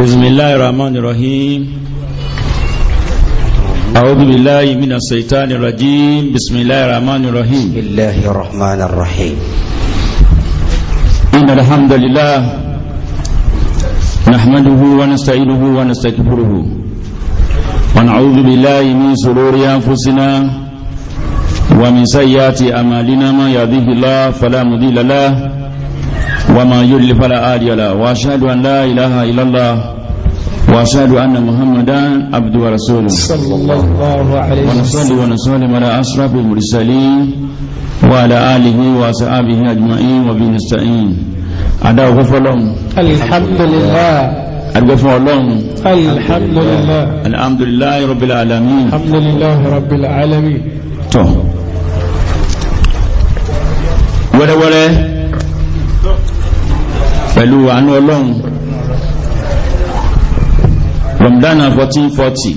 بسم الله الرحمن الرحيم أعوذ بالله من الشيطان الرجيم بسم الله الرحمن الرحيم بسم الله الرحمن الرحيم إن الحمد لله نحمده ونستعينه ونستغفره ونعوذ بالله من شرور أنفسنا ومن سيئات أعمالنا ما يهده الله فلا مضل له وما يضلل فلا هادي له واشهد ان لا اله الا الله واشهد ان محمدا عبده ورسوله صلى الله عليه وسلم ونصلي ونسلم على اشرف المرسلين وعلى اله واصحابه اجمعين وبنستعين ادعو غفلهم الحمد لله àdúgbẹ́fún ọlọ́run alhamdulillah alhamdulillah rabbil alamin alhamdulillah rabbil alamin tọ́ wẹ́rẹ́wẹ́rẹ́ pẹ̀lú àánú ọlọ́run rọ̀mdánà 1440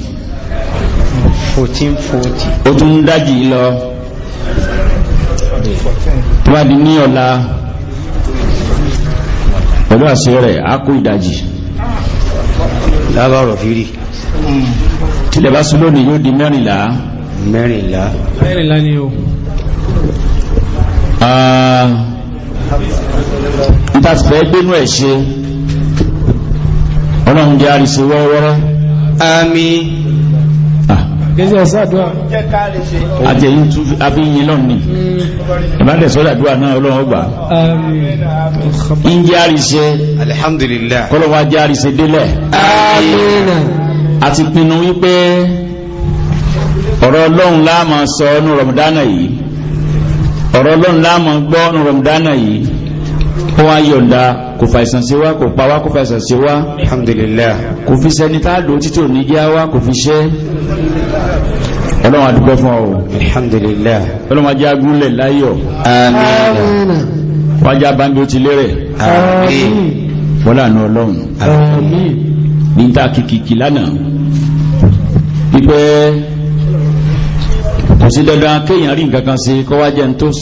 1440 ó tún ń dájì lọ tó bá di ní ọ̀la pẹ̀lú àṣẹ rẹ̀ á kó ìdájì lábàrọ̀ fírí tílẹ̀ bá súnlọ́ ni yóò di mẹ́rìnlá mẹ́rìnlá mẹ́rìnlá ni ó níta ti fẹ́ gbénú ẹ̀ ṣe ọlọ́run jẹ́ àríṣe wọ́wọ́rọ́ àmín àtẹ̀yìn tún abíyìn lọ́n ní mm. ìbádẹ̀ sọ́dàdúwà náà ọlọ́run ọgbà ìjẹ́ àríṣe alhamdulillah kọlọ́wà jẹ́ àríṣe délẹ̀ àmín àti pinnu wípé ọ̀rọ̀ ọlọ́run láàmà sọ ọ́nù rọ̀mùdánà yìí ọ̀rọ̀ ọlọ́run láàmà gbọ́ ọ́nù rọ̀mùdánà yìí ó wá yọ̀ǹda kò fàìsàn sí wá kò pa wá kò fàìsàn sí wá alhamdulillah kò fi sẹni táàdó títò ní jẹ́ wá kò fi ṣẹ́ ọlọ́run àdúgbẹ́ fún ọ alhamdulillah ọlọ́run ajá gúnlẹ̀ láyọ̀ àmín wájá bá ń bí ó ti lérẹ̀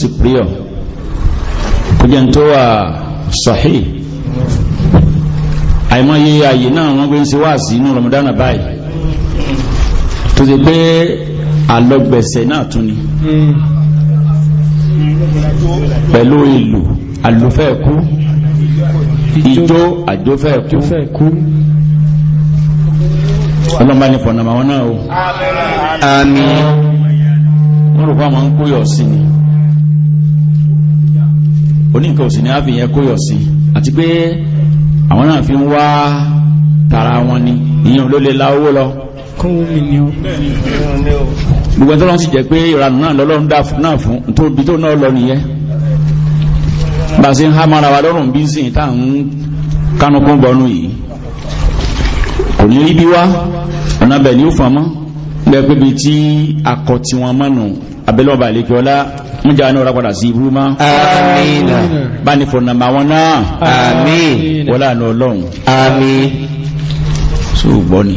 superior kó jẹ́ tó wà sọ̀hí àìmọye àyè náà wọ́n gbé ń ṣe wá sí inú ramadana báyìí tó ti pé alọ́gbẹ̀sẹ̀ náà tún ni pẹ̀lú ìlú àlùfẹ́ ìjó àjófẹ́ ọlọ́mbà ní pọ̀nàmà wọn náà o àmín wọ́n rò fún àwọn ń kóyọ̀ sí ni oníkan òsì ní àfihàn kóyọ̀ sí àti pé àwọn náà fi ń wá tara wọn ni ìyẹn ló lè la owó lọ gbogbo tó lọ́n sì jẹ́ pé ìranù náà lọ́lọ́run dá náà fún tó bí tó náà lọ nìyẹn bá sí ń há mara wa lọ́rùn bí sí tá ń kánukún bọnú yìí kò ní rí wá ọ̀nà bẹ̀ ni ó fọmọ́ bẹ́ẹ̀ pé bí tí akọ tiwọn mọ́nù abẹ́lọ́ba àlekíọ́lá wọ́n jẹ́ àánú ọ̀rápadà sí ibú má. àmín. bá ní fọ̀nà mà wọn náà. àmín. wọ́n láàánú ọlọ́run. àmín. so gbọ́ ni.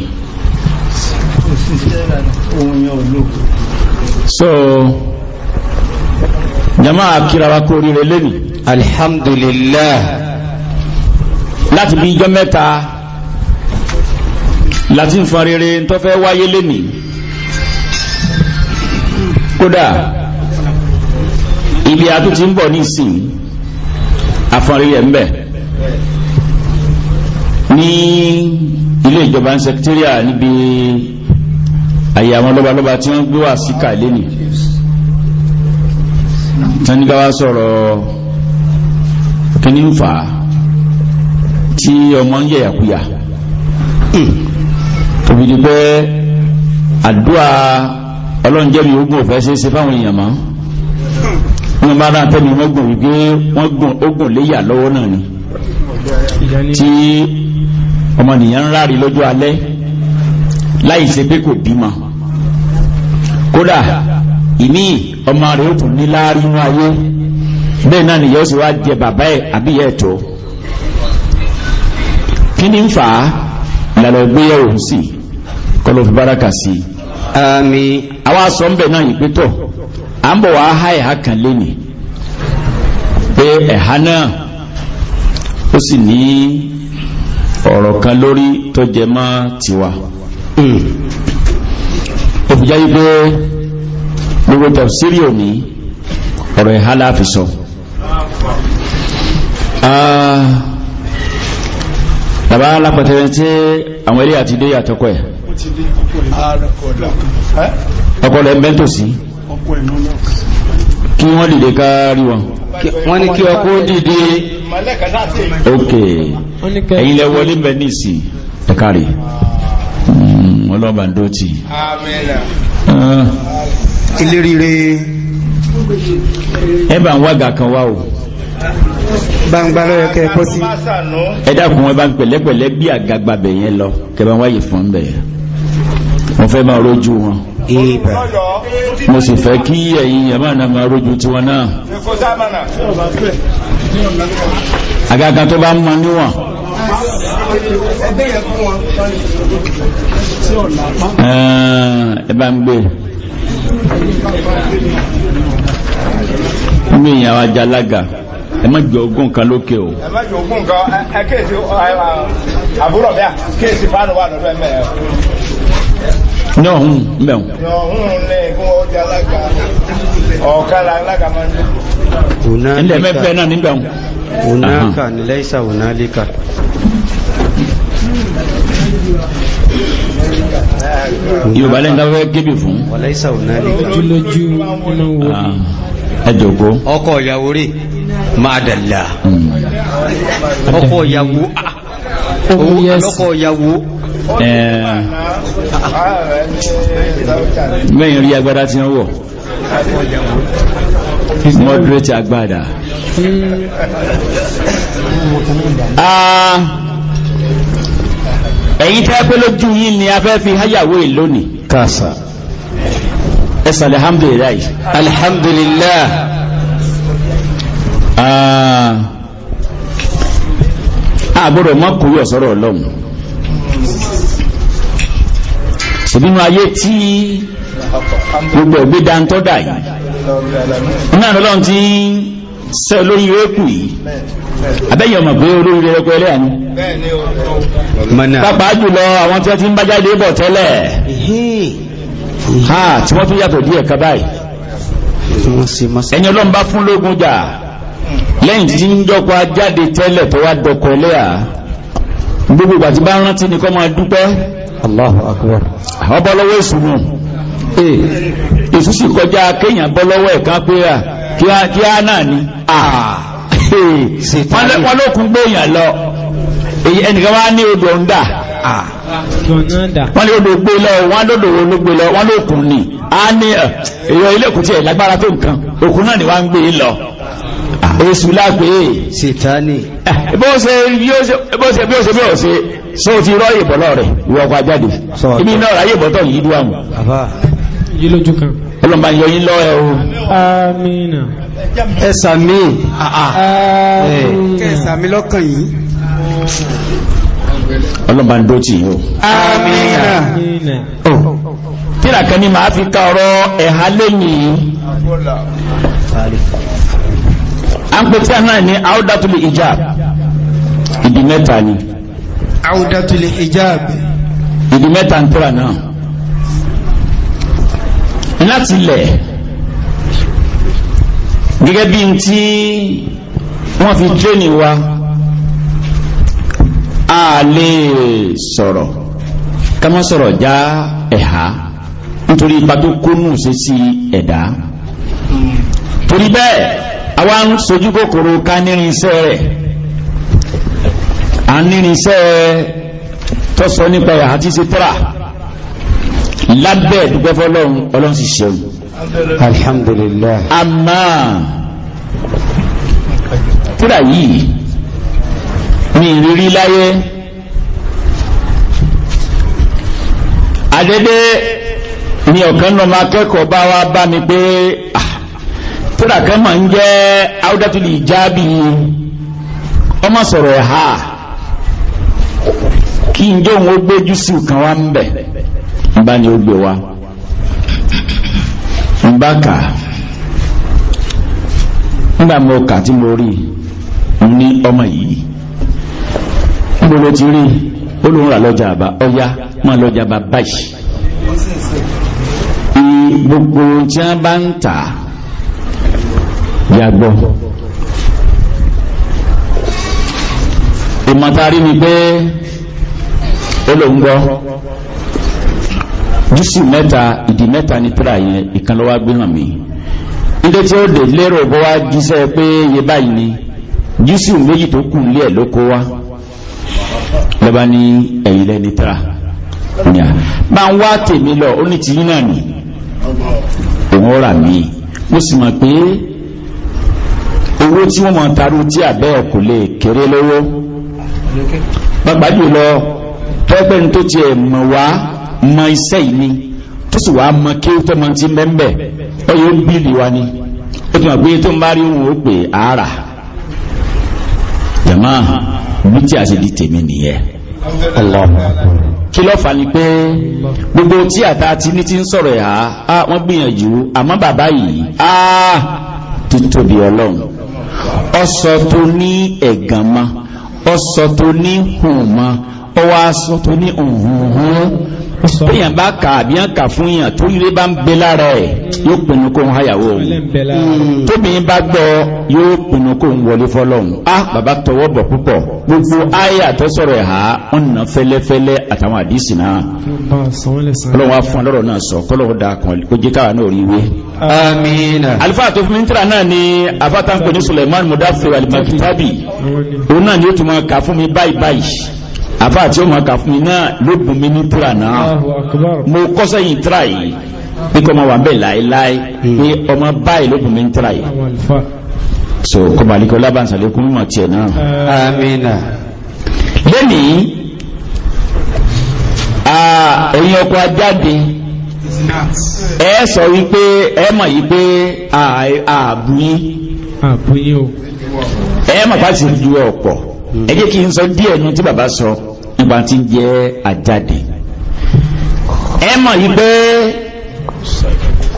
so jama akira wa kó rire lẹ́nu. alhamdulillah. láti bí ijọ́ mẹ́ta láti ń fa rere tó fẹ́ wáyé lẹ́nu. kódà ibi àtú ti ń bọ̀ ní ìsìn afọ́nrílẹ̀ ń bẹ̀ ní ilé ìjọba ń sẹkítírìà níbi àyè àwọn lọ́balọ́ba tí wọ́n gbé wà síkà lẹ́nìí tán ní káwá sọ̀rọ̀ kíní ń fà á tí ọmọ ń yẹ̀yàkuyà tòbí ni pé àdúrà ọlọ́njẹ́mi ogun òfẹ́ ṣeéṣe fáwọn èèyàn mọ́ wọn bá rán tẹ́mi wọ́n gùn wípé wọ́n gùn ogun léyà lọ́wọ́ náà ni tí ọmọnìyàn ń rárí lójú alẹ́ láì ṣe pé kò bímọ kódà ìní ọmọ rẹ̀ ó tún ní láàrin ayé bẹ́ẹ̀ náà nìyẹn ó sì wá jẹ bàbá ẹ̀ àbí ẹ̀ tó kí ni ń fà á lálọ gbé ẹ̀rù sí kọlọ̀ fi báraka sí i àmín ń bẹ̀ náà yìí pé tọ̀ à ń bọ̀ wá há ẹ̀há kan léni pé ẹ̀há náà ó sì ní ọ̀rọ̀ kan lórí tó jẹ mọ́ tiwa òbíjá hmm. yí pé gbogbo tafsiri òní ọ̀rọ̀ ẹ̀há láàfi sọ ah, bàbá alápẹ̀tẹ̀rẹ̀ tí àwọn eré àti dé yàtọ̀kọ̀ ẹ̀ ọkọ̀ rẹ̀ mẹ́tòsí kí wọ́n dìde kárí wọn wọ́n ní kí ọkọ̀ dìde ok ẹ̀yin lẹ wọlé bẹ ní ìsìn ẹ̀kárì hmm, ọlọ́ba ń dóòtì ah. ilé rire ẹbà ń wága kan wá o gbangba lọ́yọ̀ kẹ́ kọ́ sí ẹ̀dàkùn ẹbà ń pẹ̀lẹ́pẹ̀lẹ́ bí àgàgbà bẹ̀yẹn lọ kẹbà wáyé fún bẹ̀yẹn mo fẹ́ máa rójú wọn mo sì fẹ́ kí ẹ̀yin yàmá náà máa rójú tí wọn náà àgàgà tó bá ń ma níwọ̀n ẹ ń gbé ní ìyàwó ajalága ẹ má jọ ogún kan lókè o. ẹ má jọ ogún kan ẹ kéèsì àbúrò bẹ́ẹ̀ kéèsì fáànù lọ́dọ̀ ẹ mẹ́ẹ̀ ní ọ̀hún mẹ́un ilẹ̀ mẹ́fẹ́ náà nígbà ọ̀hún hunaka ni laisa hunalika yorùbá lẹ́yìn tó fẹ́ gébì fún laisa hunalika lójú inú wo ẹjọ́gbó ọkọ ìyàwó rẹ̀ máa dàlá hmm. ọkọ ìyàwó ah. oh, mẹ́yìn rí agbádá tí wọ́n wọ̀ moderate agbádá ah, ẹ̀yìn tẹ́ pé lójú yìí ni a fẹ́ fi háyàwó ìlónìí kásà ẹsẹ̀ alhamdulillah alhamdulillah àbúrò ah, mọ́kùnrin ọ̀sọ́rọ̀ ọlọ́run ṣèbínú ayé tí gbogbo ẹ̀gbẹ́ dantọ́dà yìí iná ọlọ́run ti ń sẹ́ olórí rékù yìí abẹ́yẹ̀ ọmọ pé olórí rẹ̀ pẹ́ lẹ́yà ni pàápàá jùlọ àwọn tí wọ́n ti ń bá jáde bọ̀ tẹ́lẹ̀ tí wọ́n tún yàtọ̀ díẹ̀ ká báyìí ẹni ọlọ́run bá fún lógun jà lẹ́yìn tí ń dọ́kọ jáde tẹ́lẹ̀ tó wá dọ́kọ lẹ́yà gbogbo ìgbà tí bá rántí ni máa dúpẹ́ Allahu akbar ọbọ̀lọ́wọ́ èsù mú ee èsù sì kọjá kéèyàn bọ́lọ́wọ́ ẹ̀ká pé à kí á náà ní wọ́n ló kún gbóyàn lọ ẹnìkan wá ní odò ń dà wọ́n lé odò gbé lọ wọ́n lódò wo ló gbé lọ wọ́n ló kún a ní èyàn ilé kùtì ẹ̀ lágbára tó nǹkan òkun náà ni wọ́n ń gbé lọ èsù lápé sètáni eh, bó ṣe bí ó ṣe bí ó ṣe só ti rọ́ ìbọ̀ náà rẹ̀ ìwọ̀kọ̀ ajáde ibi náà ráyè bọ́tọ̀ yìí dúwà mú ọlọ́mà yọ yí o àmín ẹ̀sàmí ẹ̀sàmí lọ́kàn yìí ọlọ́mà máa fi ká ọ̀rọ̀ ẹ̀há lẹ́yìn à ń pè tí a náà ní àwòdàtúlì hijab ìdí mẹ́ta ni. àwòdàtúlì hijab. ìdí mẹ́ta ń tẹ́ra náà. láti ilẹ̀ gẹ́gẹ́ bí tí wọ́n fi tírénì wa a lè sọ̀rọ̀ ká má sọ̀rọ̀ já ẹ̀há nítorí ipa tó kónú sí ẹ̀dá torí bẹ́ẹ̀ àwa ń sojú kòkòrò ká nírin iṣẹ́ rẹ̀ à ń nírin iṣẹ́ tọ́sọ nípa ẹ̀ àti ṣe tẹ́ra lábẹ́ dúpẹ́ fọlọ́run ọlọ́run sì ṣeun alhamdulillah àmà tẹ́ra yìí ní ìrírí láyé àdédé ni ọ̀kan náà tíra kan máa ń jẹ́ áúdátùlì ìjábì ọmọ sọ̀rọ̀ ẹ̀há kí n jẹ́ òun ó jùsù kan wá ń bẹ̀ wa mbaka nígbà mo kà tí mo rí ní ọmọ ti rí lọ́jà àbá ọya máa lọ́jà àbá báyìí gbogbo tí bá ń yàgbọ́ ìmọ̀tàrí ni pé olóńgbọ́ jùsù mẹ́ta ìdí mẹ́ta ní tíra yẹn ìkan ló wá gbé hàn mí nílé tí ó dé lérò bó wá jíṣẹ́ pé iye báyìí ni jùsù méjì tó kù nílé ẹ̀ ló kó wá lọ́ba ní ẹ̀yìn lẹ́ni tíra bá ń wá tèmi lọ ó ní tìyín náà nì òun ó rà mí mo sì mọ̀ pé owó tí wọ́n mọ̀ tarú tí àbẹ́ kò lè kéré lọ́wọ́ pàápàá jùlọ tọ́gbẹ́ni tó tiẹ̀ mọ̀ wá mọ iṣẹ́ yìí ni tó sì wá mọ kí ó tọ́ mọ ti mẹ́mbẹ̀ ó yóò bíìlì wa ni ó ti mọ̀ pé tó ń bá rí òun ó pè ára jama bí tí a ṣe di tèmi nìyẹn kí lọ́fà ni pé gbogbo tí àtà ti ní ti ń sọ̀rọ̀ yà á wọ́n gbìyànjú àmọ́ bàbá yìí á ti ọlọ́run ọsọ tó ní ẹ̀gànmá ọsọ tó ní hùnmá ọwọ́ aṣọ tó ní òhun èèyàn bá kà àbí yàn kà fún yàn tó ire bá ń bẹ lára ẹ̀ yóò pinnu kó ń háyàwó hmm. tóbìnrin bá gbọ́ yóò pinnu kó ń wọlé fọlọ́hún á ah, bàbá tọwọ́ bọ̀ púpọ̀ gbogbo àyà tó sọ̀rọ̀ ẹ̀ fẹ́lẹ́fẹ́lẹ́ àtàwọn àdìsí náà ọlọ́wọ́ fún ọlọ́rọ̀ náà sọ kọ́lọ́wọ́ da kan kó jẹ́ káwa náà rí alifa tó fún náà ni afata ń pè ní Suleiman Mudafir al òun náà ni ó tún máa kà fún mi báyìí báyìí àfáà tí ó máa kà fún mi náà ló bùn mi ní tíra náà mo kọ́ sẹ́yìn tíra yìí bí kò máa wà bẹ́ẹ̀ láéláé hmm. pé ọmọ báyìí ló bùn mi ní tíra yìí so kò máa líkọ lábàǹsà lékún mọ̀ tiẹ̀ náà. amina. lẹ́nìí ẹ̀yin ọkọ̀ ajáde ẹ sọ wípé ẹ mọ̀ yìí pé àbúyín àbúyín o ẹ mọ̀ bá ti ju ọ̀pọ̀ ẹ jẹ́ kí n sọ díẹ̀ ní tí bàbá sọ. So. nípa tí ń jẹ́ àjáde ẹ mọ̀ pé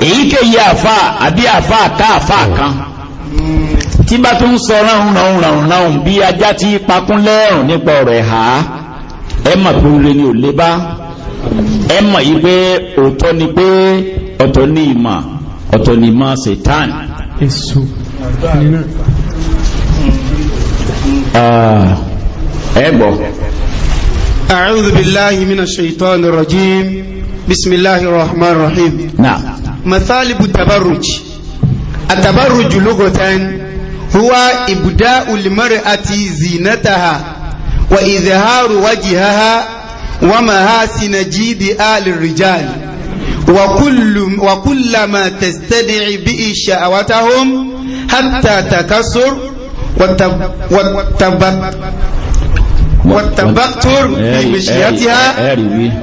èyíkéyìí àfà àbí àfà àká àfà kan tí bá tún sọ ráhùn ráhùn ráhùn bí ajá ti pakún lẹ́rùn nípa ọ̀rọ̀ ẹ̀há ẹ mọ̀ pé ó lé ní òlé ni pé ọ̀tọ̀ أعوذ بالله من الشيطان الرجيم بسم الله الرحمن الرحيم نعم مثالب التبرج التبرج لغة هو إبداء المرأة زينتها وإظهار وجهها ومهاسن جيد آل الرجال وكل ما تستدعي به شهوتهم حتى تكسر والتب والتبتر بمشيتها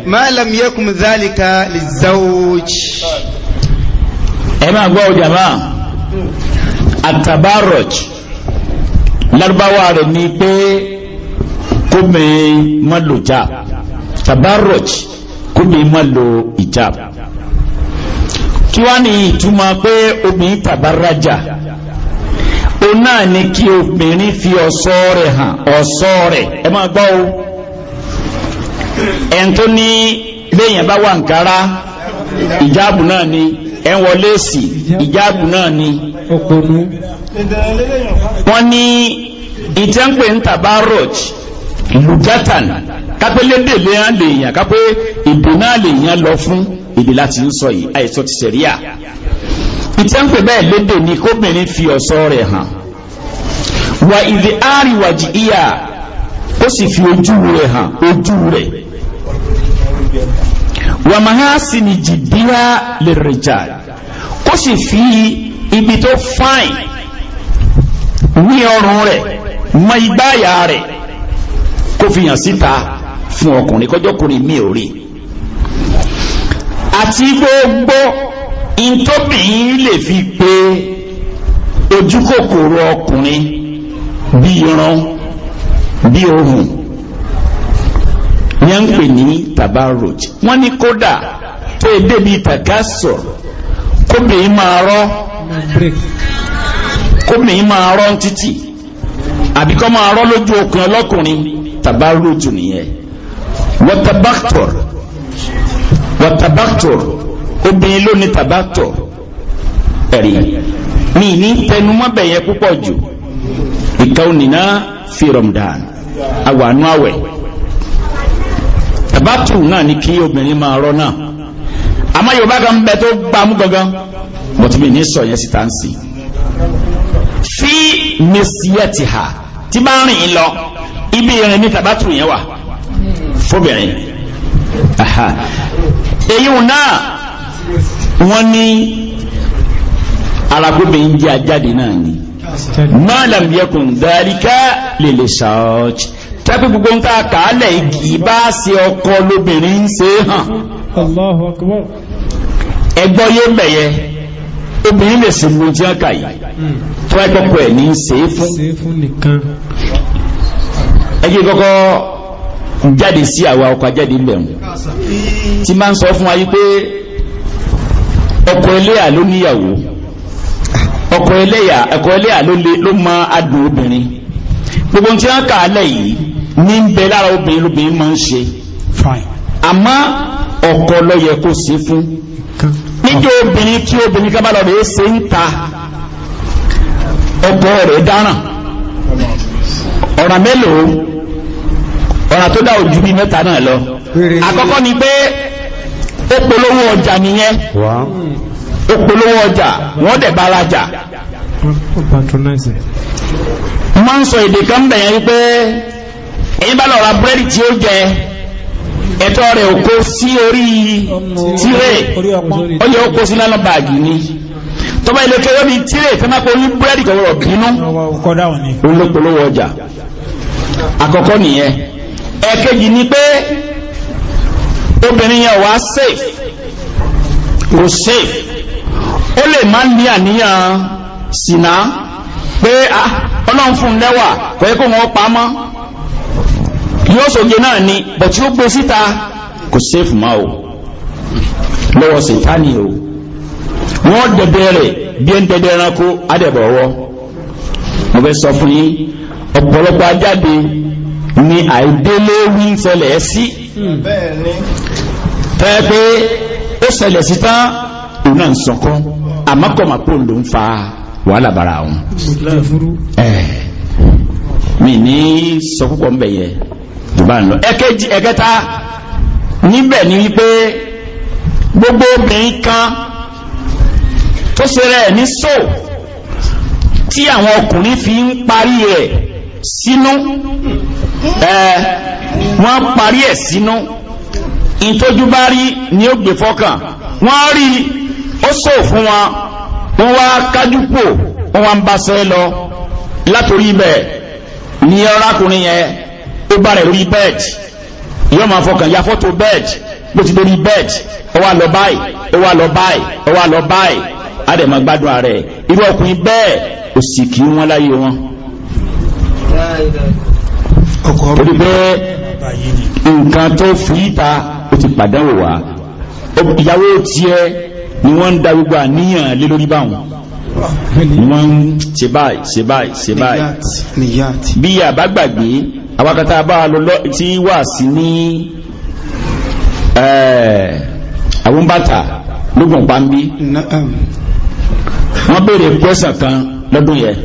ما لم يكن ذلك للزوج ẹ máa gbọ́ jàmáà àtàbárọ̀j lárúbáwá rẹ̀ ni pé kómi má lò já tàbárọ̀j kómi má lò ìjà kí wá ní ìtumọ̀ pé obìnrin tàbárájà. òun náà ni kí obìnrin fi ọ̀ṣọ́ rẹ̀ hàn ọ̀ṣọ́ rẹ̀ ẹ máa gbọ́ o ẹn tó ní léèyàn bá wà nkárá ìjáàbù náà ni ẹ ń wọlé sí ìjáàbù náà ni wọ́n ní ìtẹ́ǹpẹ̀ ń tàbá lùjátàn lèèyàn kápẹ́ náà lèèyàn lọ fún èdè láti ń sọ yìí ti ìtẹ́ǹpẹ̀ bẹ́ẹ̀ fi rẹ̀ wà ìdí àríwájì ìyà ó sì fi ojú rẹ̀ hàn ojú rẹ̀ wà máa sì ní jìdíyà lè rìjà ó sì fi ibi tó fáìn ní ọrùn rẹ̀ mọ igbáyà rẹ̀ kó fi hàn síta fún ọkùnrin kọjọ́kùnrin mi ò rí àti gbogbo ìtòbìnrin lè fi pé ojú ọkùnrin bí irun bí ohun ní à ń pè ní tabaroj wọ́n ní kódà tó e débi takasọ kóbìnrin máa rọ́ kóbìnrin máa rọ́ títì àbí kọ́ máa rọ́ lójú okùn ọlọ́kùnrin tabaroj nìyẹn wọ́tabáktọ̀r wọ́tabáktọ̀r obìnrin ló ní tabaktọ̀r ẹ̀rí mi ní tẹnumọ́ púpọ̀ jù ìkàwọnìna fi Ramadan àwànú àwẹ̀ náà ni kí obìnrin máa rọ náà àmọ́ yorùbá kan bẹ tó gbámú gangan bọ̀túmí ní sọ yẹn síta ń sí fi mesiyẹti ha tí bá rìn lọ ibi ìrìn ní tabatu yẹn wà fóbìnrin èyí náà wọ́n ní arákùnrin jẹ́ ajáde náà ma lam yakun dhalika lil zawj tẹ́pẹ́ gbogbo ń ká kàálẹ̀ igi bá ṣe ọkọ lóbìnrin ń ṣe hàn Allahu akbar ẹgbọ́ yé mẹ̀yẹ obìnrin lè sí mú jẹ́ àkà yìí tó ẹgbọ́kọ̀ ẹ̀ ní ṣe é fún ẹgbẹ́ kọ́kọ́ jáde sí àwa ọkọ̀ ajáde mẹ́rin tí máa ń sọ fún wa yí pé ọkọ ilé àlóníyàwó ọkọ ẹlẹ́yà ẹkọ ẹlẹ́yà ló mọ adùn obìnrin gbogbo tí wọ́n kà á lẹ̀ yìí ní bẹ lára obìnrin lóbìnrin máa ń ṣe ọkọ ló yẹ kó ṣe fún níjọ obìnrin tí obìnrin kábàlọ rẹ̀ ṣe ń ta ọkọ rẹ̀ dáràn ọ̀ràn mélòó ọ̀ràn tó dá ojú bíi ó polówó ọjà wọ́n dẹ̀ bá rajà ma ń sọ èdè kan bẹ̀yẹn wípé èyí bá lọ ra búrẹ́dì tí ó jẹ ẹ̀tọ́ rẹ̀ ò kó sí orí tíré ó yẹ ó kó sí lánà báàgì ni tọ́ba ilé kẹwọ́ bíi tíré fẹ́ máa polú búrẹ́dì kọ̀wọ́rọ̀ bínú olópolówó ọjà àkọ́kọ́ nìyẹn ẹ̀kejì ni pé obìnrin yẹn wá safe kò safe ó lè má ní àníyàn sínà pé ah, ọlọ́run fún lẹ́wà pẹ́ kó pa mọ́ yóò sóge náà ni bọ̀ tí ó gbé síta kò máa o lọ́wọ́ sètáni o wọ́n dẹ̀dẹ̀ rẹ̀ bí ẹn dẹ̀dẹ̀ ẹranko adẹ̀bọ̀wọ́ mo fẹ́ sọ fún yín ọ̀pọ̀lọpọ̀ ajáde ni àìdélé wí ń òun náà ń sọkọ́ àmọ́kọ̀mà pò ló ń fa wàhálà bara òun. mi ní sọ púpọ̀ ń bẹ̀ yẹ tó bá ń lọ. ẹ̀kejì ẹ̀kẹta níbẹ̀ ni wípé gbogbo obìnrin kan tó ṣe ní so tí àwọn ọkùnrin fi ń parí rẹ̀ sínú wọ́n parí ẹ̀ sínú ìtọ́jú bá rí ni ó gbé fọ́kàn wọ́n rí ó sọ fún wọn wọ́n wá kájúpò wọ́n wá ń bá sẹ́ lọ látòrí ibẹ̀ ní ọrákùnrin yẹn ó bá rẹ̀ lórí bẹ́ẹ̀dì yóò máa fọkàn ya fọ́tò bẹ́ẹ̀dì bó ti lórí bẹ́ẹ̀dì ó wá lọ báyìí ó wá lọ báyìí ó wá lọ báyìí á gbádùn ààrẹ irú ọkùnrin bẹ́ẹ̀ òsì kì í wọ́n láyé wọn torí pé nǹkan tó fi ìta ó ti pàdánwò wá ìyàwó tiẹ̀ ni wọ́n ń da gbogbo àníyàn lé lórí báwọn ni wọ́n ń ṣe báyìí ṣe báyìí ṣe báyìí bí àbá gbàgbé àwákàtà bá a lọ tí wà sí ní àwọn eh, bàtà lógun pàmbí wọ́n béèrè pẹ́sàn kan lọ́dún yẹn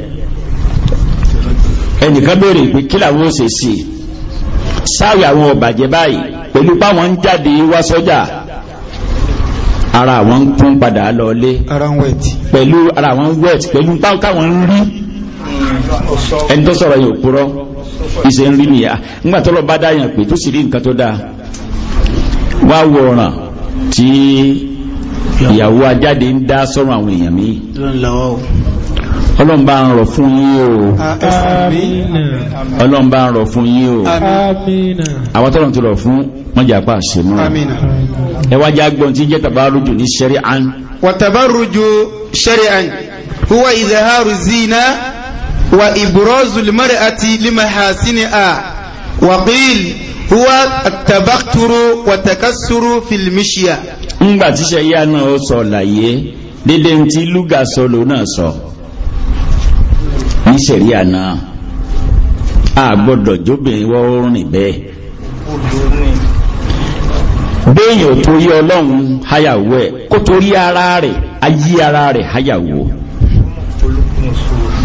ẹnìkan béèrè pé kí làwọn ò ṣe sí sáàrì àwọn ọ̀bàjẹ́ báyìí pẹ̀lú páwọn ń jáde wá sọ́jà ara àwọn kún padà lọlé pẹ̀lú ara àwọn wet pẹ̀lú káwọn ń rí ẹni tó sọ̀rọ̀ yóò púrọ́ ìṣe ń rí nìyà nígbà tó lọ bá dáyàn pé tó sì rí nǹkan tó dáa wá wo ọ̀ràn tí ìyàwó ajáde ń dá sọ́rọ̀ àwọn èèyàn mi ọlọ́mbà ń rọ̀ fún yín o ọlọ́mbà ń rọ̀ fún yín o àwọn tọ́lọ̀ tó rọ̀ fún mọ́jà pa àṣẹ mọ́ ẹwájá gbọ́n tí jẹ́ tàbárùjù ní ṣẹ́rí àn wàtàbárùjù ṣẹ́rí àn huwa ìzẹ̀háru zina wa ìbúrọ́zù limari àti limahasini a wàbíl huwa tàbátúrú wàtàkásúrú fìlmíṣíà ńgbà tí ṣe yá náà ó sọ láyé dédé tí lúgà sọ náà sọ ní ṣẹ̀rí àná a wọ́n rìn bẹ́ẹ̀ béèyàn tó rí ọlọ́run háyàwó ẹ̀ kó tó rí ara rẹ̀ ayé ara rẹ̀ háyàwó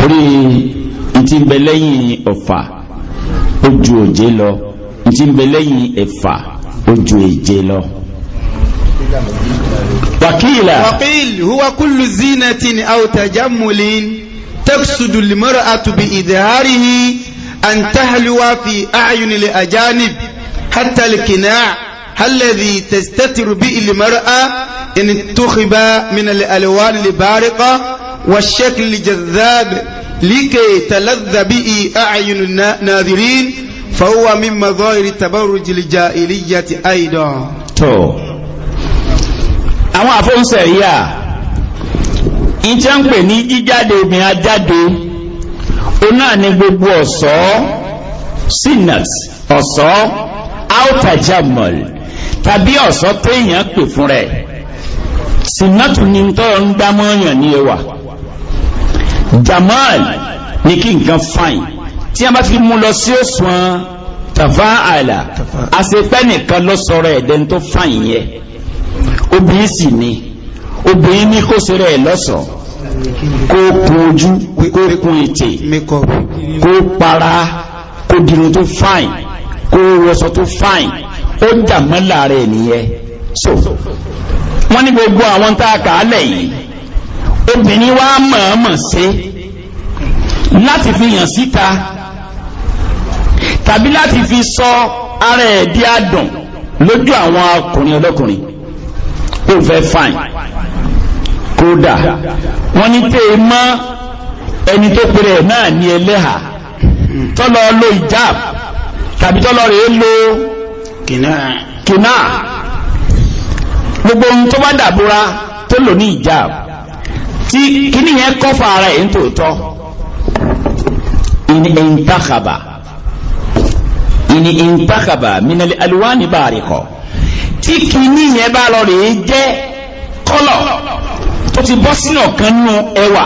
orí ìtí ń bẹ lẹ́yìn ọ̀fà ó ju òjé lọ ìtí ń bẹ lẹ́yìn ẹ̀fà ó èjé lọ wàkílà wàkílì huwa kullu zinatin aw tajammulin تقصد المرأة بإظهاره أن تهلو في أعين الأجانب حتى الكناع الذي تستتر به المرأة إن تخبى من الألوان البارقة والشكل الجذاب لكي تلذ به أعين الناظرين فهو من مظاهر تبرج الجاهلية أيضا تو. àwọn أفهم ríà in tí a ń pè ní jíjáde obìnrin ajáde ó náà ní gbogbo tàbí ọ̀sọ́ téèyàn pè fún rẹ̀ sinatu ni tó ń dámọ́yàn ní ẹwà jamal ní kí nǹkan fine tí a bá fi mú lọ sí òsùn tàfà àlà àṣepẹ́ nìkan ló sọ̀rọ̀ ẹ̀dẹ́ tó fine yẹ obìnrin sì ni obìnrin ní kó sọ̀rọ̀ ẹ̀ lọ́sọ̀ọ́ kó kun ojú kó kun ètè kó para kó dirun tó fine kó wọṣọ tó fine ó ń jà mọ́ láàrẹ̀ nìyẹn so wọ́n ní gbogbo àwọn tá a kà á lẹ̀ yìí obìnrin wa mọ̀ọ́mọ̀ ṣe láti fi hàn síta tàbí láti fi sọ ara ẹ̀ di àdùn lójú àwọn ọkùnrin ọlọ́kùnrin ó fẹ́ fine kódà wọ́n ní tẹ́ ẹ mọ́ ẹni tó pèrè náà ní ẹlẹ́hà tọ́lọ lo ìjáàb tàbí tọ́lọ rẹ̀ lo kìnà gbogbo ohun tó bá dàbúra tó lò ní ìjà tí kìnì yẹn kọ́ fa ara ẹ̀ ń tòótọ́ ìní ìntàkàbà ìní ìntàkàbà mìnàlẹ̀ alùwánì bá rí kọ tí kìnì yẹn bá lọ rèé jẹ́ kọ́lọ̀ tó ti bọ́ sínú ọ̀kan nínú ẹwà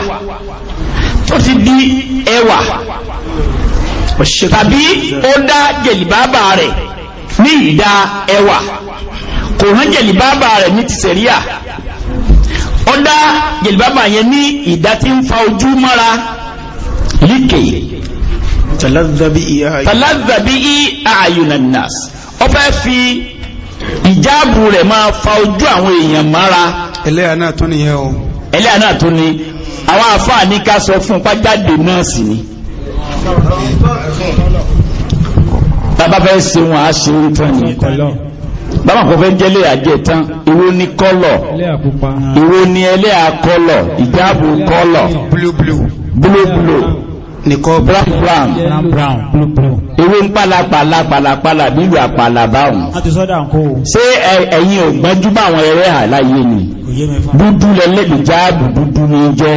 tó ti di ẹwà tàbí ó dá jẹ̀lìbábà rẹ̀ ní ìdá ẹwà kò rán jẹ̀lìbábà rẹ̀ ní ti sẹ̀ríà ó dá jẹ̀lìbábà yẹn ní ìdá tí ń fa ojú mọ́ra líkè tàlázàbí i àyùnànàs ó fẹ́ fi ìjáàbù rẹ̀ máa fa ojú àwọn èèyàn mọ́ra ẹlẹ́yà náà tó nìyẹn o ẹlẹ́yà àwọn àfáà ní ká sọ fún pàjáde náà sì ni bàbá fẹ́ ṣe wọn á ṣe orí tán ni bàbá kò fẹ́ jẹ́lé àjẹ́ tán ìwọ ni kọ́lọ̀ ìwọ ni ẹlẹ́ àkọlọ̀ ìjáàbù kọ́lọ̀ blue blue nìkọ́ brown brown ìwọ ń pàlàpàlà pàlàpàlà nílùú àpàlàbà ọ̀hún ṣé ẹ̀yin ò gbájú bá àwọn ẹrẹ́ àláyé ni dúdú lẹ́lẹ́ ìjáàbù dúdú ni jẹ́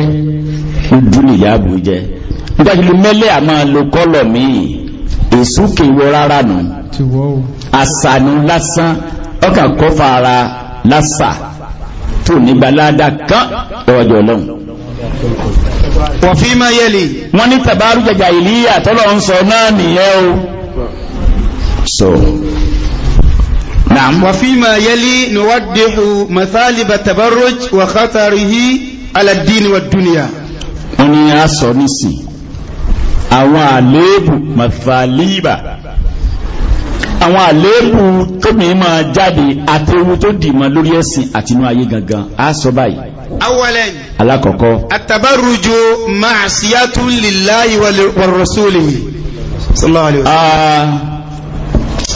dúdú ni ìjáàbù jẹ́ nígbàjú mẹ́lẹ́ àmọ́ lo kọ́lọ̀ míì èsù kèwọ rárá nù àsànù lásán ọkàn kọfà ara lásà tó nígbà ládàá kan ọjọ́ ọlọ́run wọ́n fi máa yẹlì wọ́n ní tàbárù jẹjà ìlíyà tọ́lọ̀ ń sọ náà nìyẹn o so نعم وفيما يلي نوضح مثالب التبرج وخطره على الدين والدنيا أني أصنسي àwọn àléébù mafaliba. àwọn àléébù tómi máa jáde àti ewu tó dìmọ̀ lórí ẹ̀sìn àtinú ayé gangan á sọ báyìí awalen alakọ̀kọ́ atabarujo maṣíyàtú lillahi wal rasuli sallallahu alaihi wasallam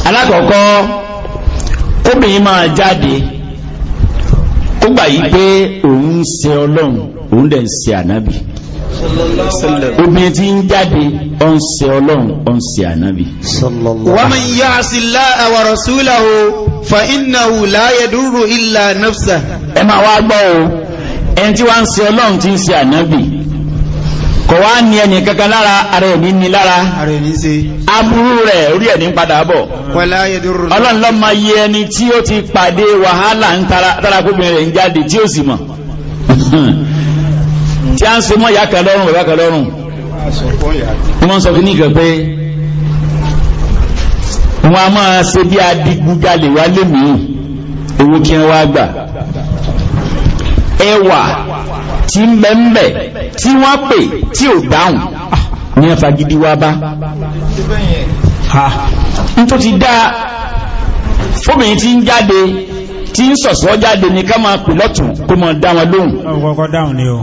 alakọ̀kọ́ ah, obìnrin máa jáde ó gbà yí pé òun ń ṣe ọlọ́run òun dẹ̀ ń ṣe ànábì obìnrin tí ń jáde ọ̀nsẹ̀ ọlọ́run ọ̀nsẹ̀ ànábì. wa man ya'si Allaha wa rasulahu fa innahu la yadurru illa nafsahu. ẹ máa wá gbọ́ o ẹni tí wàá ń ṣe ọlọ́run tí ń ṣe ànábì kò wá ní ẹni kankan lára ara ẹni ní lára aburú rẹ̀ orí ẹni padà bọ̀ ọlọ́run ló máa yẹ ẹni tí ó ti pàdé wàhálà ń tara kóbìnrin rẹ̀ ń jáde tí ó sì mọ̀ tí a ń ṣe mọ́ ìyá kan lọ́rùn bàbá kan lọ́rùn ni wọ́n sọ fún ní ìgbẹ́ pé wọ́n a máa ṣe bí adigunjalè wá lémìí owó kí wọ́n wá gbà ẹwà tí mẹ́mẹ́ tí wọ́n pè tí ò dáhùn ní afagidi wá bá n tó ti dá fóbìnrin tí ń jáde tí ń sọ̀sọ́ jáde ní ká máa pè lọ́tún kó mọ̀ dá wọn lóhùn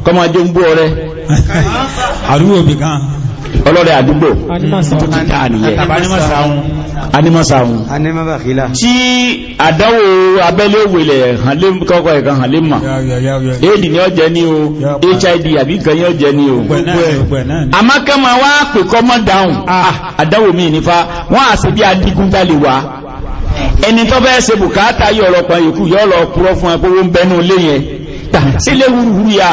kọ́ máa jẹun bó ọrẹ àdúgbò bì kan ọlọ́rẹ̀ àdúgbò tó ti dá nìyẹn animasahun tí àdánwò abẹ́lé òwèlẹ̀ kọ́kọ́ ẹ̀kan hàn lè mà éèdì ni ó jẹ́ ní o hiv àbí nǹkan yẹn ó ní o àmọ́ ká máa wá pè kọ́ mọ́ dáhùn ah. Ah, àdánwò mi nífa wọ́n á ṣe adigunjalè wá ẹni tó bẹ́ẹ̀ ṣe bùkátà yọ ọlọ́pàá yòókù yọ lọ púrọ́ fún agbówó ń bẹnu ilé yẹn sílé wúrúwúrú yà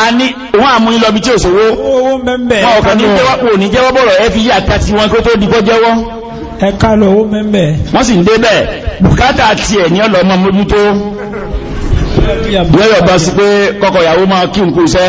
á ní wọ́n àmú ìlọbi tí ò sówó wọ́n ọ̀kan ní jẹ́wọ́pọ̀ ní jẹ́wọ́ bọ̀rọ̀ ẹ fi yí àtàtì wọn kó tó dìbọ́ wọ́n sì ń débẹ̀ bùkátà tiẹ̀ ní ọlọ́mọ mójútó lẹ́yọ̀ bá sí pé kọ́kọ̀ máa kí n iṣẹ́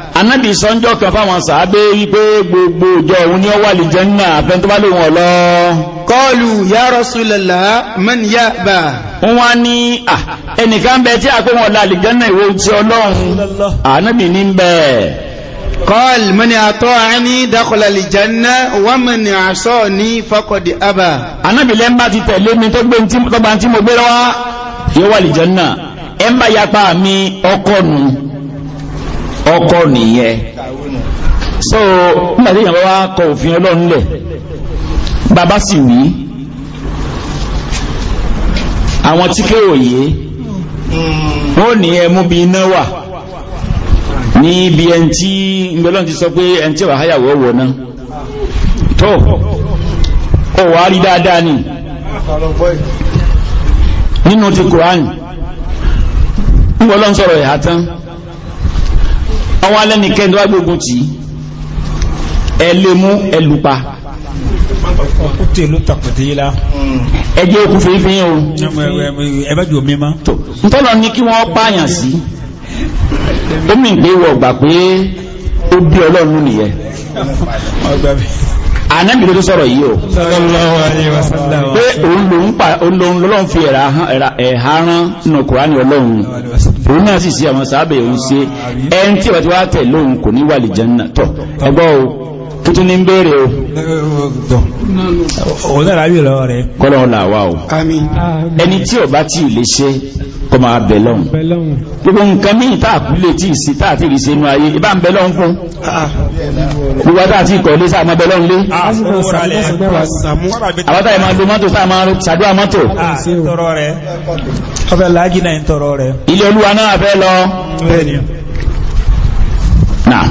anábì sọ́njọ́ kan fáwọn sàábé wípé gbogbo òjò òun ni ó wà lè jẹ́ náà afẹ́ tó bá lè wọ̀n lọ kọlù ya Rasulullah man ya bá wọ́n ní ẹnìkan bẹ tí àkóhùn ọ̀la lè jẹ́ náà ìwé ti ọlọ́run anábì ní bẹ́ẹ̀ قال من أطاعني دخل الجنة ومن عصاني فقد أبى Ànábì lẹ́n bá ti tẹ̀lé mi tó gbé ntí mo gbé lọ́wọ́ yóò wà lìjọ́nà ẹ̀ ń bá yapa mi ọkọ nù. ọkọ nìyẹn so nígbàtí ìyàwó kọ òfin ọlọ́run lẹ̀ bàbá sì wí àwọn tí kéwò yìí n'i ní ẹmú bí iná wà ní ibi ẹn tí ìgbẹ́lọ́n ti sọ pé ẹn tí ọrụ wọ̀ náà tó ó wà rí dáadáa ni nínú ti kùránì ń wọ́n lọ́n sọ̀rọ̀ ìhà tán àwọn alẹ́nikẹ́ni wá gbógun tí ẹ lè mú ẹ lùpa ẹjẹ́ òkú fèéfèé o ẹbẹ́jù omi ma ntọ́lọ ní kí wọ́n pààyàn sí omi ìgbéwọ̀ gbà pé ó bí ọlọ́run nìyẹn ànábì ló sọ̀rọ̀ yìí o pé òun ló fi ẹ̀há rán kùránì ọlọ́run òun náà sì sí àwọn sábẹ̀ òun ṣe ẹni tí wọ́n ti wá kò ní wà lè jẹ́ nínú tọ̀ ẹgbọ́ o tuntun ní bèèrè o kọ́lọ̀ ọ̀la wa o ẹni tí ó bá tí lè ṣe kọ́ máa bẹ̀lọ́hun gbogbo nǹkan míì tàà kú lè tí sí tàà tí ìrìsẹ̀ inú ayé ìbá ń bẹ̀lọ́hun fún ah. gbogbo tàà tí ìkọ̀ lé sáà máa bẹ̀lọ́hun lé ah. ah. àwọn tàà máa lo mọ́tò tàà máa ṣàdúrà mọ́tò ilé olúwa náà fẹ́ lọ náà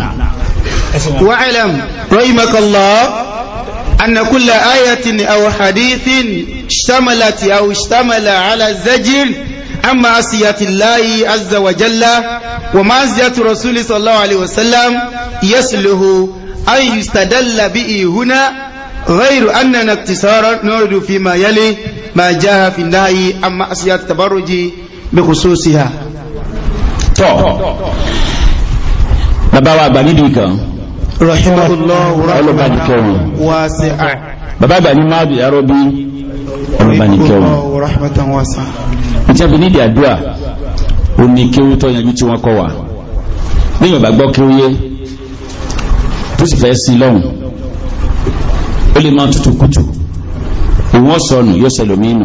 واعلم رحمك الله أن كل آية أو حديث اشتملت أو اشتمل على الزجر أما معصية الله عز وجل وما ومعصية رسول صلى الله عليه وسلم يسله أن يستدل به هنا غير أننا اقتصارا نرد فيما يلي ما جاء في النهي أما معصية التبرج بخصوصها. طب. بابا بابا rahimahullahu rahmatan wasi'a bàbá àgbà ní máàbì arọ́bí ọlọ́bàníkẹ́wọ̀n rahmatan wasi'a ìtí àbí nídìí àdúrà ó ní kéwú tó yanjú tí wọ́n kọ́ wà bí yóò bá gbọ́ kéwú yé tó sì fẹ́ sí lọ́hùn ó lè máa tutù kùtù ìwọ́n sọnù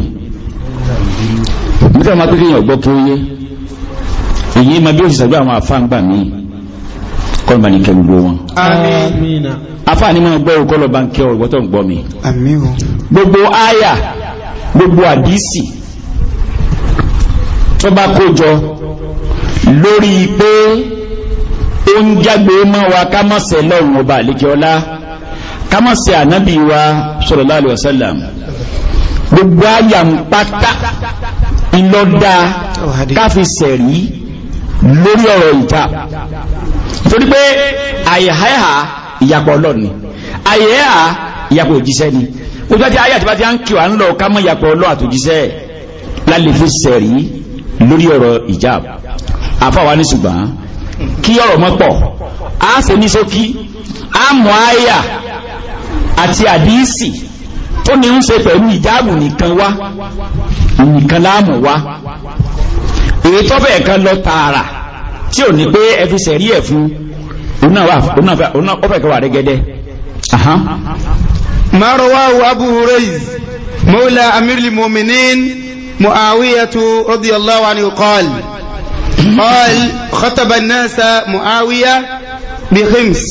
kọlọ̀bà ní kẹ gbogbo wọn àmín afá ní máa gbọ́rù kọlọ̀bà ń kẹ ọ̀rọ̀gbọ́tọ̀ ń gbọ́ mi àmín gbogbo àyà gbogbo àdísì tó bá kójọ lórí pé ó ń jágbe mọ́ wa ká má ṣẹ̀ lọ́rùn ọba àlékẹ́ ọlá ká má ṣẹ̀ ànábì wa sallallahu alaihi wasallam gbogbo àyà ń pátá ìlọ́dà káfíṣẹ̀rí lórí ọ̀rọ̀ ìta torí pé àyàhà ìyàpọ̀ ọlọ́ni àyàhà ìyàpọ̀ òjíṣẹ́ ni ó bá ti ayé àti bá ti á ń kí wà ń lọ ká mọ́ ìyàpọ̀ ọlọ́ àtòjíṣẹ́ lálẹ́ fi sẹ̀rí lórí ọ̀rọ̀ ìjáàb àfáwa ní ṣùgbọ́n kí ọ̀rọ̀ mọ́ pọ̀ á ṣe ní ṣókí á mọ̀ àyà àti àdíìsì tó ní ń ṣe pẹ̀lú ìjáàbù nìkan wá nìkan láàmù wá èyí tọ́bẹ̀ ẹ̀ka lọ tààrà tí ò ní pé ẹ fi sẹ̀rí ẹ̀ fún ọ̀fẹ́ kẹwàá rẹ́gẹ́dẹ́ marwa abu hurayz mawla amiril mu'minin muawiyatu radiyallahu anhu qal qal khataba an-nasa muawiya bi khims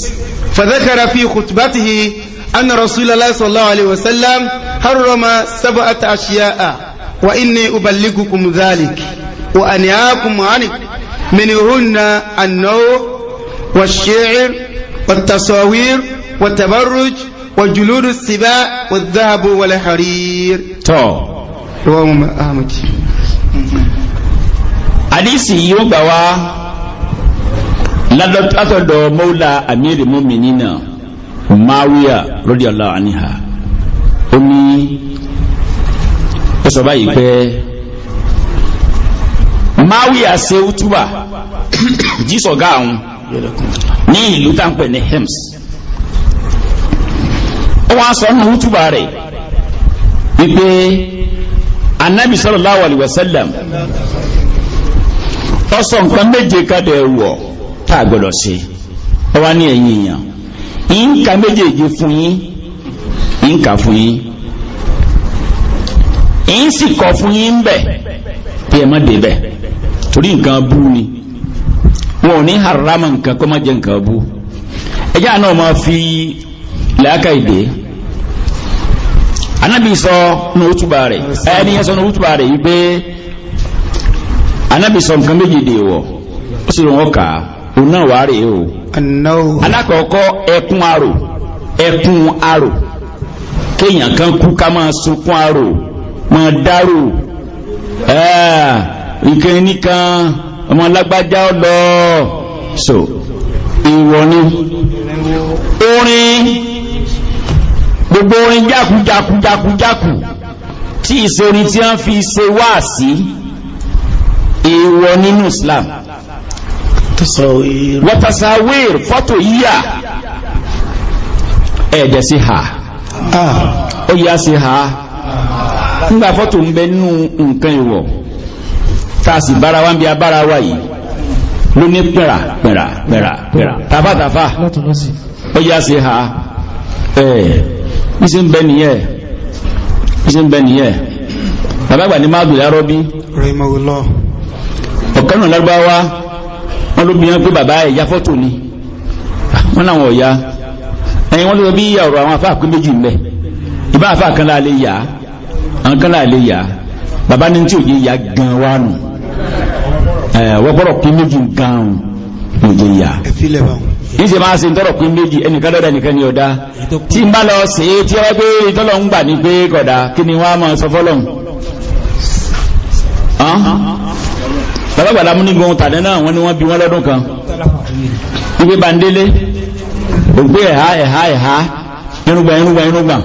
فذكر في خطبته أن رسول الله صلى الله عليه وسلم حرم سبعة أشياء وإني أبلغكم ذلك وأنهاكم عنه منهن النوع والشعر والتصاوير والتبرج وجلود السباع والذهب والحرير تو رواه أحمد hadisi yóò gbà wá látọ̀dọ̀ mọ́wúlà amírí mọ́mìnínà máwíà radiyallahu anha ó ní ó sọ máwíyà ṣe útúbà jísọ̀gá àwọn ní ìlú táǹpẹ̀ ní hems ó wá sọ nínú útúbà rẹ̀ wípé anábì sallallahu alaihi wasallam ó sọ nǹkan méje kádẹ̀ wọ̀ tá a gbọ́dọ̀ ṣe ó wá ní ẹ̀yìn èèyàn ìǹkà méjèèjì fún yín ìǹkà fún yín ìǹsìkọ̀ fún yín ń bẹ̀ bí ẹ má débẹ̀ torí nǹkan bú ni wọn ò ní harama nǹkan kọ́ má jẹ́ nǹkan bú ẹjẹ́ àná ọmọ fi làákà ìdè anabi sọ ní òtúbà rẹ̀ ẹni yẹn sọ ní òtúbà rẹ̀ yìí pé anabi sọ nǹkan méjì dè wọ̀ ó sì rún ọkà òun náà wà rèé o alákọ̀ọ́kọ́ ẹkún arò ẹkún arò kéèyàn kan kú ká máa sunkún arò máa dárò ẹ̀ẹ́ nǹkan nìkan ọmọ alágbájá ọlọ so ìwọ ni orin gbogbo orin jákújákújákújákú tí ìsorí tí wọ́n fi ṣe wá sí ìwọ nínú Islam wọ́tasawir fọ́tò yíyà ẹ̀ẹ̀dẹ̀ sí ha ah. ó yá sí ha nígbà fọ́tò ń bẹ nínú nǹkan ìwọ̀ sáàsì bára wá ń bí abára wá yìí ló ní pẹ̀rà pẹ̀rà pẹ̀rà pẹ̀rà tàfàtàfà ó yá sí ha ẹ̀ ìṣe ń bẹ nìyẹn ìṣe ń bẹ nìyẹn bàbá ní máàdùn lárọ́ bí ọ̀kan náà lárúbáwá wọn ló bíyàn ẹ̀ ya fọ́tò ni wọn làwọn ọ̀ya ẹ̀yìn wọn ló bí ìyà ọ̀rọ̀ àwọn afáàkú méjì ń bẹ ìbá afáàkan bàbá ní tí òye yà gan wa wọ́n gbọ́dọ̀ pín méjì gan-an nìjẹ́ ìyá ìṣe máa ṣe tọ́rọ̀ pín méjì ẹnìkan lọ́dọ̀ nìkan ni ọ̀dá tí ń bá lọ sí tí ó gbé ìtọ́lọ̀ ń gbà ní pé kọ̀dá kí ni wọ́n á máa sọ fọ́lọ́hun bàbàgbàlá múnigun tàdé náà wọ́n ni wọ́n bí wọ́n lọ́dún kan ibi bandele ògbé ẹ̀há ẹ̀há ẹ̀há irúgbà irúgbà irúgbà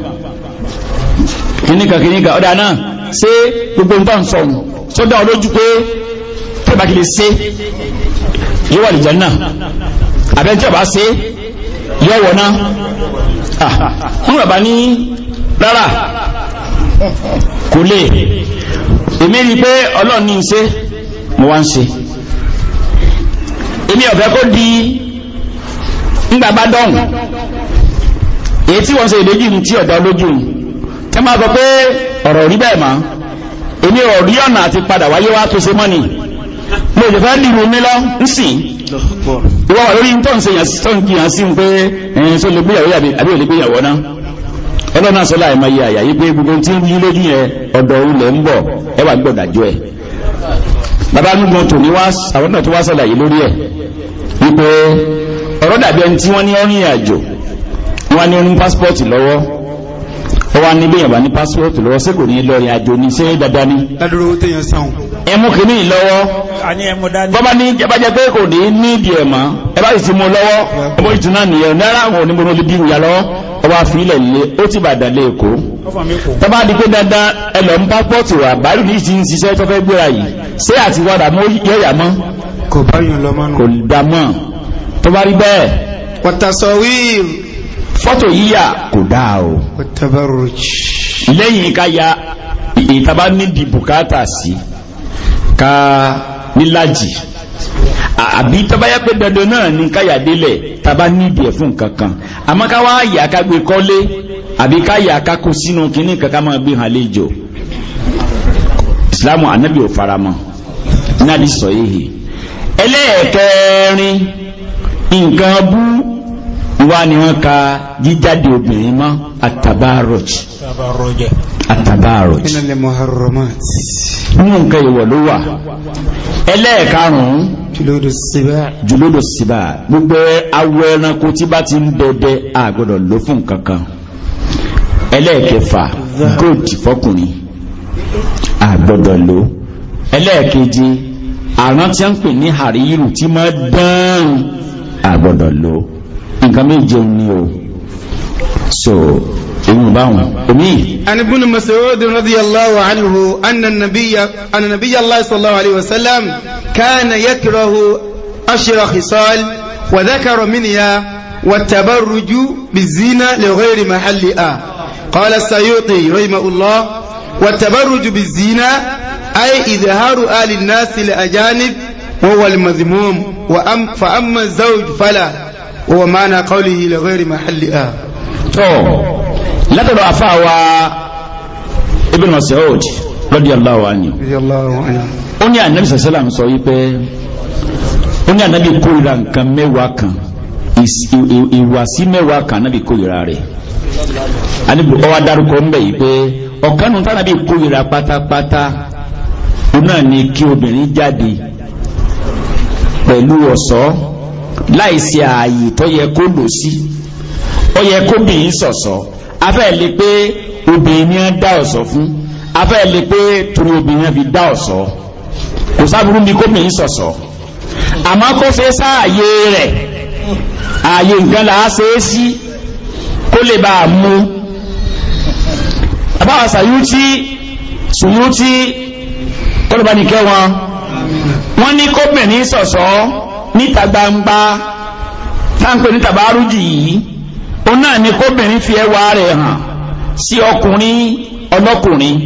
kìníkà kìníkà ọ̀dà náà ṣé gbogbo nǹkan sọ̀rọ̀ tó dá olójú pé tẹ́bà kí lè ṣe yóò wà lìjẹ́ náà àbẹ́ tí ọba ṣe yóò wọ̀ náà wọ́n bàbá ní rárá kò lè èmi rí pé ọlọ́run ní ṣe mo wá ń ṣe èmi ọ̀fẹ́ kó di ńgbà èyí tí wọ́n ṣe ìdójú tí ọ̀dá olójú tẹ́ máa sọ pé ọ̀rọ̀ rí bẹ́ẹ̀ máa èmi ò rí ọ̀nà àti padà wáyé wá tó ṣe mọ́ni mo lè fẹ́ dìrò mi lọ ń sìn ìwọ wà lórí tó ń ṣe tó ń kìyàn sí pé ẹ̀yìn tó lè gbéyàwó àbí olè gbéyàwó náà ọlọ́nà sọlá ẹ̀ máa yẹ àyà yí pé gbogbo tí ń yí lójú yẹn ọ̀dọ̀ ilẹ̀ ń bọ̀ ẹ wà gbọ́dọ̀ àjọ ẹ̀ bàbá nugun tò ní àwọn náà tó wá sọlá yìí lórí ẹ̀ wípé ọ̀rọ̀ dàbí ẹni tí wọ́n ní ọ̀rìn àjò wọ́n ní oní pásítọ̀tì lọ́wọ́ ọwá ní bíyànbá ní pásíwọ́tù lọ́wọ́ sí kò ní lọ́rin àjò ní ṣe dada ní ládúró tẹ́yàn sáhùn ẹmú kìíní lọ́wọ́ bọ́bá ní ẹbá jẹ́ pé kò ní ní ìdí ẹ̀mọ́ ẹbá sì ti mú lọ́wọ́ ọmọ ìtún náà nìyẹn náírà àwọn onímọ̀ olóbi ìrùyà lọ́wọ́ ọwá fílẹ̀ lé ó ti bàdà lé èkó di pé dada ẹlọ ń pápọ́ọ̀tù wà báyìí ní ti ń ṣiṣẹ́ tó gbéra yìí ṣé àti wọ́dà mọ́ yẹ̀yà mọ́ kò bá yùn lọ́mọ́nù kò dà mọ́ tó bá rí bẹ́ẹ̀. pọ̀tàsọ̀wíìrì fọ́tò yíyà kò dáa o lẹ́yìn ká ya ìtaba nídi bùkátà sí ká nílájì àbí tọ́bá yá pé dandan náà ní káyà délẹ̀ tàbá níbi ẹ̀ fún kankan àmọ́ ká wá yà ká gbé kọ́lé àbí ká yà ká kó sínú kínní kankan máa gbé hàn léjò Islam anabi ò náà ní sọ yìí ẹlẹ́ẹ̀kẹrin nǹkan bú wá ni wọ́n ka jíjáde obìnrin mọ́ àtàbárọ̀jì àtàbárọ̀jì nínú nǹkan ìwọ̀ ló wà ẹlẹ́ẹ̀karùn-ún jùlódò síbà gbogbo awọ ẹranko tí bá ti ń dẹdẹ àgbọ̀dọ̀ ló fún kankan ẹlẹ́ẹ̀kẹfà gold fọkùnrin àgbọ̀dọ̀ ló ẹlẹ́ẹ̀keje àrán tí a ń pè ní àríyìrù tí máa dán àgbọ̀dọ̀ ló nǹkan méje ni o so ìwọ̀n báwọn omi. anibunu masoud radiyallahu anhu ananabiya allah sallallahu alayhi wa sallam kana yakirahu ashira khisal wa dhakara minha wa tabarruju bizina li ghayri mahalliha qala as-sayuti rahimahullah wa tabarruju bizina ay idharu ali an-nas li ajanib wa huwa al wa am fa amma zawj fala wa ma'ana qawlihi li ghairi mahalliha tó látọ̀dọ̀ àfáàwà ibn Mas'ud radiyallahu anhu ó ní ànábì sàṣẹ́là sọ wípé ó ní ànábì kórìíra nǹkan mẹ́wàá kan ìwàsí mẹ́wàá kan ànábì kórìíra rẹ̀ ànábì ọwọ́ adarúkọ ń bẹ̀ pé ọ̀kanù tánàbì kórìíra pátápátá ó náà ní kí obìnrin jáde pẹ̀lú ọ̀ṣọ́ láìsí ààyè tó yẹ kó lò sí ó yẹ kó bìí sọ̀sọ̀ afẹ́ lè pé obìnrin á dá ọ̀sọ̀ fún afẹ́ lè pé torí obìnrin fi dá ọ̀sọ̀ kò sábúrú ní kó bìí sọ̀sọ̀ àmọ́ kó ṣe sáàyè rẹ̀ ààyè nǹkan là á ṣe é sí kó lè bá a mú àbáwá Sàyútì Sùyútì kọ́lùbánikẹ́ wọn wọ́n ní kó bìí sọ̀sọ̀ níta gbangba táǹpẹ̀ níta bá rújì yìí ó náà ni kóbìnrin fi ẹwà rẹ̀ hàn sí ọkùnrin ọlọ́kùnrin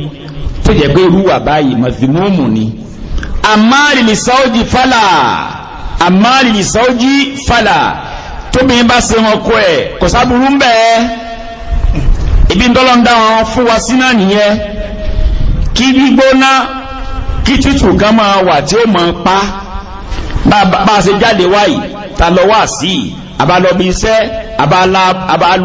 tó jẹ́ pé rúwà báyìí mọ̀símọ́ọ̀mù ni àmárìlì sáójì fálà àmárìlì sáójì fálà tóbìnrin bá ṣe wọn kọ ẹ̀ kò sábúrú ń bẹ́ẹ̀ ibi tọ́lọ́ ń dá wọn fún wa sí náà nìyẹn kí gbígbóná kí tútù kan máa wà tí ó máa pa á bá ṣe jáde wáyìí ta lọ wá sí i àbálọ́bí iṣẹ́ àbálọ́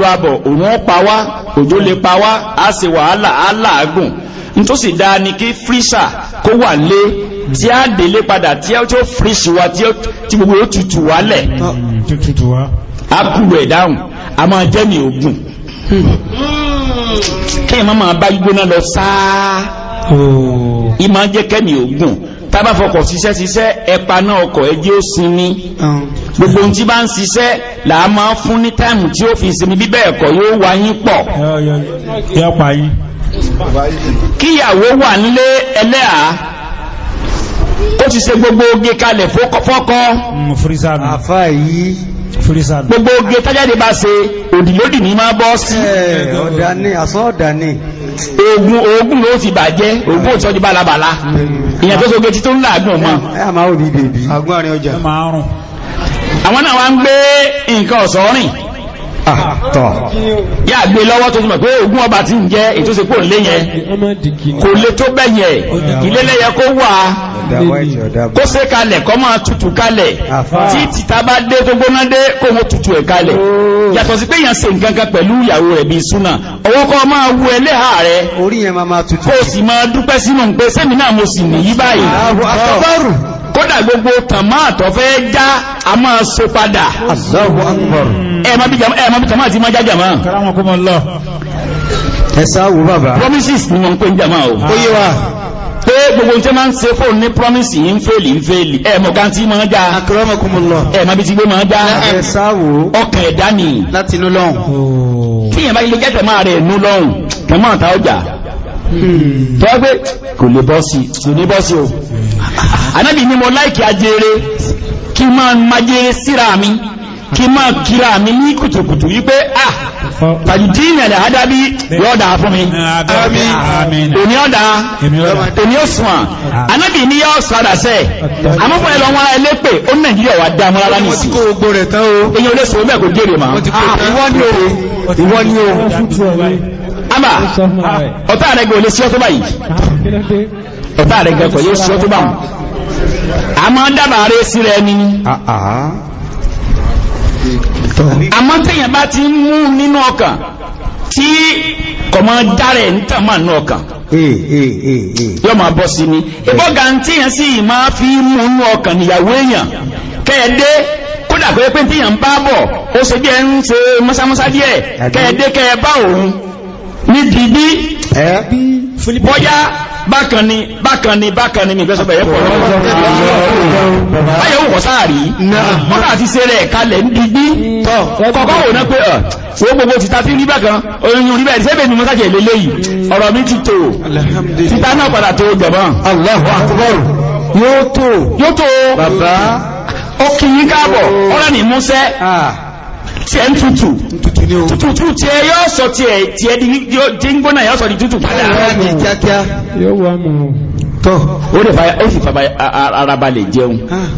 àbọ̀ òun pa wá òjò lè pa wá á ṣe wàhálà á làágùn nítòsí dáa ni kí fírísà kó wà lé tí a délé padà tí ó tó fírísì wa tí gbogbo ó tutù wá lẹ̀ á kúrò ẹ̀ dáhùn a máa jẹ́ ní ogun hmm. kí máa bá gbígbóná lọ sáá ìmọ̀ jẹ́ kẹ́mi ogun tábà fọkọ̀ ṣiṣẹ́ ṣiṣẹ́ ẹpa náà ọkọ̀ ẹjẹ́ ó sinmi gbogbo ohun tí bá ń ṣiṣẹ́ là á máa fún ní táìmù tí ó fi sinmi bíbẹ̀ ẹ̀kọ́ yóò wá yín pọ̀ kíyàwó wà nílé ẹlẹ́à ó ti ṣe gbogbo oge kalẹ̀ fọ́kọ́ gbogbo oge tajade bá ṣe òdìlódì ní máa bọ́ sí ọ̀dání àsán ọ̀dání ogun ogun ló ti bàjẹ́ ogun òtí ọdí bálabàlá ìyàn tó sóge tí tó ń làágùn ọmọ àwọn náà wá ń gbé nǹkan ọ̀sọ́ rìn àtọ̀ ah, yà gbé lọ́wọ́ tó túnmọ̀ pé ogun ọba ti ń jẹ́ ètò sí pò léyẹn kò lè tó bẹ́yẹ ilé lẹ́yẹ kó wà kó sé kalẹ̀ kó máa tutù kalẹ̀ tí tìta bá dé tó gbóná dé kó mo tutù ẹ̀ kalẹ̀ yàtọ̀ sí pé yàn ṣe nǹkan kan pẹ̀lú ìyàwó rẹ̀ bíi súnà ọwọ́ kọ́ máa wu ẹlẹ́hà rẹ̀ kó sì máa dúpẹ́ sínú pé sẹ́mi náà mo sì nìyí báyìí kódà gbogbo tàmá tó fẹ́ já a máa so padà Allahu Akbar ẹ̀mọ́ bí tàmá ti máa já jàmá ẹ̀sá wo bàbá promises ni wọ́n ń pè ń jàmá o ó yé pé gbogbo tí máa ń ṣe fóòn ní promise yìí ń fèlì ń fèlì ẹ̀mọ́ kan tí máa já ẹ̀mọ́ bí ti gbé máa já ẹ̀sá wo ọkàn ẹ̀dá ni láti inú lọ́hùn kí Hmm. tọ́gbé kò lè bọ́sí kò ní bọ́sí o anábì ní mo láìkì ajere kí máa majere síra mi kí máa kíra mi ní kùtùkùtù wípé ah tàjùdínà lè hádá bí yọ́dá fún mi òní ọ̀dá òní òsùnwà anábì ní yọ́ sọ́dá sẹ́ amọ́pọ̀ ẹlọ wọn ẹlẹ́pẹ̀ ó nàìjíríà wà dá mọ́ra lánìí sí èyàn olóṣèlú mẹ́kò jèrè mà ni o àbà ọ̀tá rẹ̀ gẹ̀ olè sí ọ́ tó báyìí ọ̀tá rẹ̀ gẹ̀ kọ̀ yóò sí ọ́ tó bá a máa dábàá rẹ̀ sí rẹ̀ ni ah, ah. àmọ́ tẹ̀yàn bá ti mú nínú ọkàn tí kọ̀mọ́ dárẹ̀ nítàmà nínú ọkàn yọ máa bọ́ sí ni ìbọ́gà tíyàn sì máa fi mú nínú ọkàn níyàwó èèyàn kẹ́ẹ̀dé kódà kó yẹ pé tíyàn bá bọ̀ ó ṣe bí ẹ ń ṣe mọ́sámọ́sá díẹ̀ kẹ́ẹ̀dé kẹ́ẹ̀ bá òun ní dìbí bọ́yá bákan ni bákan ni mi fẹ́ sọ bẹ̀rẹ̀ pọ̀ lọ́wọ́ báyẹ̀ òkò sáàrí wọ́n àti ṣe rẹ̀ kalẹ̀ ń digbí kọ̀kọ́ wò náà pé ọ̀ gbogbo ni mo sáàkì èlé léyìí ti tò títà náà padà tó jọ̀bọ́n yóò tó yóò tó ó kì í káàbọ̀ ni mú tí ẹ ń tutù tutù tí ẹ yọ́ sọ tí ẹ tí ẹ di gbóná yọ́ sọ di tutù padà yóò wà mọ̀ tọ́ ó lè fàyà ó sì fàbà arabalẹ̀ jẹun ah.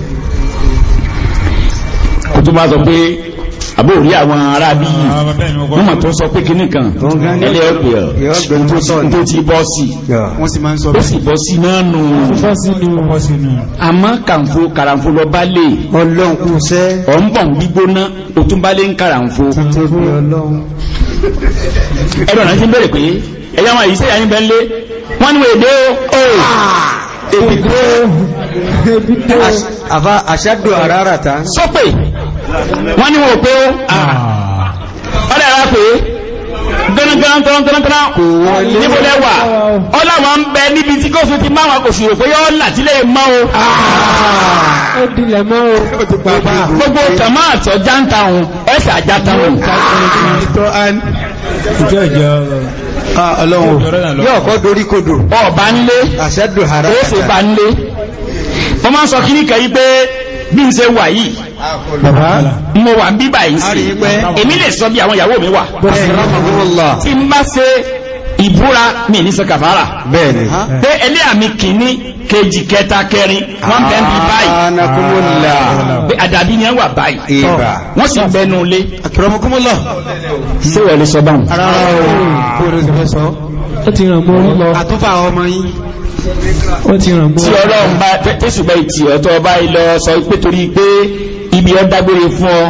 kò tó máa sọ pé àbò rí àwọn ará bí yìí wọ́n mọ̀ tó sọ pé kí nìkan ẹlẹ́ ọ̀pẹ̀ ọ̀ tó ti bọ́ sí ó sì bọ́ sí náà nù àmọ́ kàǹfò kàràǹfò lọ bá lè ọ̀nbọ̀n gbígbóná ó tún bá lè ń kàràǹfò ẹ̀rọ náà ti ń bẹ̀rẹ̀ pé ẹ̀yà wọn àyíṣẹ́ yàyín bẹ́ńlé wọ́n ní èdè ó ah! èdè ó àṣàdùn àràràta sọ́pẹ̀ wọ́n ní wọ́n pé ó ah. ah. dára pé gánagánagánagánagánà níbo lẹ́wà ọláwọ̀ ń bẹ níbi tí kó fún ti máa wọn kò sì rò pé yọ́ làtílẹ̀ mọ́ o ah. ó dilẹ̀ mọ́ o gbogbo tàmá àtọ̀ jáǹtà òun ẹ̀sẹ̀ àjá táwọn ọlọ́run yóò kọ́ dorí kodò ọ̀bá nílé àṣẹ́dù hàrá ó sì bá nílé wọ́n máa ń sọ kíníkà yí pé bí n ṣe wà yìí mo wà bí báyìí sí èmi lè sọ bí àwọn ìyàwó mi wà tí n bá ṣe ìbúra mi ní sọ kàfàrà pé ẹlẹ́ àmì kìíní kejì kẹta kẹrin wọ́n bẹ́ẹ̀ bí báyìí pé àdàbí ni ẹ wà báyìí wọ́n sì bẹnu lé ṣé wọ́n sọ báwọn. àtúfà ọmọ yín ó ti ràn gbọ́ tí ọlọ́run bá tẹ́sùgbà ìtì ọ̀tọ̀ ọba ilọ̀ sọ pé torí pé ibi ọ dágbére fún ọ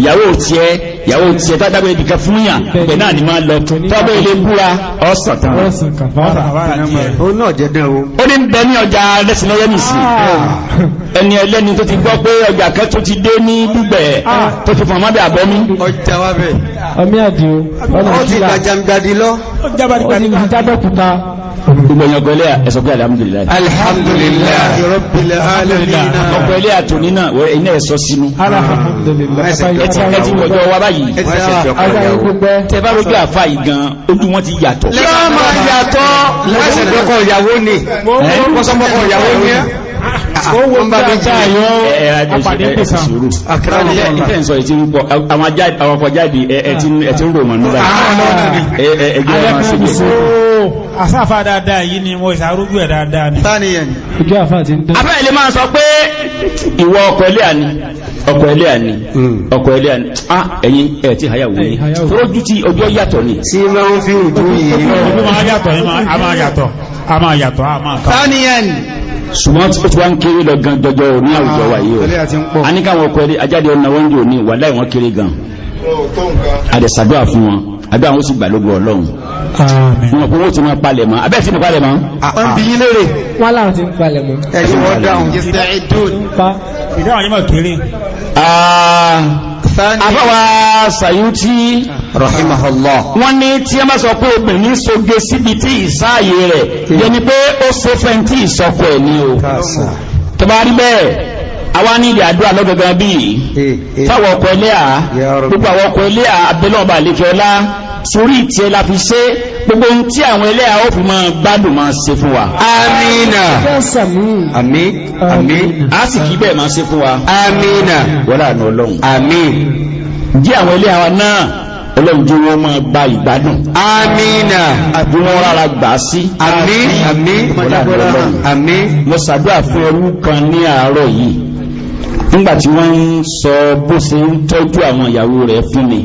ìyàwó tí ẹ ìyàwó tí ẹ tádágbére nìkan fún yàn pẹ̀ náà ni máa lọ tọ́gbẹ́ ilé búra ọ̀sán tán ó náà jẹ́ dán o ó ní bẹ ní ọjà lẹ́sìnlẹ́yẹ nìsí ah. ẹni ẹlẹ́ni tó ti gbọ́ pé ọjà kan tó ti dé ní dúgbẹ̀ ah. tó ti fọ̀n mọ́bẹ̀ àbọ́mí ọjà wábẹ̀ ọmí àdíò ọlọ́dílà jábàkúta ìgbẹ̀yàngọ́lẹ́ ẹ̀sọ̀gbẹ̀ alhamdulillah alhamdulillah rabbil alamin ọ̀pẹ̀lẹ́ ìyàwó ni Àsáfà ah, ah, dáadáa yìí ni wọ́n ìsàrúgbù ẹ̀ dáadáa ni. Táníyàn. Ojú àfà ti ń dán. Afẹ́ ilé máa sọ pé ìwọ ọkọ̀ hmm. ah ẹ̀yin ni. Ojú ti ọjọ́ yàtọ̀ ni. Sí máa ń fi ìdú yìí. Ojú máa yàtọ̀, a máa yàtọ̀, a máa yàtọ̀, a máa kà. Táníyàn ṣùgbọ́n tí ó ti wá ń kéré lọ gan jọjọ ní àwùjọ wa yìí o a ní káwọn ọkọ ẹni ajáde ọ̀nà wọn ní òní wà láì wọn kéré gan àdẹ̀sàdúrà fún wọn àbí àwọn oṣù gbàlógún ọlọ́run wọn kò wọ́n ti máa palẹ̀ mọ́ abẹ́ ti ní palẹ̀ mọ́. wọ́n bí yín léèrè. wọ́n láwọn ti ń palẹ̀ mọ́. ẹ̀yin wọ́n dáhùn. ìdáhùn yìí máa kéré. Ah àbáwà Sayuti rahimahullah wọ́n ní tí a máa sọ pé obìnrin soge síbi tí ìsáàyè rẹ̀ yẹ pé ó ṣe fẹ́ntì ìsọkọ̀ ẹ̀ ní o tó bá bẹ́ẹ̀ àwa ní ìdí àdúrà lọ́gọ̀gán bí eh, eh. fáwọn ọkọ̀ ilé à gbogbo àwọn ọkọ̀ ilé à abẹ́lọ́ọ̀bà àlejò ọlá sórí ìtì ẹlà fi ṣe gbogbo ohun tí àwọn ilé à ó fi máa gbádùn máa ṣe fún wa. amina ami ami a sì kí bẹ́ẹ̀ máa ṣe fún wa. amina wọ́n àná ọlọ́run. ami jẹ́ àwọn ilé àwa náà ọlọ́run jẹ́ wọ́n máa gba ìgbádùn. amina àbí wọ́n rárá gbà sí. ami ami wọ́n àná ọlọ́run. ami mo ṣàdúrà fún ẹrú kan ní àárọ̀ yìí nígbà tí wọ́n ń sọ bó ṣe ń tọ́jú àwọn ìyàwó rẹ̀ fún mi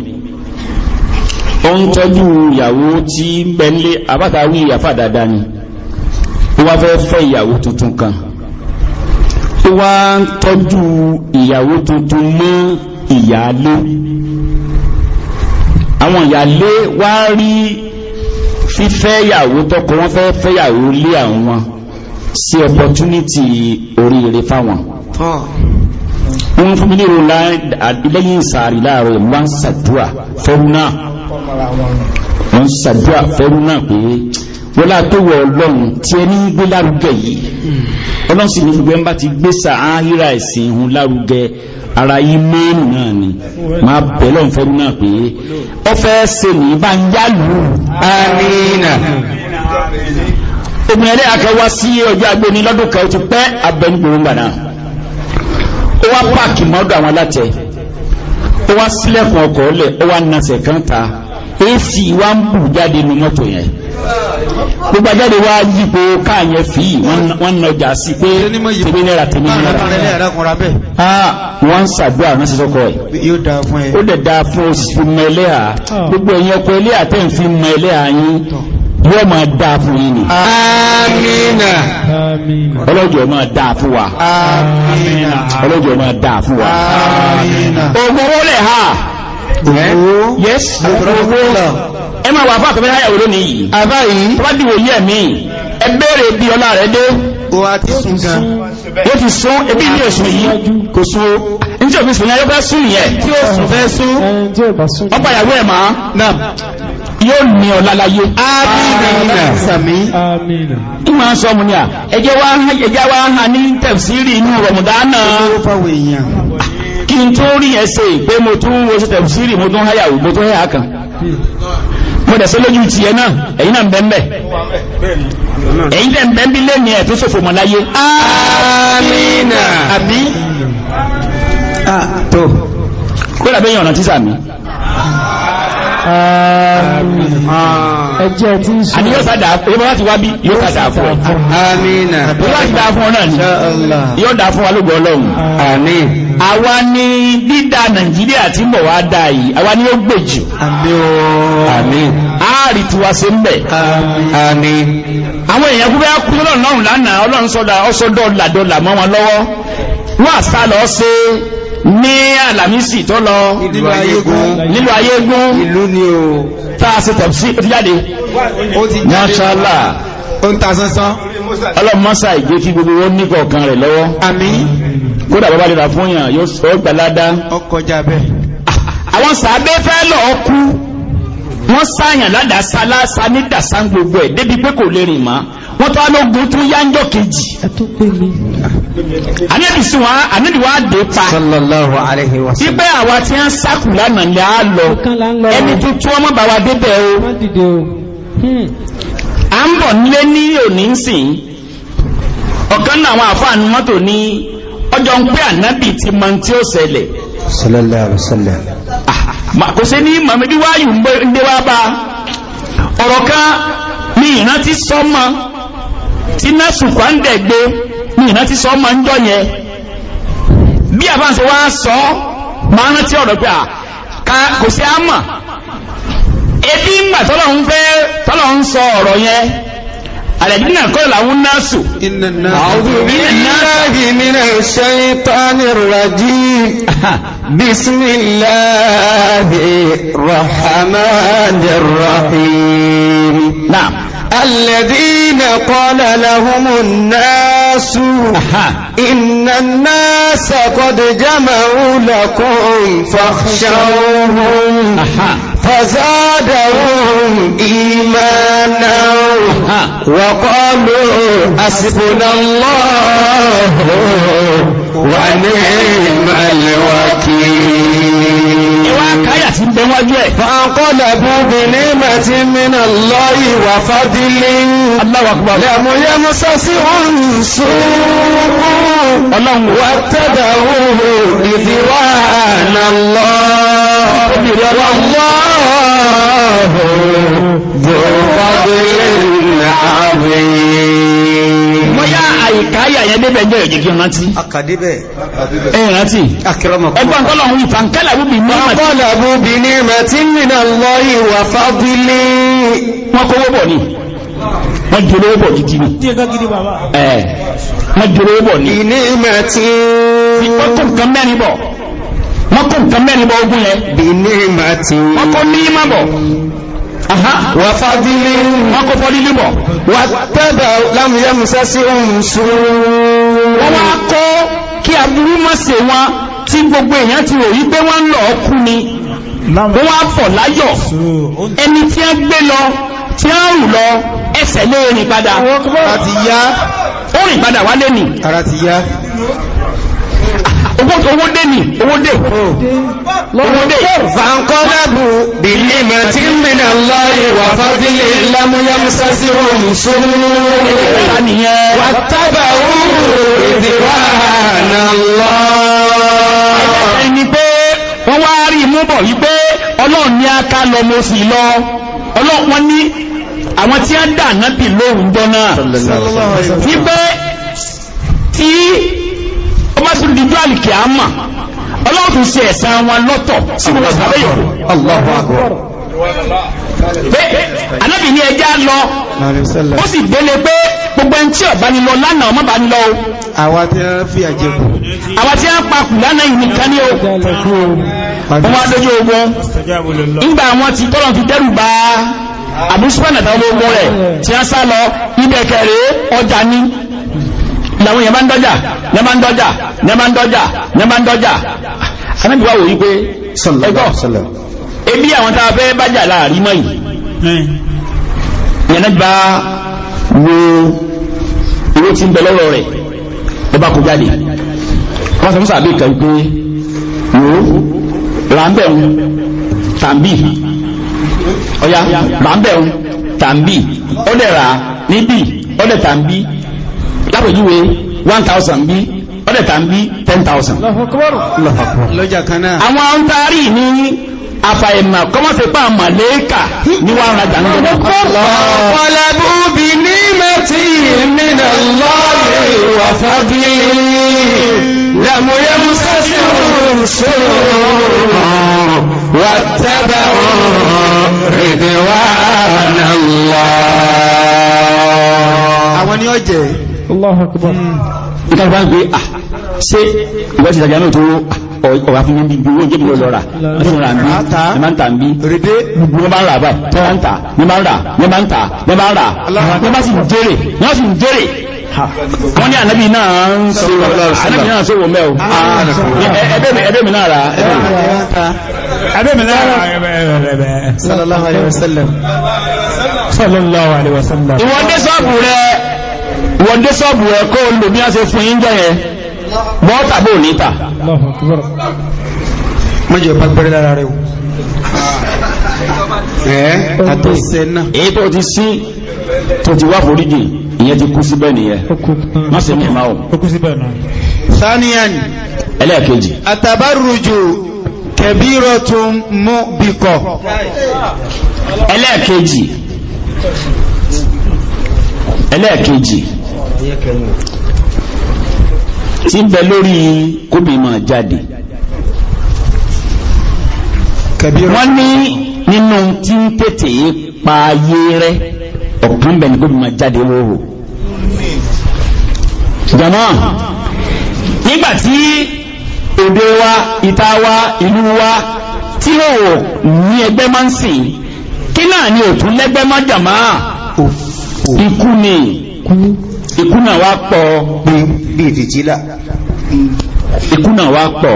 ó ń tọ́jú ìyàwó tí ń bẹ nílé àbátawí ìyàfà dáadáa ni ó wá fẹ́ fẹ́ ìyàwó tuntun kan ó wá ń tọ́jú ìyàwó tuntun mọ́ ìyáálé àwọn ìyáálé wá rí fífẹ́ ìyàwó tọkọ wọn fẹ́ fẹ́ ìyàwó lé àwọn sí opportunity oríire fáwọn wọ́n fún mi nílò lẹ́yìn sàárì láàrọ̀ wọ́n sàdúà fẹ́rú náà wọ́n sàdúà fẹ́rú náà pé wọ́n láà tó wọ ọlọ́run tí ẹni gbé lárugẹ yìí ọlọ́run sì ní gbogbo ẹ̀ ń bá ti gbé sàáhírà ẹ̀sìn ìhun lárugẹ ara yìí mẹ́rin náà ni máa bẹ̀ lọ́n fẹ́rú náà pé ọ fẹ́ ṣe ní bá ń yálù amínà obìnrin ẹ̀rẹ́ akẹwà sí ọjọ́ agbóni lọ́dún kan ó ti pẹ́ abẹ́nigbòrò gbà náà ó wá páàkì mọ́dọ̀ àwọn alátẹ̀ ó wá sílẹ̀kùn ọkọ̀ ọlẹ̀ ó wá nasẹ̀ kan ta ac wá ń bù jáde nu mọ́tò yẹn gbogbo ajáde wá yípo káàyẹ fi wọ́n nà ọjà sí pé tèmi náírà tèmi náírà wọ́n ń sàdúrà wọ́n sì sọ́kọ̀ ẹ̀ ó dẹ̀ dáa fún oṣù mọ ẹlẹ́à ah. gbogbo ẹ̀yìn ọkọ̀ ẹlẹ́à tẹ́ ń fi mọ ẹlẹ́à yín yóò máa dáa fún yín ni. amina. ọlọ́jọ́ máa dáa fún wa ọlọ́jọ́ máa fún wa lẹ̀ ha yes ẹ máa wà fún àtọ́fẹ́ láyà òró nìyí àbá yìí ẹ bí ọlá rẹ̀ dé ti sún ní yìí kò sún ní tí òfin sún ní ayọ́fẹ́ sún yẹ yóò ní ọlálayé àmìnà ìmọ̀ sọ mú ní à ẹjẹ́ wá ha ní tẹ̀fsírì inú rọmùdánà kí n tó rí ẹsẹ̀ pé mo tún wo sí tẹ̀fsírì mo tún háyàwó mo tún háyà kan mo dẹ̀ sí lójú ti ẹ náà ẹ̀yìn náà bẹ́ẹ̀bẹ́ ẹ̀yìn tẹ̀ bẹ́ẹ̀bí lé ní ẹ̀tún sòfò mọ̀láyé àmìnà àbí ah, kó ẹjẹ́ tí ń sọ àníyàn sádà bí yóò dá fún fún alógbò ọlọ́run àmín àwa ni dídá nàìjíríà tí mọ̀ wá dá yìí àwa ni ó gbèjì àmín ààrì tí wá sí ń bẹ̀ àwọn èèyàn lọ́nà lánàá ọlọ́run sọ́dọ̀ mọ́ wọn lọ́wọ́ wọ́n àsálọ́ ní àlàmísì tó lọ nílùú ayégún ìlú ni o táà sí tẹ̀sí ó ti jáde mashallah ó ta sánsán ọlọ́mọ́sà ìgbé kí gbogbo wọn ní kọ̀ọ̀kan rẹ̀ lọ́wọ́ àmín kódà bàbá lè rà fún yàn yóò sọ ọ́ gbalada ọkọjá bẹ́ẹ̀ àwọn sàábẹ́ fẹ́ lọ ọkú wọ́n sáyàn ládàá sálásá ní dàsán gbogbo ẹ̀ débi pé kò lè rìn mọ́ wọ́n tó wá lógun tún yájọ́ kejì anábì sí wọn anábì wá awa pa sallallahu alaihi wa sallam pípẹ́ tí wọ́n sákù na lè a lọ ẹni tó tó ọmọ bá wa débẹ̀ o hmm. à ń bọ̀ nílé ní òní sìn ọ̀kan náà àwọn àfáà ní mọ́tò ní ọjọ́ ń pé ànábì ti mọ tí ó ṣẹlẹ̀ sallallahu alaihi wa sallam ah, kò sí ní wáyù wá bá ọ̀rọ̀ kan ní ìrántí sọ́mọ tí násùkwá ń dẹ̀ gbé ní ìrántí sọ ma ń jọ yẹn bí àbáǹsẹ wá sọ máa rántí ọ̀rọ̀ pé kò sí àmà ebi ń gbà tọ́lọ̀ ń fẹ́ tọ́lọ̀ ń sọ ọ̀rọ̀ yẹn الذين قال له الناس أعوذ بالله بسم الله الرحمن الرحيم نعم الذين قال لهم الناس إن الناس قد جمعوا لكم فاخشوهم فزادهم إيمانا وقالوا حسبنا الله ونعم الوكيل wọ́n jẹ́. fàǹkọ́lẹ̀bù bìnímẹ̀tì mìnà lọ́yì wà fàdílé. Allahu akbar. lẹ́múyẹ́mú sọ́sí òun sùn. ọlọ́run wà tẹ́dà òhò ìdíwà náà lọ. ọlọ́run bò fàdílé náà rèé. káyà yẹn débẹ̀ jẹ́ òjì kí rántí. akadébẹ̀. ẹ rántí. akérèmọ̀kọ́. ẹgbọ́n tọ́lọ̀ ń ìtàn kálà búbi ní ọmọ. kọ́lá búbi ní mẹ́tí nínà lọ ìwà fábílì. wọ́n kówó bọ̀ ni wọ́n jòrò bọ̀ gidi ni. ẹ wọ́n jòrò bọ̀ ni. ìní mẹ́tí. wọ́n kó nǹkan mẹ́rin bọ̀ wọ́n kó nǹkan mẹ́rin bọ̀ ogun yẹn. ìní mẹ́tí. wọ́n kó ní wà fàdílé wọn kò fọ́ lílé bọ̀ wà tẹ́bẹ̀ lámúyẹ́mùsẹ́ sí ohun ṣúrú wọ́n wá kọ́ kí aburú mọ́ sí wọn tí gbogbo èèyàn ti rò wípé wọ́n lọ kú ni wọ́n wá fọ̀ láyọ̀ ẹni tí a gbé lọ tí a rù lọ ẹsẹ̀ lé rìn padà ó rìn padà wálé ni ara owó dé ní owó dé owó dé fàǹkọ́dábù bìlì mẹ́tí mìnà lọ́yìn wà fàbílì lámúyámúsá sí ohun sórúnú wà tábà wá rí ní lọ mo lọ àwọn tí a dà náà jọ náà tí ó má sí dídú àlìkì àmà ọlọ́run fi ṣe wọn lọ́tọ̀ sí gbogbo sàbẹ̀ yòó. anábì ní ẹja lọ ó sì délé pé gbogbo ẹni tí ọba ni lọ lánàá ọmọ bá ni lọ o. tí a fi àjẹ kù. àwa tí a pa kù lánàá yìí nìkan ní o. wọ́n wá ogun nígbà wọn ti tọ́lọ̀ fi dẹ́rù bá àbúṣúpẹ̀ nàtàwọn ogun rẹ̀ tí a sá lọ ibẹ̀ ọjà ní làwọn yẹn bá ń dọ́jà yẹn bá ń dọ́jà yẹn bá ń dọ́jà yẹn bá ń dọ́jà anábìwá wò yí pé ẹgbọ́ ebi àwọn tá a fẹ́ bájà láàrin mọ́ yìí yẹn náà bá wo owó tí ń bẹ lọ́rọ̀ rẹ̀ ẹ bá kó jáde wọ́n sọ fún sàbí kan pé wò ó ràǹbẹ̀ ń tàbí ọ̀ya ràǹbẹ̀ ń tàbí ọ̀dẹ̀ rà níbí ọ̀dẹ̀ tàbí lápòjúwe one thousand bí ọ̀dẹ̀ta ń bí ten thousand. lọ́jà kan náà. àwọn ń taari ní àfàìmà kọ́mọ́sí pa màlẹ́kà ní wà rájà ń gbọ́dọ̀. ọ̀pọ̀lọpọ̀ bí ní mẹ́tì ìmìnà lọ́rẹ̀ wà fàbí lẹ́múyẹ́ musásí òṣò wà tẹ́bà rìdìwà náà lọ. àwọn ni ó jẹ́ Allahu Akbar nítorí bá ń gbé à ṣé ìwọ́n ti ìtajà náà tó ọ̀rọ̀ fún mi bí owó jẹ́ bí lọ́ra ní ìrà ń bí ní máa ń tà ń bí rédé ní máa ń rà báyìí tó máa ń tà ní máa ń rà ní máa ń tà ní máa ń rà ní máa sì ń jèrè wọ́n sì ń jèrè wọ́n ní ànábì náà ń ṣe ànábì náà ṣòwò mẹ́ o ẹbẹ́ mi náà rà ẹbẹ́ ah, mi náà rà sallallahu alaihi wasallam sallallahu alaihi wasallam ìwọ́n dé sọ́ọ̀bù rẹ̀ wọ́n dé sọ́ọ̀bù ẹ̀ kó lò bí a ṣe fún yín jọ yẹn bọ́ tàbí ò níta mọ́jọ bá gbẹ́rẹ́ lára rẹ̀ o ẹ́ àtọ́ sẹ́nà èyí tó ti sí tó ti wá foríjì ìyẹn ti kú síbẹ̀ nìyẹn ẹlẹ́ẹ̀kejì ẹlẹ́ẹ̀kejì tí ń bẹ lórí kóbìmọ̀ jáde wọ́n ní nínú tí ń tètè pa ayé rẹ ọ̀kan bẹ̀ ní kóbìmọ̀ jáde wòrò jàmọ́ nígbàtí èdè wa ìta wa ìlú wa tí ó ní ẹgbẹ́ máa ń sìn kí náà ni òtún lẹ́gbẹ́ má jàmá ikú ni ikú náà wá pọ̀ bí fìtílà ikú náà wá pọ̀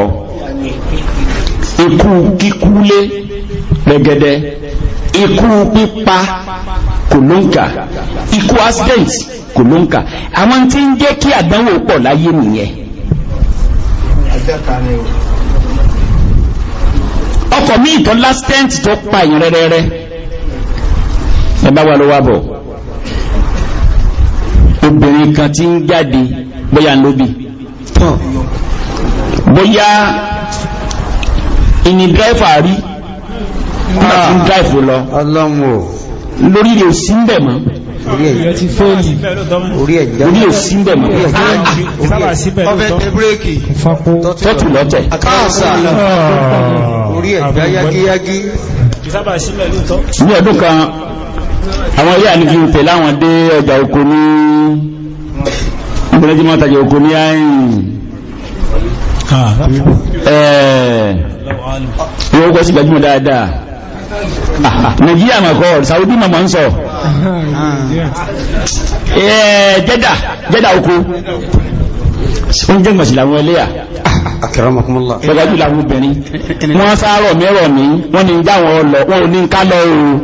ikú kíkúlé lẹ́gẹ̀dẹ̀ ikú pípa kò ikú accident kò àwọn tí ń jẹ́ kí àdánwò pọ̀ láyé nìyẹn ọkọ̀ mi ìtọ́ last tent pa ìrẹ́rẹ́rẹ́ ẹ wà ló wà bọ̀. obìnrin kan tí ń jáde bóyá lóbi bóyá ìní dráìfà rí nígbà tí ń dráìfù lọ lórí rẹ̀ ò sí ń bẹ̀ mọ́ orí ò sí ń bẹ̀ mọ́ ọfẹ́ tẹ bírèkì tọ́tù lọ́tẹ̀ ah. orí ẹ̀ yáyágíyágí ní ọdún kan àwọn ilé àníkí ń tẹ̀lé àwọn dé ọjà oko ní ìgbẹ́lẹ́jì máa tajà oko ní àyìn ẹ̀ẹ́ ìwọ́n kọ́ sí gbajúmọ̀ dáadáa nàìjíríà mọ̀kọ́ saudi mọ̀mọ̀ ń sọ jẹ́dà jẹ́dà oko oúnjẹ mọ̀sí làwọn ẹlẹ́yà akẹrọmọkúnmọ́lá pẹ̀lú àwọn obìnrin wọ́n sáárọ̀ mẹ́rọ̀ ní wọ́n ní jáwọn ọlọ wọ́n ní ká lọ oòrùn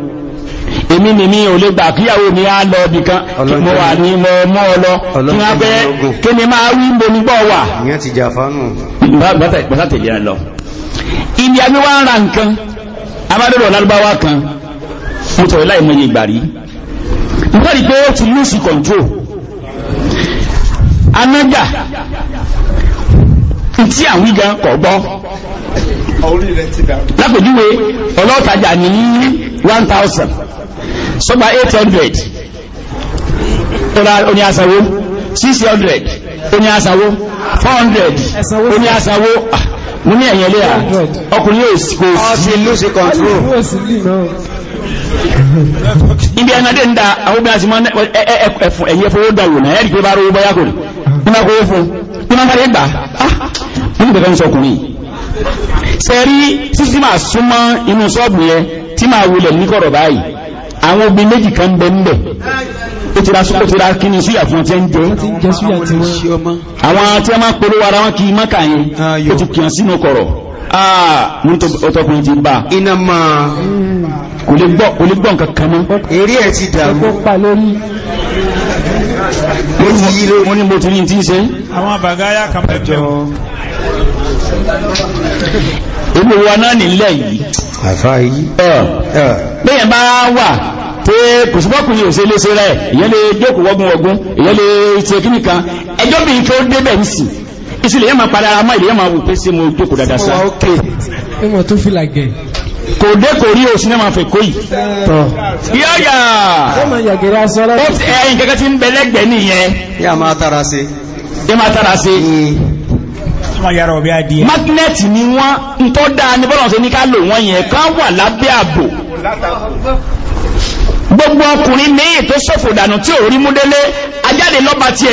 èmi nìmi ò lè gbà kíyàwó mi á lọ bí kan kí mo wà ní mọ́ mọ́ ọlọ kí wọ́n fẹ́ kí ni máa wí ń bomi gbọ́ wà ìyẹn ti jà fánù bàtà tèlé ẹ lọ ìdí àmì wá ń ra nǹkan amádọ́rọ̀ lárúbáwá kan mo tọ̀rọ̀ láì mọye ìgbà rí mo rí pé ó ti lose control anájà tí àwọn ìgbà kọ̀ gbọ́ lápèjúwe ọlọ́tajà ní 1000 sọ́gbà 800 oní àsàwó 600 oní àsàwó 400 oní àsàwó ah, mú ní ẹ̀yẹ̀ lẹ́yà ọkùnrin yóò kò sí lóṣe kọ̀ntró ibi ẹnadé ń da àwọn obìnrin àti ẹ̀yẹ fowó dàwò náà ẹ̀rì pé bá rówó bọ́yá kò ní kó fún un ah, ní wọ́n bá rí gbà á nínú bẹ̀rẹ̀ ń sọkùnrin yìí sẹ́rí títí máa súnmọ́ inú sọ́ọ̀bù yẹn tí máa wulẹ̀ níkọ̀rọ̀ báyìí àwọn obìnrin méjì kan bẹ ń bẹ̀ ó ti ra ó ti ra kí ni súyà fún ọtí ń jẹ àwọn tí wọ́n máa polówó ara wọn kì í mọ́kà yẹn ah, ó ti kìyàn sínú kọ̀rọ̀ ọtọkùnrin ah, ti bá iná máa kò lè gbọ́ nǹkan kan mọ́ eré ẹ̀ ti dàrú mo ní mo ti ní tí ń ṣe àwọn àbàgáyà kan bẹ̀rẹ̀ ìlú wa náà nílẹ̀ yìí lẹ́yìn bá wà tí kò ṣùgbọ́kùnrin ò sí léṣe rẹ̀ ìyẹn lè jókòó wọ́gún wọ́gún ìyẹn lè ṣe kíní kan ẹjọ́ bí tó débẹ̀ ń sì ìsìlẹ̀ yẹn máa padà ara máa ìlẹ̀ yẹn máa wù pé sí mo jókòó dáadáa sá kò dé kò rí òsì náà máa kó yìí yáyà ẹ̀yìn kẹ́kẹ́ tí ń bẹ lẹ́gbẹ̀ẹ́ nìyẹn yá máa tara sí magnet ni wọ́n ń tọ́ dáa ní bọ́lọ̀ sí ní ká lò wọ́n yẹn kán wà lábẹ́ ààbò gbogbo ọkùnrin míì tó ṣòfò dànù tí ò rí múdélé ajáde lọ́ba ti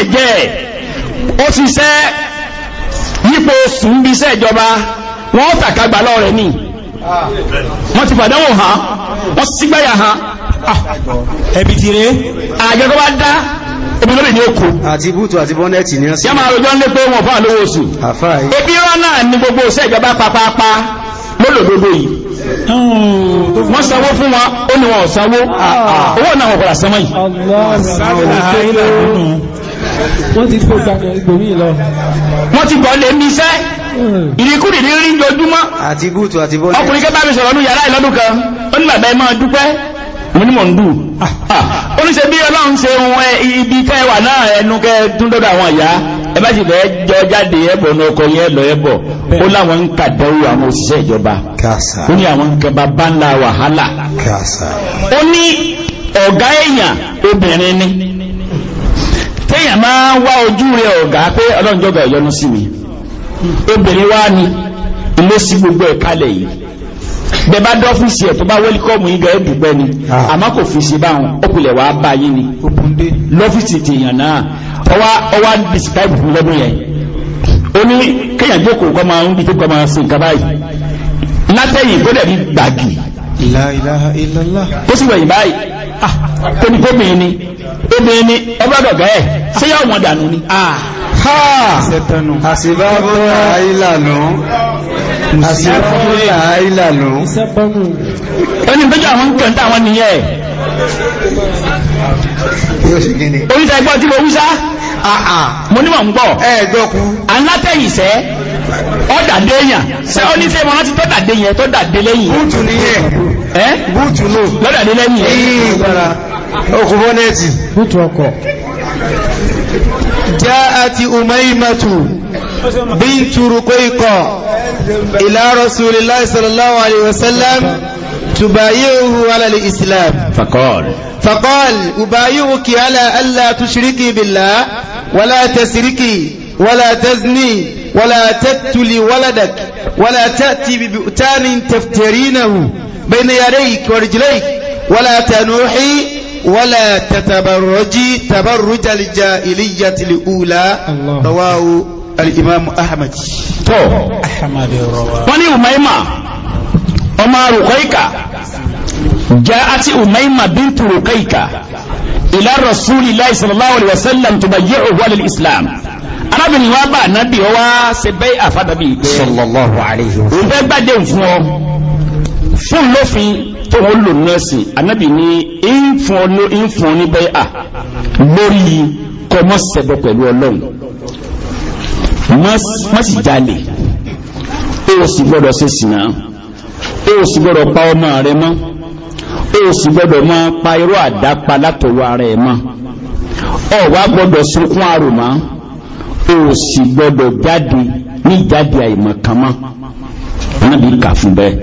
ó ti sẹ́ yípo sùn bí iṣẹ́ ìjọba wọ́n tàkàgbà ni wọ́n ti hàn wọ́n sígbáyà hàn ebi lórí ní òkú àti bútù àti bọ́nẹ̀tì ní ọ̀sán yàmà àròjọ́ ń lé pé wọ́n fún àlówó oṣù ebi rọ́nà ní gbogbo iṣẹ́ ìjọba pápápá lólòdodo yìí wọ́n sanwó fún wọn ó ní wọn ò sanwó ah. owó náà wọ́n padà sanwó yìí wọ́n ti gbọ́ lé ní iṣẹ́ ìrìkúrì ní rí jọjúmọ́ ọkùnrin kẹ́ bá mi sọ̀rọ̀ ní yàrá ìlọ́dún kan ó ní bàbá ẹ máa dúpẹ́ mo ní mò ń dùn oníṣẹ́ bí ọlọ́run ṣe ohun ibi kẹwà náà ẹnu kẹ tún dọ́dọ̀ àwọn ìyá ẹ bá sì fẹ́ jọ jáde ẹbọ̀ ní ọkọ̀ yẹn lọ ẹbọ̀ ó láwọn ń kà àwọn òṣìṣẹ́ ìjọba ó ní àwọn nǹkan ni téèyàn máa ń wá ojú rẹ ọ̀gá pé ọlọ́run ìyọnu sí mi obìnrin wá ni ilé sí gbogbo ẹ̀ kalẹ̀ bẹ bá dọ́fíìsì ẹ̀ tó bá wẹ́líkọ́mù yín gẹ̀ẹ́ dùgbẹ́ ni ah. àmọ́ kò fi ṣe báwọn ó kulẹ̀ wàá bá yín ni lọ́fíìsì tèèyàn náà ọwá ọwá describe fún lọ́dún yẹn ó ní kéèyàn jókòó kọ́ máa ń bi tó kọ́ máa ṣe nǹkan báyìí látẹ̀yìn kó dẹ̀ bí gbàgì la ilaha illallah ó sì wẹ̀yìn báyìí ah, tó ní ni obìnrin ni ẹgbẹ́ dọ̀gá ẹ̀ ṣé yá ọmọ dànù ni. Ah. àṣìbábọ̀ àìlànà àṣírọ́mọ́lá ìlàlú ẹni tó jẹ́ àwọn ń pẹ̀ ń tàwọn nìyẹn oríta ẹgbọ́ tí mo wú sá àà mo nímọ̀ ń gbọ́ ẹgbọ́kú alátẹ̀yìnṣẹ́ ọ̀dàdé èèyàn ṣé ó ní ṣe mọ́ láti tọ́dàdé yẹn tọ́dàdé lẹ́yìn búùtù nìyẹn ẹ́ búùtù lò lọ́dàdé lẹ́yìn okùn bọ́nẹ́ẹ̀tì búùtù ọkọ̀ jẹ́ àti umaimatu بنت رقيقة إلى رسول الله صلى الله عليه وسلم تبايعه على الإسلام فقال فقال أبايعك على ألا تشركي بالله ولا تسركي ولا تزني ولا تقتلي ولدك ولا تأتي ببؤتان تفترينه بين يديك ورجليك ولا تنوحي ولا تتبرجي تبرج الجاهلية الأولى رواه al'imamu ahmad tó wọ́n ní umaima ọmọ rukaika ja'ati umaima bintu rukaika ila rasulillahi sallallahu alaihi wasallam tubayyi'uhu lil islam arábìnrin wa bá nábì ọ wá ṣe bẹ́ àfádàbí sallallahu alaihi wasallam ìgbẹ́ gbàdé fún ọ fún lófin tó wọ́n lò nọ́ọ̀sì anábì ní ìfún ọ ní bẹ́ à lórí kọmọ́sẹ̀bọ̀ pẹ̀lú ọlọ́run má sì gbọ́dọ̀ ṣe sìnà gbọ́dọ̀ pa ọmọ rẹ mọ́ ó gbọ́dọ̀ pa irú àdápa látọwọ́ ara mọ́ ọ gbọ́dọ̀ sunkún àrùmá ó gbọ́dọ̀ jáde ní ìjáde àìmọ̀kànmọ́ bẹ́ẹ̀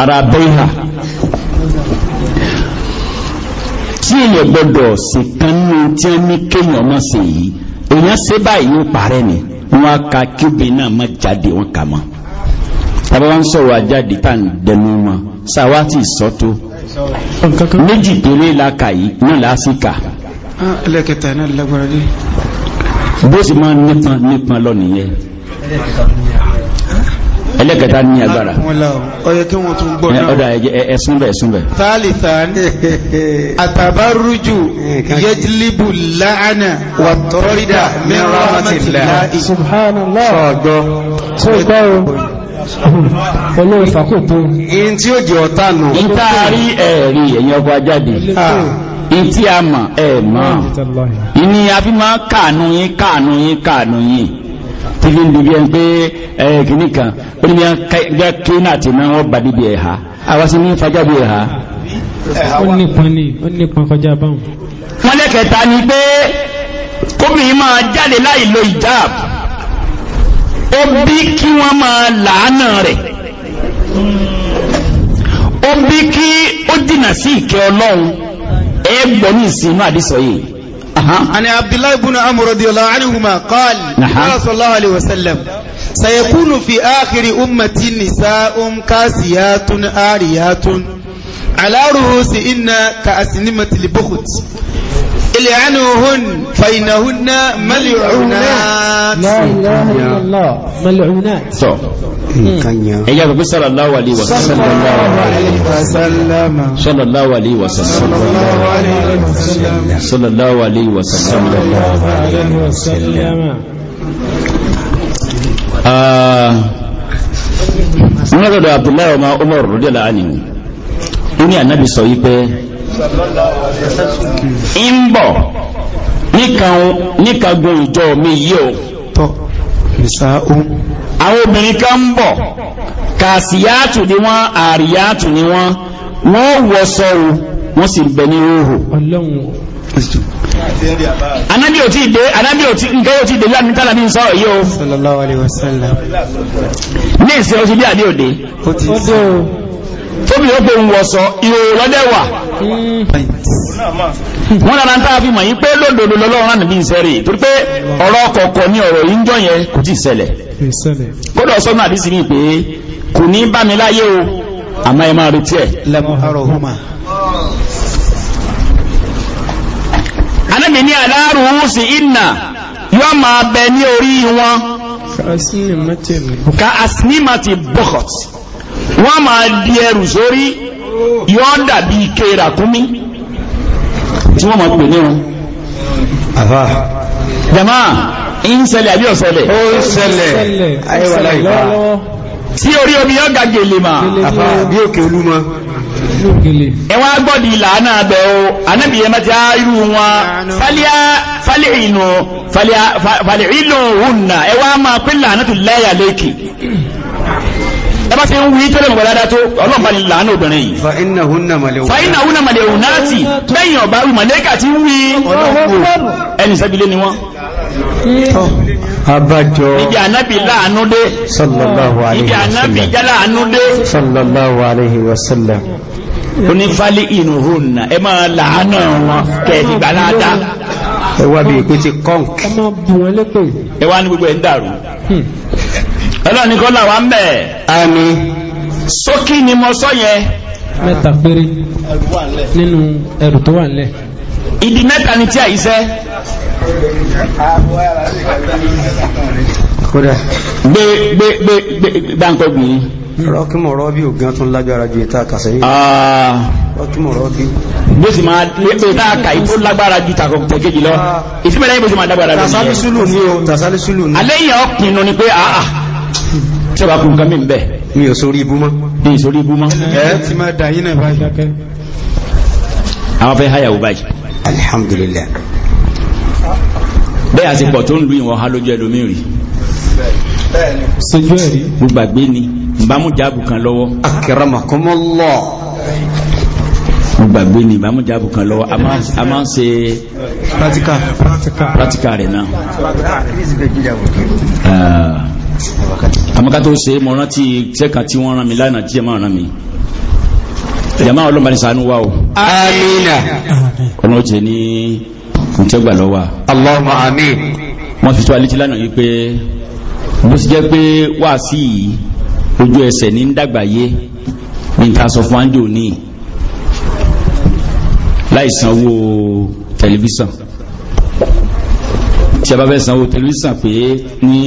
ara tí èèyàn gbọ́dọ̀ ní tí èèyàn ṣe báyìí yóò parẹ́ ni wọ́n á ka kíbe náà má jáde wọ́n kà mọ́ tàbí wọ́n ń sọ̀rọ̀ àjáde tá à ń dẹnu wọn sàwátì sọ́tò méjì péré la kà yìí náà la sì kà. Ah, ẹlẹ́kẹta náà lágbára dé. bó sì máa nípọn nípọn lọ nìyẹn ẹlẹ́kẹta ní agbára ọyẹ kí wọ́n tún gbọ́ náà ọdá ẹ̀súnbẹ̀ ẹ̀súnbẹ̀ thalitha atabarruju yajlibu la'ana wà tọ́rídà min rahmatillah subhanallah ọgbọ́ sọ́gbọ́ olóò sàkótó in tí ó jẹ ọ̀tá nù in táàrí ẹ̀rí ẹ̀yìn ọkọ̀ ajáde in tí a mọ̀ ẹ̀ mọ̀ ìní a kàánú yín kàánú yín kàánú yín tí fi ń dùbí ẹn pé ẹ̀ẹ́kìní kan ó ní bí a kí náà ti náà wọ́n bà níbi ẹ̀há àwa sí ní fajábí ẹ̀há ó nípọn ní ó nípọn kọjá báwọn wọ́n lẹ́kẹta ni pé kóbìnrin máa jáde láì lo ìjáàb ó bí kí wọ́n máa làánà rẹ̀ ó bí kí ó dìnà sí ìkẹ́ ọlọ́run ẹgbọ́n ní ìsinú àdísọ yìí عن عبد الله بن عمرو رضي الله عنهما قال قال نعم. صلى الله عليه وسلم سيكون في آخر أمة نساء كاسيات آريات على رؤوسهن كأسنمة البخت إلعنوهن فإنهن ملعونات لا إله إلا الله ملعونات ẹ̀yà gbogbo sallallahu alaihi wasallam sallallahu alaihi wasallam sallallahu alaihi wasallam wọ́n rọ̀dọ̀ abdullahi ọmọ umar rọ̀dọ̀ láàrin ní ànábì sọ yí pé ń bọ̀ níkàgùn ìjọ mi yí o àwọn obìnrin kan ń bọ̀ kàṣíyàtù ni wọ́n àríyàtù ni wọ́n wọ́n wọ́sọ̀ o wọ́n sì bẹ̀ ní oòrùn anábí ò tí ìdé anábí ò tí nǹkan ò tí ìdé láàrin tánà bí n sọ́rọ̀ yíò sallallahu alaihi wasallam ní ìsẹ́ ó ti àdé òde ó ti dé tóbi ó pè ń wọ̀sọ̀ ìhòòhò lọ́dẹ́wà wọ́n lára ń tààfi mọ̀ yí pé lódòdó lọ́lọ́run níbi ìṣẹ́rì torí pé ọ̀rọ̀ kọ̀ọ̀kọ̀ ní ọ̀rọ̀ yìí ń jọ yẹn kò tí ìṣẹ̀lẹ̀ kódà sọ́nà àdísì mi pé kò ní bá mi láyé o àmọ́ ẹ máa retí ẹ̀ anábì ní aláàrù sí ìnà máa bẹ ní orí wọn ka asinimati bukot wọ́n máa di ẹrù sórí yóò dàbí ike ràkúnmí tí wọ́n máa pè ní wọn. jama ń ṣẹlẹ̀ àbí ọ̀ṣẹlẹ̀. ó ń ṣẹlẹ̀ ayéwàlá ìfà. tí orí omi yóò ga gèlè mà. bí òkè olúmọ. ẹ wá gbọ́dì ìlànà abẹ́ o anábì yẹn máa ti á irú wọn fálíà fálíà ìnù fálíà ìnù máa pín lànà tó lẹ́yà lẹ́kì ẹbá ti ń wí tó lè mọ̀ dáadáa tó ọlọ́pàá ni làánà obìnrin yìí fa iná húnna màlẹ̀ òun náà ti bẹ́yìn ọ̀bá wí màlẹ́kà ti ń wí ẹni sẹ́bílé ni wọ́n abájọ ibi ànábì láàánú sallallahu alaihi wasallam ibi ànábì inú húnna ẹ máa làánà wọn kẹ́ẹ̀dì gbàládá ẹwà bí ìpín ti kọ́ǹk ẹwà ní gbogbo ẹ̀ ń dàrú hmm ọlọ́ni kọ́ làwà ń bẹ̀ àmì sókí ni mo sọ yẹn mẹ́ta péré nínú ẹrù tó wà nílẹ̀ ìdí mẹ́ta ni tí a iṣẹ́ gbẹ́gbẹ́gbẹ́gbẹ́ rọ́kímọ̀ rọ́bí ò gán tún lágbára ju ìta kàṣẹ́ yìí ah. rọ́kímọ̀ rọ́bí bó sì máa lépè náà kà ìtó lágbára ju tàkọ̀kọ̀ kejì lọ ah. ìfíbẹ̀lẹ́yìn bó máa lágbára ju tàṣálísùlù ní o tàṣálísùlù ní alẹ́yìn ọkùnrin ni pé àà ah, tí wà kún kàmí bẹ̀ ní ìsorí ibú mọ́ ní ìsorí ibú mọ́ ẹ́ ti máa dà yínà báyìí àwọn fẹ́ háyàwó báyìí alhamdulillah bẹ́ẹ̀ àti pọ̀ tó ń lu ìwọ̀n ha lójú ẹlòmíì rí sojú ẹ̀rí gbogbo ni ìbámu jáàbù kan lọ́wọ́ akramakumullah gbogbo ni ìbámu jáàbù kan lọ́wọ́ a máa ń ṣe pratica rẹ̀ náà àmọ́ se tó ṣe mọ̀ rántí sẹ́ka tí wọ́n rán mi lánàá tí ẹ máa rán mi jama ọlọ́mọdé sànú wa o. amina. ọ̀nà ó jẹ ní ntẹ́gbà lọ́wọ́. Allahumma amin. wọ́n fi tó alẹ́ tí lánàá yìí pé bó ti jẹ́ pé wáàsí yìí ojú ẹsẹ̀ ní ń dàgbà yé ní ta sọ fún anjo ní láì sanwó tẹlifíṣàn tí a bá fẹ́ sanwó tẹlifíṣàn pé ní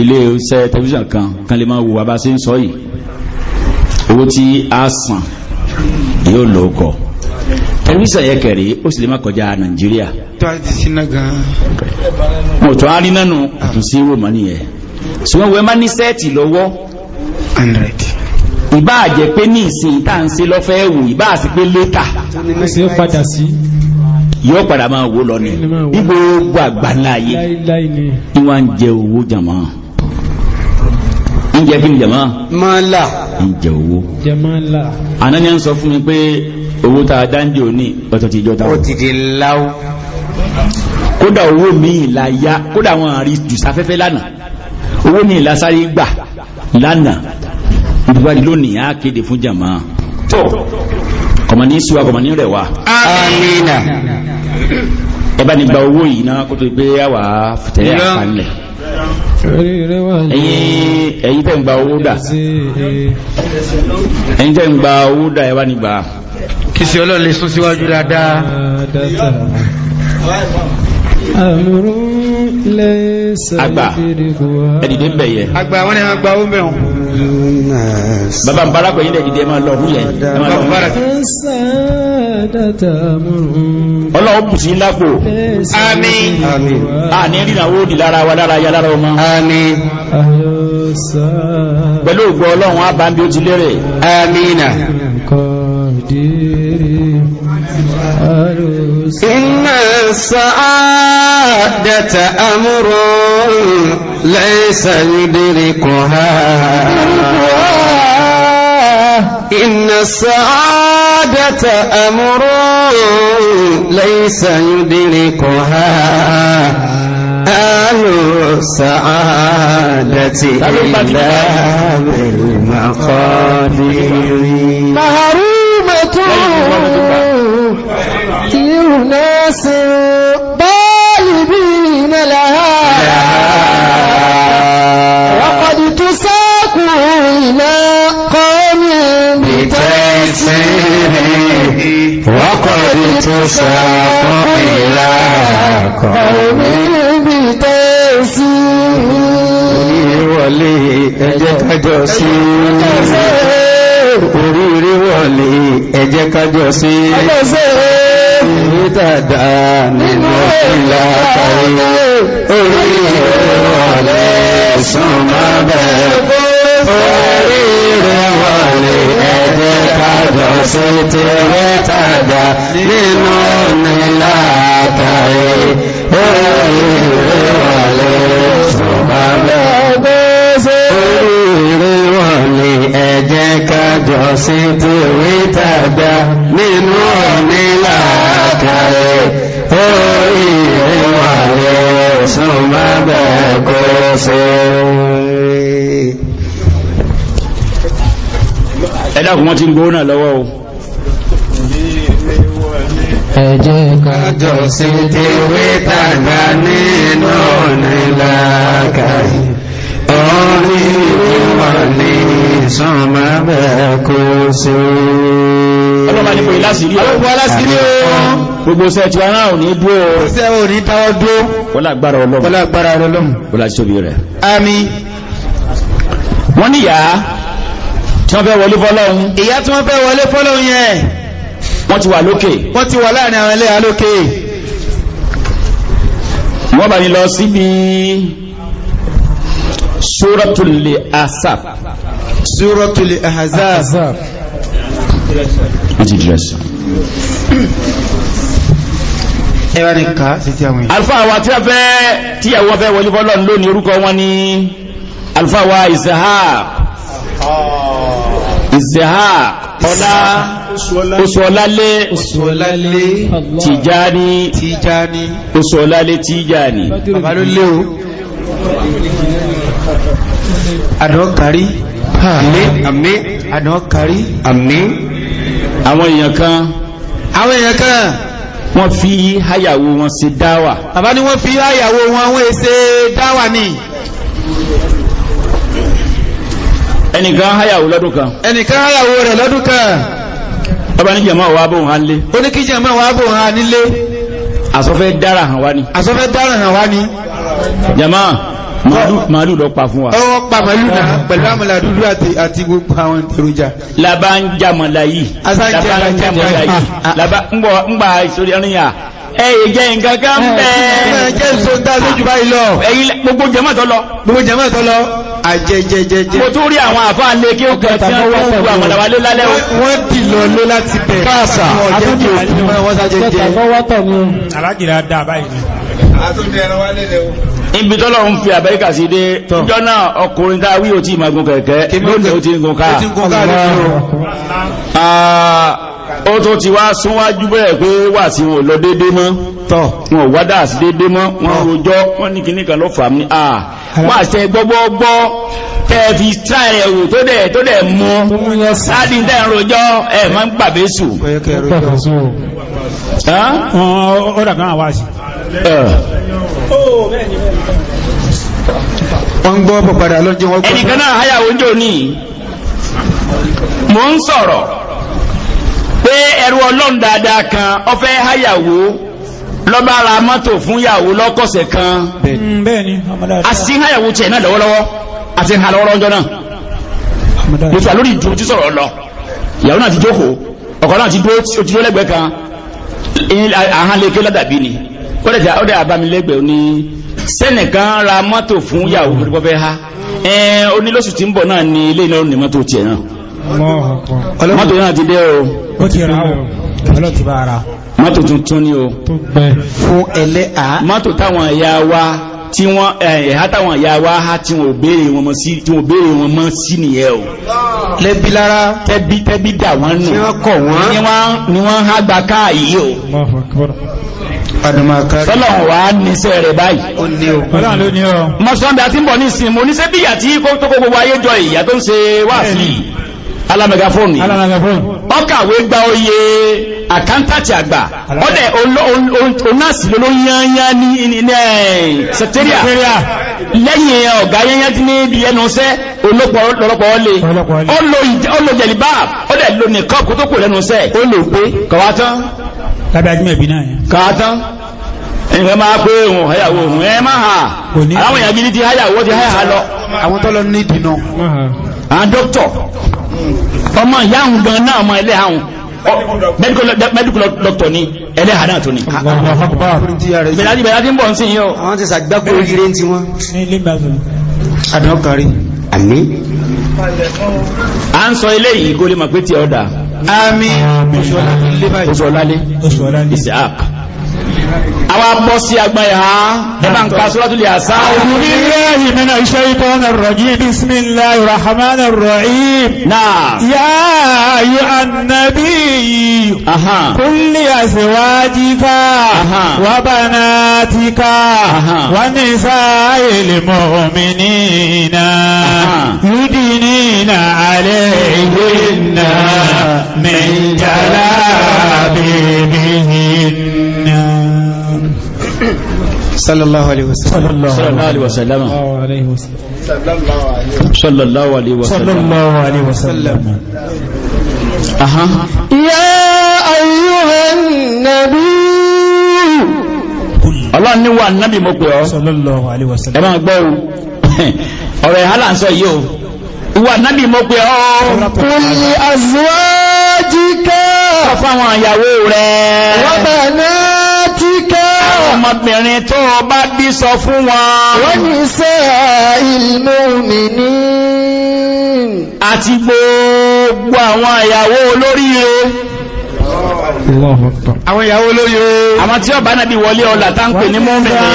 ilé iṣẹ́ tẹlifíṣàn kan kan lè máa wò bá ṣe ń sọ yìí owó tí a san yóò lò ó kọ tẹlifíṣàn yẹ kẹrì ó sì lè má kọjá nàìjíríà. tó a ti sinna gan. mo tún á rí nánu àtúnṣe wò mọ́ nìyẹn ṣùgbọ́n wẹ́ẹ́ má ní sẹ́ẹ̀tì lọ́wọ́ ìbáà jẹ́ pé ní ìsìn tá à ń ṣe lọ́fẹ́ wò ìbáà sì pé létà. ṣé ó padà sí yóò padà máa wó lọ ní gbogbo àgbàlá ayé ní wọ́n ń jẹ owó jàmá ń jẹ kí ni jàmá máàlá ń jẹ owó àná ni a ń sọ fún mi pé owó tá a dáńdé òní ọ̀tọ̀ ti jọta ó ti di láwó kódà owó mi ìlà ya kódà wọn àrí jùsáfẹ́fẹ́ lánàá owó mi ìlà sáré gbà lánàá ìdúgbàdì lónìí á kéde fún jàmá tó kọ̀mọ̀ ní síwá kọ̀mọ̀ ní rẹ̀ wá. amina. ẹ bá ní gba owó yìí náà kó tó pé àwà tẹ̀lé àkànlẹ̀. ẹ̀yin tẹ̀ ń gba owó dà ẹ̀yin tẹ̀ ń gba owó dà ẹ bá ní gbà. kìsì ọlọ́run sún síwájú dáadáa. Ah, àmúrú lẹ́sẹ̀ àgbà ẹ̀dìdẹ́ bẹ̀yẹ. àgbà wọn ni wọn gba owó mẹ́wọ̀n bàbá ń bára pẹ̀lú ìdíje máa lọ fún yẹn ọlọ́run kù sí lápò àmín àní ìrìnàwó òdì lára wa lára ya lára ọmọ àmín pẹ̀lú ògbọ ọlọ́run á bá ń bí ó ti lérè àmínà إن السعادة أمرٌ ليس يدركها إن السعادة أمر ليس يدركها أهل السعادة إلا بالمقادير مهرومة ناس وقد تساق إلى قوم بتسير wọlé ẹjẹ́ kájọ sí oríire wọlé ẹjẹ́ kájọ sí ìrítàdá nínú ìlà kàrí oríire wọlé súnmọ́ bẹ̀rẹ̀ oríire wọlé ìdọ̀sítì rẹ́tàdà nínú níláàkàrí orí ìrẹ́wọ̀lẹ̀ ṣùgbọ́n ẹ̀jẹ̀ kájọ sí ti rí tàgbà nínú níláàkàrí orí ìrẹ́wọ̀lẹ̀ ṣùgbọ́n bẹ́ẹ̀ kó ṣe ẹ̀dàkùn wọ́n ti ń gbóhùn náà lọ́wọ́ o ẹjẹ́ kájọ sí ti wé tàgbà nínú nílákàí orí ìwà ní ìsànmà bẹ́ẹ̀ kó sí ọlọ́pàá ní pèlú lásìrí ọlọ́pàá lásìrí o gbogbo ṣẹ́ ti ní dúó tí wọ́n fẹ́ wọlé fọ́lọ́hun ìyá tí wọ́n fẹ́ wọlé fọ́lọ́hun yẹn wọ́n ti wà lókè wọ́n ti wà láàrin àwọn ẹlẹ́yà lókè wọ́n bá ní lọ síbi súrọ́tùlì asap súrọ́tùlì ahazab ẹwà ní ká sí tí àwọn èèyàn alfáà wa tí a fẹ́ tí àwọn fẹ́ wọlé fọ́lọ́hun lónìí orúkọ wọn ni alfáà wa isahab ìzẹ̀há ọlá oṣùọlálé tìjáni oṣùọlálé tìjáni àbálólé o àdọ́kàrí àmì àdọ́kàrí àmì àwọn èèyàn kan àwọn èèyàn kan wọ́n fi háyàwó wọn ṣe dáwà bàbá ni wọ́n fi háyàwó wọn wọ́n ṣe dáwà ni ẹnìkan háyàwó lọ́dún kan ẹnìkan háyàwó rẹ̀ lọ́dún kan ọba ní jẹ̀mọ́ wa bóun hàn lé ó ní kí jẹ̀mọ́ wa bóun hàn nílé àsọfẹ́ dára hàn wá ni àsọfẹ́ dára hàn wá ni jẹ̀mọ́ màálù lọ pa fún wa ọwọ́ pa màálù náà pẹ̀lú àmàlà dúdú àti gbogbo àwọn èròjà làbá ń jàmọ̀lá yìí làbá ń jàmọ̀lá yìí làbá ń gbà ìsórí ẹ̀rìnyà ẹ̀yẹ jẹ́ nǹkan kan bẹ́ẹ̀ ah, jẹ́ so dá lójú báyìí lọ gbogbo jẹmọ́ tó lọ gbogbo jẹmọ́ tó lọ àjẹjẹjẹjẹ mo tún rí àwọn àfáà lé kí ó kẹ́ tí wọ́n wọ́n gbogbo àmàlà wálé lálẹ́ wọ́n ti lọ lé láti bẹ̀ káàsà àtúntò wọ́n sájẹjẹ alájìlá dá báyìí ibi tọ́lọ̀ ń fi àbẹ́ríkà sí dé jọ náà ọkùnrin tá a wí ò tí ì máa gun kẹ̀kẹ́ lónìí ó ti ń gun káà ó tó ti wá súnwájú bẹ́ẹ̀ pé wà sí wọn lọ déédé mọ́ tọ́ wọn wá dà sí déédé mọ́ wọn rojọ́ wọn ní kíní kan ló fà mí à wà sẹ gbọ́gbọ́gbọ́ tẹ́ẹ̀fì tíráì ẹ̀wò tó dẹ̀ tó dẹ̀ mú sáàdì tẹ́ ń rojọ́ ẹ̀ máa ń gbàgbé sù ó dàgbà wá sí wọ́n gbọ́ bọ̀ padà lọ́jọ́ wọ́n gbọ́ ẹnìkan náà háyàwó jò ní mò ń sọ̀rọ̀ ẹrú ọlọ́run dáadáa kan ọfẹ́ háyàwó lọ́ba yàwó kan hmm, a sì ń háyàwó tiẹ̀ náà lọ́wọ́lọ́wọ́ àti ha náà sọ̀rọ̀ lọ náà ti jókòó náà ti dúró lẹ́gbẹ̀ẹ́ kan ni ó dẹ̀ ó dẹ̀ yàwó ha onílọ́sù ń náà ni ilé ní mọ́tò mọ́tò náà ti dé o ó ti ra o ọlọ́ ti bá ara mọ́tò tuntun ni o fún ẹlẹ́ A mọ́tò táwọn ẹ̀yà wa tí wọ́n ẹ̀há táwọn ìyá wa ha tí wọ́n béèrè wọn mọ́ sí tí wọ́n béèrè wọn mọ́ sí nìyẹn o. lẹ́bí lára tẹ́bí tẹ́bí dà wọ́n nù. tí wọ́n kọ̀ wọ́n. ni wọ́n há gba káà yìí o. sọlọ́run wà á níṣẹ́ báyìí. mọ̀sánbẹ́ àti ń ní ìsìn mo bí ìyà tí kókó gbogbo ayé jọ ìyà tó ń ṣe wáàsí alamegafóònù. ọkàwé gba oyè àkántàtì àgbà ọdẹ̀ onásì ló yányá ní ilẹ̀ sẹ̀tẹ́ríà lẹ́yìn ọ̀gá yányá tí ní ibi ẹnu ṣẹ́ olópọ̀lọpọ̀ ọlẹ́ ọlọ́jẹ̀lìbá ọdẹ̀ ní kò pé máa pé ohun ohun ẹ máa àwọn èèyàn gidi ti háyàwó ti háyà lọ àwọn tọ́lọ ní ìdìnà àwọn dókítọ̀ ọmọ ìyá àwọn gan náà ọmọ ilé àwọn medical doctor ni ẹlẹ́hà náà tó ní bẹ̀lájí bẹ̀lájí ń bọ̀ sí yíò àwọn ti sàgbákò oríire tí wọ́n adọ́kari àmì a ń sọ ilé yìí kó lè mọ̀ pé tí ọ̀dà àmì oṣù ọlálé oṣù ọlálé isaac àwọn abọ́sí agbáyà ẹbá ń ká suratul Yasa a'udhu billahi minash shaitanir rajim bismillahir rahmanir rahim náà ya ayyuhan nabiyyu qul li azwajika wa banatika wa nisa'il mu'minina yudnina 'alayhinna min jalabibihinna sallallahu alaihi wasallam sallallahu alaihi wasallam sallallahu alaihi wasallam aha ya ayyuhan nabi ọlọ́run ní wà nábì mọ́ pé ọ́ ẹ̀mọ́ gbọ́ o ọ̀rọ̀ ìhálà ń sọ yìí o ìwà nábì mọ́ pé ọ́ kùnlé àzúwájíkà fáwọn ìyàwó rẹ̀ wọ́n bẹ̀ náà ọmọbìnrin tó bá bí sọ fún wọn wọ́n ní sẹ́ ìlúmìnín àti gbogbo àwọn ìyàwó olóríire àwọn ìyàwó olóríire àwọn tí ọba náà bí wọlé ọlà tá ń pè ní mọ́mìnì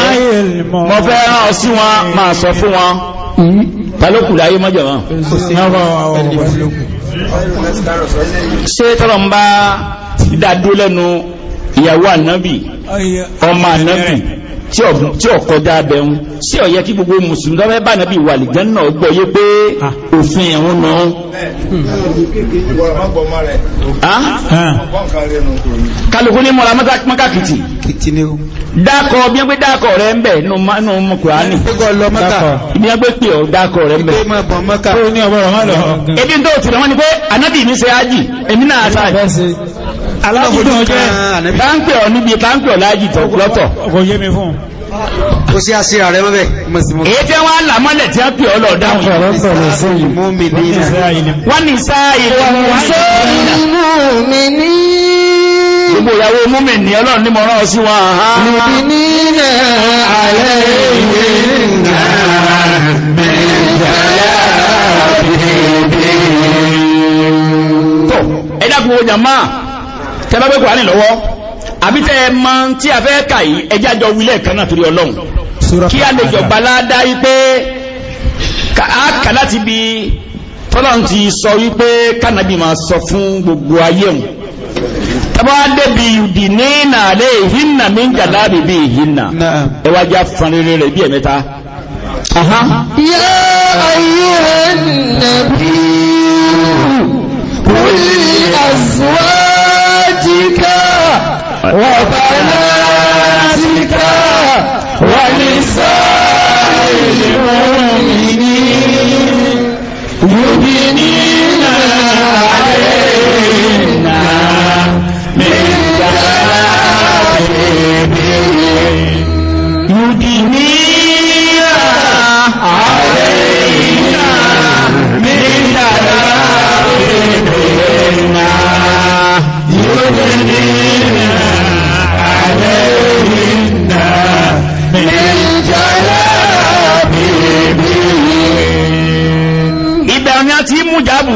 mọ́ fẹ́ rán sí wọn máa sọ fún wọn tàlókù láyé mọ́jọ̀ wọn ṣé tọ́lọ̀ ń bá dádó lẹ́nu ìyàwó ànábì ọmọ ànábì tí ó kọjá abẹ́hún sí ọ̀yẹ́ kí gbogbo mùsùlùmí tó bá ànábì wà náà gbọ́ yé pé ah. òfin ẹ̀hún náà. kálukú ní mọ̀ra dákọ̀ bí wọ́n gbé dákọ̀ rẹ̀ ń bẹ̀ nínú bí wọ́n gbé pè ọ́ dákọ̀ rẹ̀ ń bẹ̀. ebi tó wọ́n ni pé ànábì mi ṣe ájì èmi náà alájìtò jẹ́ táńpẹ̀ ọ̀ níbi táńpẹ̀ ọ̀ lájìtò lọ́tọ̀ kò sí àṣírà rẹ̀ mọ́bẹ̀ èyí tí wọ́n là mọ́lẹ̀ tí a pè ọ́ lọ dáhùn wọ́n ní sáà ìlú gbogbo ìyàwó múmi ní ọlọ́run ní mọ̀rán sí wọn àhá nínú alẹ́ ìwé náà mẹ́jọ́ ẹ̀dàkùn ojàmáà tẹ́ bá gbé kùránì lọ́wọ́ àbí tẹ́ ẹ mọ tí a fẹ́ kà yìí ẹ jájọ wílẹ̀ kan náà torí ọlọ́run kí a lè jọba ládá yìí pé a kà láti bi tọ́lá ti sọ wípé kánàbì máa sọ fún gbogbo ayé òun tọ́bá débi ìdì ní nàlẹ́ ìhìnà mi ń jàdá bèbè ìhìnà ẹ wá já fanrere rẹ̀ bí ẹ̀mẹ́ta. yá ayé ẹ̀ nàbí kúlì àzùwá. بك وبناتك ونساء المؤمنين يبنين علينا من جلابيبهم يدنين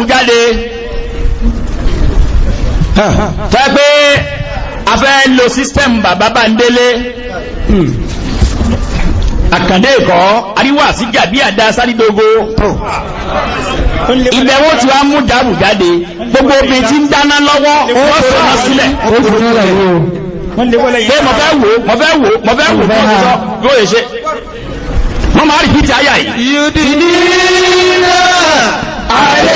jáde fẹ́ pé a fẹ́ lo system bàbá bá ń délé àkàndé ẹ̀kọ́ aríwá sí gàbí àdá sárídógó ilẹ̀ wọ́n ti wá mú dàrú jáde gbogbo obìnrin tí ń dáná lọ́wọ́ wọ́n sọ wọn sílẹ̀ pé mo fẹ́ wò mo fẹ́ wò mo fẹ́ wò fún ọjọ́ yóò lè ṣe wọ́n máa rí àyà yìí. yìí dì ayé.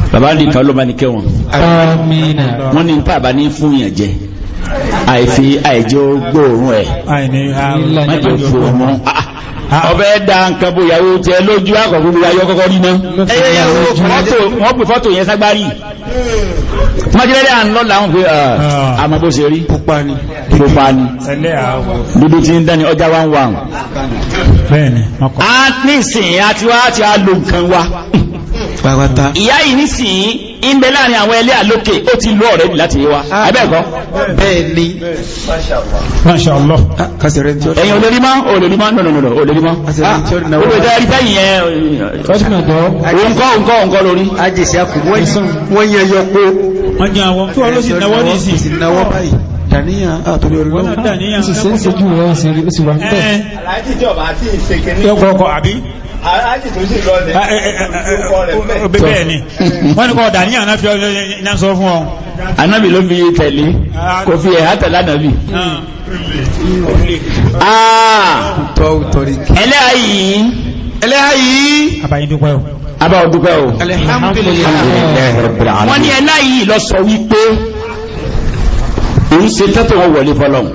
bàbá ń dìkan ló bá ní kẹwọn wọn ní nípa àbá ní fún yàn jẹ àìfi àìjẹ́ gbóòórùn ẹ̀ májẹ̀ fún ọmọ ah, ah. ọbẹ̀ dá nǹkan bóyá ó jẹ lójú àkọ́kọ́ bóyá yọ kọ́kọ́ rí náà ẹyẹ wọ́n pè fọ́tò yẹn ságbárì májẹ́lẹ́dẹ́ à ń lọ́la wọn pé àmọ́ ah, bó ṣe rí pupa ni dúdú tí ń dání ọjà wá ń wà hàn. bẹ́ẹ̀ ni ọkọ̀. a nísìnyí àti wá ti a lo wa pàpàtà ìyá yìí nísìnyí ń bẹ láàrin àwọn ẹlẹ́ àlókè ó ti lọ ọ̀rẹ́ láti yíwá abẹ́ẹ̀kọ́ bẹ́ẹ̀ ni Mashallah ẹ̀yìn olórí mọ́ olórí mọ́ no no no olórí mọ́ ah, olórí tẹ́rí tí wọ́n ló dàníyàn àtòrí ah, ọlọ́run ó sì ṣe é ṣe jù rẹ̀ ó sì wà ń bẹ̀. aláàjì jọba àti ìṣèkèrè. yóò kọ́kọ́ àbí. aláàjì tó sì lọ lẹ̀ orúkọ eh, eh, eh, rẹ̀ bẹ́ẹ̀. bẹ́ẹ̀ ni wọ́n ní kọ́ dàníyàn náà fi ọ iná sọ fún ọ. anábì ló fi tẹ̀lé ah. kò fi ẹ̀há tẹ̀lé anábì. Ah. ẹlẹ́yà yìí ẹlẹ́yà yìí. àbáyé dúpẹ́ o. abáwọ̀ dúpẹ́ ń ṣe tẹ́tọ̀ wọn wọlé fọ́lọ́n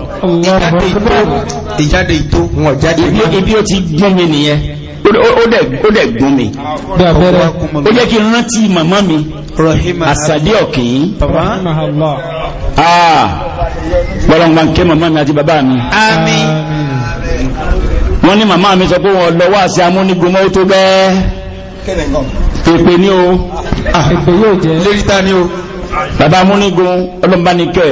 ìjáde ìtó wọn jáde ibi ó ti gún mi nìyẹn ó dẹ̀ gún mi ó jẹ́ kí n rántí màmá mi àsàdé ọ̀kìn bọ́lọ́n máa ń ké màmá mi àti bàbá mi àmín wọ́n ní màmá mi sọ pé wọ́n lọ wá sí amúnigunmọ́ ó tó bẹ́ẹ̀ pèpè ní o pèpè yóò jẹ́ lórí ta ní o bàbá múnigun ọlọ́mbanikẹ́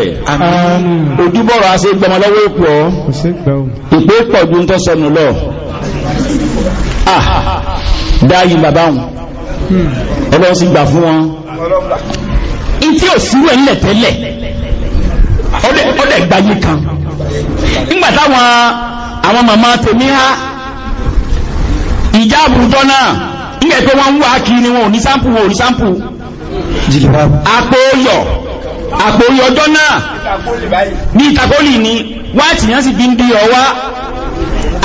ojúbọ̀rọ̀ a ṣe gbọmọ lọ́wọ́ èpò ìpé pọ̀ ju ń tọ́sọ̀nù lọ ah, dáyìí bàbá wọn ọlọ́run sì gbà fún wọn ìtí ò sírú ẹ̀ ńlẹ̀ tẹ́lẹ̀ ọdẹ gbáyé kan nígbà táwọn àwọn màmá tèmi há ìjà àbùrùtọ́ náà nígbà pé wọ́n ń wá kiri ni wọn ò ní sáǹpù wọn ò ní sáǹpù apóyọ̀ apóyọ̀ ọjọ́ náà ní ìtakólì ni wáàtì yẹn sì fi ń ọwá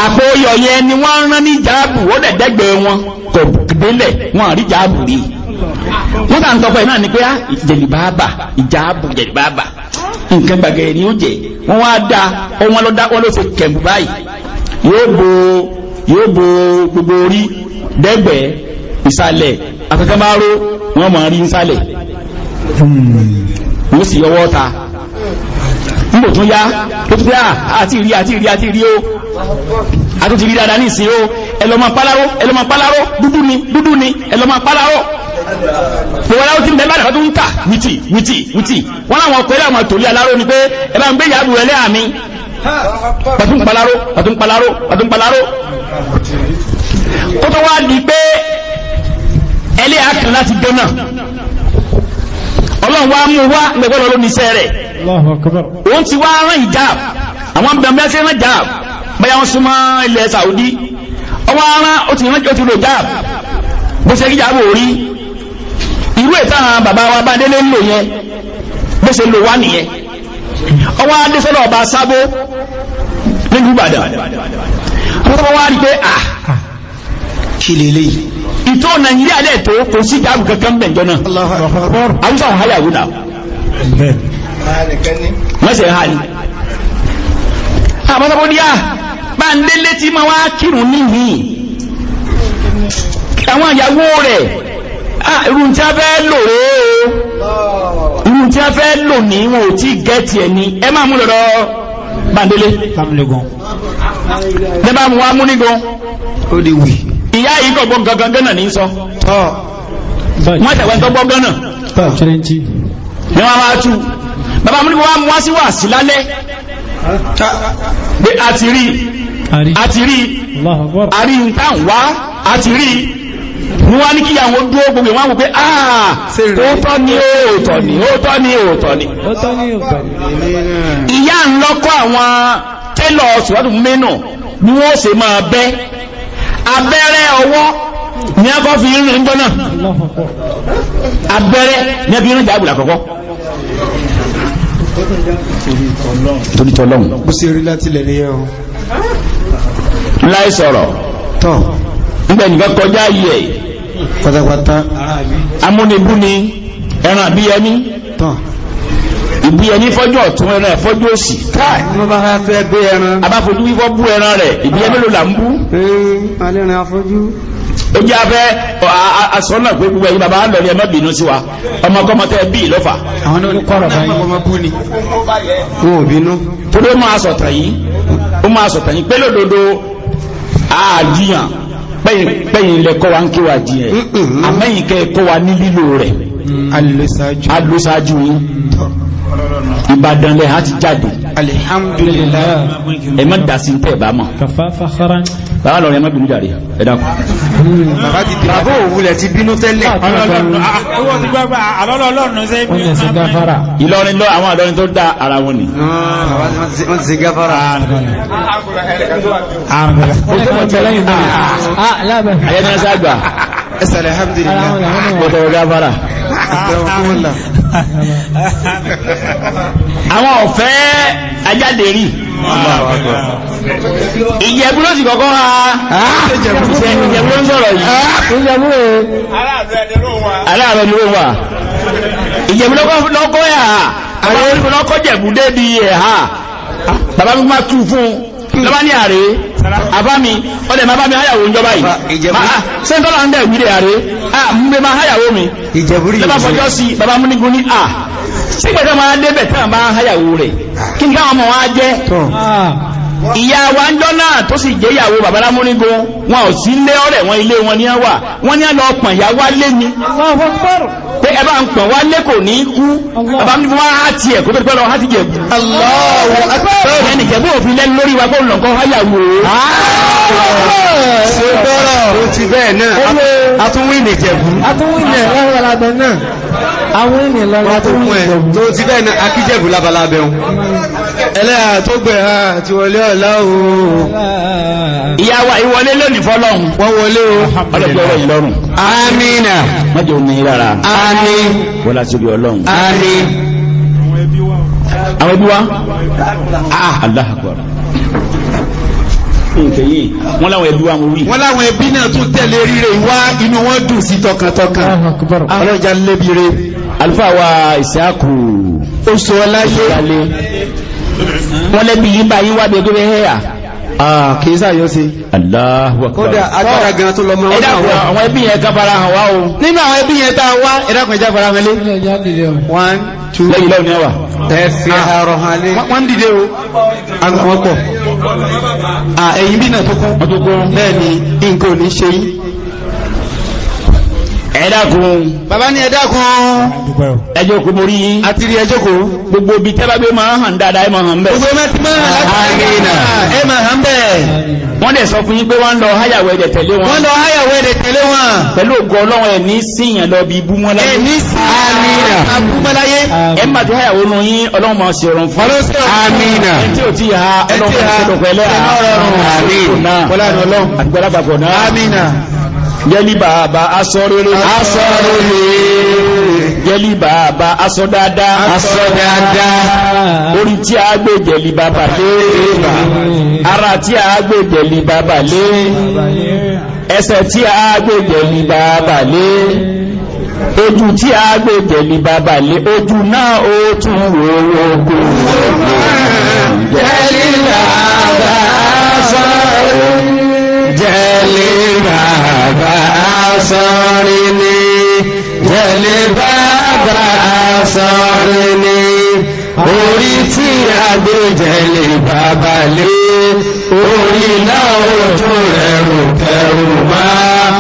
àpòyọ̀ yẹ ni wọ́n rán ní jáàbù ó dẹ̀dẹ́gbẹ̀ wọn kò délẹ̀ wọn àrí jáàbù rí wọ́n tà tọpọ̀ náà ni pé ìjẹ̀lìbáàbà ah, ìjáàbù ìjẹ̀lìbáàbà nǹkan gbàgẹ̀rẹ̀ ni ó jẹ́ wọ́n wá da lọ́dá ló kẹ̀mù báyìí yóò bo yóò bo gbogbo orí dẹ́gbẹ̀ẹ́ ìsàlẹ̀ afẹ́fẹ́ bá ró wọ́n mọ̀ rí nsálẹ̀ wọ́n sì ọwọ́ ta nígbò ah, tún yá ló tún pé àti ìrí àti ìrí àti ìrí ó àti ti rí dáadáa ní ìsìn ó ẹlọ́mọ páláró ẹlọ́mọ páláró dúdú ni dúdú ni ẹlọ́mọ páláró wọ́n ó ti ń bẹ́ bàdàbà tó ń tà wìtì wìtì wìtì wọ́n láwọn ọkọ̀ ilé àwọn àtòlí aláró ni pé ẹ bá ń gbé ìyá àbúrẹ́lẹ́ àmì pàtún páláró pàtún kó tó wá di pé ẹlẹ́ àkàn láti gbọ́nà ọlọ́run wá mú wá mẹ́gbọ́n lọ́lọ́ níṣẹ́ rẹ̀ òun ti wá rán ìjáàb àwọn bẹ̀rẹ̀ sí rán ìjáàb bẹ́yà wọn súnmọ́ ilẹ̀ Saudi ọwọ́ arán ó ti rán ìjọ ìjáàb bó ṣe kíjà bò rí irú ẹ̀ táwọn bàbá wa bá délé ń lò yẹn bó ṣe lò wá nìyẹn ọwọ́ adé ọba sábó nílùú Ìbàdàn wá rí pé à ah, kí lélẹ́yìí ìtò nàìjíríà lẹ̀ tó kò sí ìjáàbù kankan bẹ̀jọ náà àwùsà ọ̀háyàwó náà wọ́n sì hà ní àbọ́sọ́bọ́díà bá ń délé tí ma wá kírun níhì àwọn àyàwó rẹ̀ ah, irun tí a fẹ́ lò ó irun tí a fẹ́ lò ní wọn ò tí gẹ́ẹ̀tì ẹ̀ ní ẹ máa mú lọ́rọ́ bá ń bá mu wá mú nígan. ó di wì ìyá yìí kọ̀ gbọ́n gangan gánà ní sọ wọ́n tẹ̀wẹ́ tó gbọ́ gánà ní wọ́n máa tú bàbá mú ní wọ́n wá sí wà sí lálẹ́ pé a ti rí a ti rí a rí nǹkan wá a ti rí wọ́n wá ní kí àwọn dúró gbogbo wọ́n wò pé àà òótọ́ ni òótọ́ ni òótọ́ ni òótọ́ ni ìyá ń lọ́kọ́ àwọn tẹ́lọ̀ sùwádùn mẹ́nà ni wọ́n ó máa bẹ́ abẹ́rẹ́ ọwọ́ ní akọ́ fi rìn ń gbọ́nà abẹ́rẹ́ ní ẹbí rìn jáàbùlà kọ́kọ́ torí tọ́lọ́hun bó ṣe rí láti lẹ̀ níyẹn o láì sọ̀rọ̀ tọ́ nígbà nìkan kọjá yìí ẹ̀ pátápátá amúnibú ni ẹran àbíyẹmí tọ́ ìbí ẹni fọ́jọ́ ọ̀tún ẹran ẹ̀fọ́jọ́ òsì káì abáfojú wífọ́ bú ẹran rẹ̀ ìbí ẹni ló là ń bú ó jẹ́ afẹ́ asọ́nà pé gbogbo ẹ̀yìn bàbá lọ́rí ẹmọ́ bínú sí wa ọmọkọ́mọ tẹ́ bí lọ́fà àwọn oníkọ́rọ̀ báyìí wọn ò bínú tó ló máa sọ̀tàn yìí ó máa sọ̀tàn yìí pé lódodo àjíyàn pẹ́yìn lẹ́kọ́ wa ń kí wa díẹ̀ àmẹ́yìn kẹ́ kọ́ wa ní lílò rẹ̀ mm ìbàdàn lẹ́hà ti jáde alhamdulillah ẹ má dàsí tẹ́ bá mọ̀ bàbá lọ́rọ̀ ẹ má bínú jàre ẹ dákun. bàbá òwúlẹ̀ ti bínú tẹ́lẹ̀. ìlọrin lọ àwọn àlọrin tó dá ara wọn ni. Ah, wọ́n ti ṣe gáfárà. ayẹyẹ náà ṣáà gbà ẹsẹ̀ alhamdulillah ọ̀dọ̀ gáfàrà àwọn ọ̀fẹ́ ajáde rí ìjẹ̀bú ló sì kọ́kọ́ ha ah! ìjẹ̀bú ló sọ̀rọ̀ yìí aláàrẹ ni ó wà lọ́kọ́ yà àwọn olùkọ́ jẹ̀bú dé di ẹ̀ ha bàbá mi máa tú fún hmm. lọ́bá ní àárẹ̀ àbámi ọdẹ ma bá mi háyàwó ń jọba yìí sẹ́ńtọ́lá ah, ń dẹ̀ wílẹ̀ àrẹ ah, mbe ma háyàwó mi lẹ́bà fọjọ́ sí bàbá múnigun ní à ah, sígbẹ̀tọ́ ma débẹ̀ tán bá háyàwó rẹ̀ kí n káwọn ọmọ wa jẹ́ ìyá wa ń jọ náà tó sì jẹ́ ìyàwó bàbá lámúnigun wọn ò sí lé ọ̀rẹ́ wọn ilé wọn ní á wà wọ́n ní á lọ pọ̀n ìyá wa lé ni pé ẹ bá ń pọ̀n wá lé kò ní kú bàbá mi wá á tiẹ̀ kó tó pẹ́ lọ á ti jẹ̀ kú. ẹnì kẹ́ bó òfin lẹ́nu lórí wa kó lọ nǹkan háyàwó. ṣé bọ́rọ̀ ó ti bẹ́ẹ̀ náà a tún wí ìnìjẹ̀bù. a tún wí ìnìjẹ̀bù àwọn ènìyàn lára tó ń lọ tó ti bẹ́ẹ̀ ní akíjẹ̀bù lábala abẹ́un ẹlẹ́yà tó gbẹ̀ ha ti wọlé ọ̀lá ooo ìyàwó ìwọlé lónìí fọ́lọ́hun wọ́n wọlé o ọlọ́pẹ̀ọ́rọ̀ ìlọ́rùn amina mọ́jọ ní rárá àmín bọ́lá sí ọlọ́run àmín àwọn ẹbí wa ah Allahu Akbar nǹkan yìí wọ́n láwọn ẹbí wa mú wí. wọ́n láwọn ẹbí náà tún tẹ̀lé rírè wá inú wọn dùn sí tọkàntọkàn ọlọ́jà lẹ́bi rẹ̀ alfáwa ìsáàkù ó so ọláyé wọ́n lẹ́bí yí bá yí wá bí ẹgbẹ́ hẹ́yà kìí sáyọ́ sí kódà agbára gan tó lọ mọ́ àwọn ẹbí yẹn kábára hàn wá one two lẹ́yìn lọ́wọ́ ni wà ẹ̀fẹ́ àrọ̀ hàn lé wọ́n dìde o ẹ̀dàkùn bàbá ní ẹ̀dàkùn ẹjọ́kùn morí yí àti rí ẹjọ́kùn gbogbo bí tẹ́bà gbé máa hàn dáadáa ẹ máa hàn bẹ́ẹ̀ gbogbo mẹ́tí máa lágbàáyìnà ẹ máa hàn bẹ́ẹ̀ wọ́n dẹ̀ sọ fún yín pé wọ́n lọ háyàwó ẹ̀dẹ̀ tẹ̀lé wọn wọ́n lọ háyàwó ẹ̀dẹ̀ tẹ̀lé wọn pẹ̀lú ògo ọlọ́run ẹ̀ ní síyàn lọ bí ibú wọn láyé ní síyàn abúmọ́láyé ẹ má ti háyàwó nu yín ọlọ́run máa ṣe ọ̀run fún amínà ẹ tí ò tí ha ọlọ́run ṣe lọ́pẹ̀lẹ́ àmínà kọ́lá ni ọlọ́run àgbẹ̀lágbàgbọ̀ náà amínà jẹ́lì bàbá aṣọ rere aṣọ rere jẹ́lì bàbá aṣọ dáadáa aṣọ dáadáa orí tí a gbé jẹ́lì bàbá lé ara tí a gbé jẹ́lì bàbá lé ẹsẹ̀ tí a gbé jẹ́lì bàbá lé ojú tí a gbé jẹ́lì bàbá lé ojú náà ó tún wòó ogun jẹ́lì bàbá bàbá asọ́rin ni jẹ́lẹ̀ bàbá asọ́rin ni orí tí a gbé jẹ́lẹ̀ bàbá lé orí náà ojú ẹ̀rù tẹ̀rù máa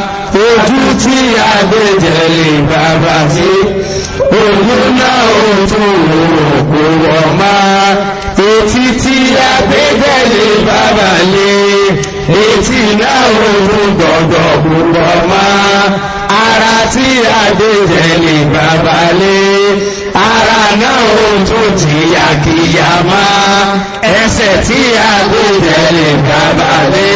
ojú tí a gbé jẹ́lẹ̀ bàbá sí ojú náà ojú òkú ọmọ etí tí a gbé jẹ́lẹ̀ bàbá lé létí náà òun gbọ̀gbọ̀ púpọ̀ mọ́ ara tí adéjẹ̀lì bàbá lé ara náà òun tó ti yàkìyà mọ́ ẹsẹ̀ tí adéjẹ̀lì bàbá lé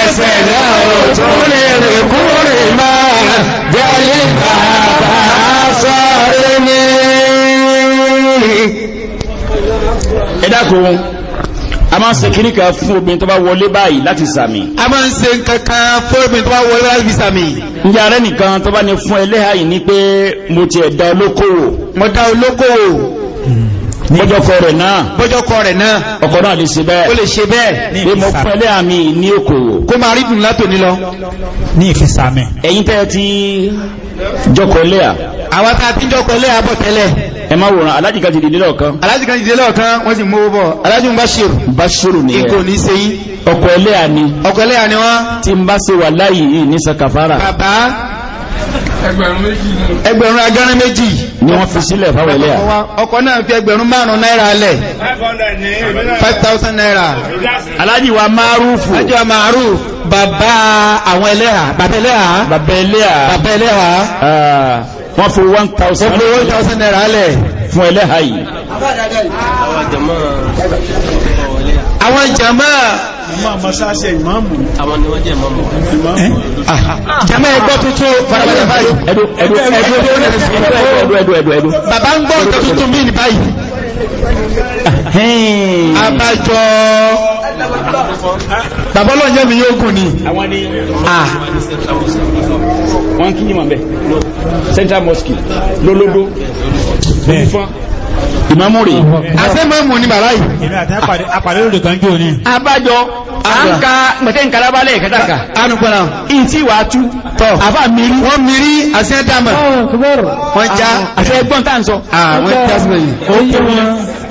ẹsẹ̀ náà òun tó lè rè kúrè mọ́ jẹ́lì bàbá sọ́ọ́rẹ́ ní. ẹ dákun a máa ń ṣe kíní kan fún obìnrin tó bá wọlé báyìí láti sàmì. a máa ń ṣe kankan fún obìnrin tó bá wọlé láti sàmì. ǹjẹ́ ààrẹ nìkan tó bá ní fún ẹlẹ́hàá yìí ni pé mo tiẹ̀ da olókòwò. mo da olókòwò bọ́jọ́kọ́ rẹ̀ náà bọ́jọ́kọ́ rẹ̀ náà ọkọ̀ náà lè ṣe bẹ́ẹ̀ ó lè ṣe bẹ́ẹ̀ pé mo pẹ́lẹ́ àmì ní okòwò kó máa rí dùn látò nílọ ní ìfisàmẹ́ ẹ̀yin tẹ́ ti jọkọ̀ lẹ́à àwọn tá a ti jọkọ̀ lẹ́à bọ̀ tẹ́lẹ̀ ẹ má wòran alájì kan ti dìde lọ́ọ̀kan alájì kan ti dìde lọ́ọ̀kan wọ́n sì mú bọ̀ alájì ń bá ṣèrò bá ṣòro ní ẹ̀ ọkọ̀ ẹlẹ́à ni ọkọ̀ ẹlẹ́à ni wọ́n ti ń bá ṣe wà láyìí ní sakafara bàbá ẹgbẹ̀rún agánrin méjì ni wọ́n fi sílẹ̀ fáwọn ilé à ọkọ̀ náà fi ẹgbẹ̀rún márùn náírà lẹ̀ 5,000 náírà alájíwá márùfù alájíwá márùfù bàbá àwọn ilé à bàbá ilé à bàbá ilé à bàbá ilé à ah, wọ́n fi 1,000 náírà lẹ̀ fún ilé à yìí àwọn jàmáà ìmọ̀ àmọ́sáṣẹ́ abájọ́ bàbá lọ jẹ́ mi yóò gùn ni wọ́n kí ní mọ̀ bẹ́ẹ̀ central mosque lólódó ìmọ̀mú rẹ̀ asẹ́mọ̀mù ní bàbá yìí àpàdé lòdò kan jò ní àbájọ àǹkà pẹ̀tẹ́ ìkàlábálẹ̀ ìkẹtàkà anùpọ̀nà ìtí wà tú àbá mìírí wọ́n mìírí asẹ́dàmọ̀ wọ́n já asẹ́gbọ́n tàǹsọ àwọn ìtàsílẹ̀ yìí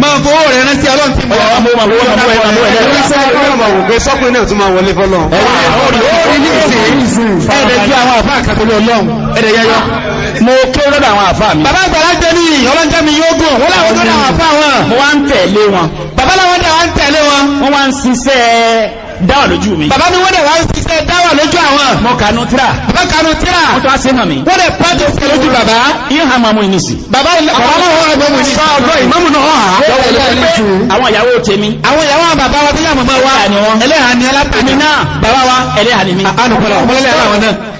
máa fowó rẹ̀ rántí ọlọ́run ti mọ̀ ọmọ ọmọ ọmọ ọmọ ọmọ ọmọ ọmọ sọ́kùnrin náà tún máa wọlé fọ́lọ́ ẹ̀ẹ́dẹ̀ ju àwọn àfá àkàtúlẹ̀ ọlọ́run ẹ̀ẹ́dẹ̀ yẹyọ mo kí ó lọ́dọ̀ àwọn àfá mi bàbá àgbàlá dáwà lójú mi. bàbá mi wọ́n dẹ̀ wá ṣiṣẹ́ dáwà lójú àwọn. mo kanu tira. bàbá kanu tira. wọ́n tó wá sí hàn mi. wọ́n dẹ̀ pàtó sí lójú bàbá. yín hàn máa mú inú sí. bàbá ọmọ wọn wà gbọ́mù ní. sọ ọgbọ́n ìmọ̀mù náà hàn. àwọn ìyàwó tèmi. àwọn ìyàwó bàbá wa tó yà mọ́ wa. ẹlẹ́hàn ni alápẹ̀mí náà. bàbá wa ẹlẹ́hàn ni mi.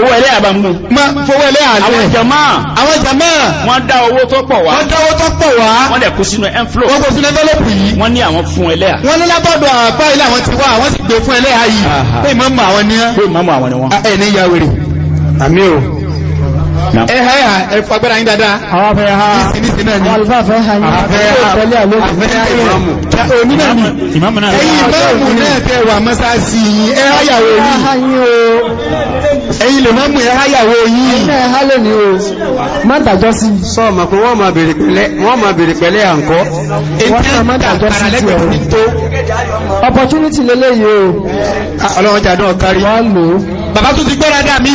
owó ẹlẹ́ àbámú ma fowó ẹlẹ́ àlẹ́ àwọn jama àwọn jama wọ́n dá owó tó pọ̀ wá wọ́n dá owó tó pọ̀ wá wọ́n lẹ̀ kó sínú envelope wọ́n kó sínú envelope yìí wọ́n ní àwọn fún ẹlẹ́ à wọ́n ní látọ̀dọ̀ àpá ilé àwọn ti wá àwọn ti gbé fún ẹlẹ́ à pé ìmọ̀mọ̀ àwọn ni wọ́n pé ìmọ̀mọ̀ àwọn ni wọ́n ẹ̀ ní yàwèrè àmì o ẹ eh, ha ah, ẹ ha eh, ẹ fọ agbára yín dáadáa. àwọn afẹ́ ha nísìnyí náà ni àwọn afẹ́ ha ni afẹ́ ha pẹ̀lú àlejò afẹ́ ha ìmọ̀mù. òní náà ni ẹ̀yin ìmọ̀mù náà tẹ wà mọ́sáàsì yìí ẹ ha yàwó yìí ẹ̀yin lè mọ́mù ma pé wọ́n máa opportunity lele yo. Ah, ọlọ́run jàdún ọ̀kárí. wọ́n lò ó. bàbá tó ti gbọ́ra dà mí.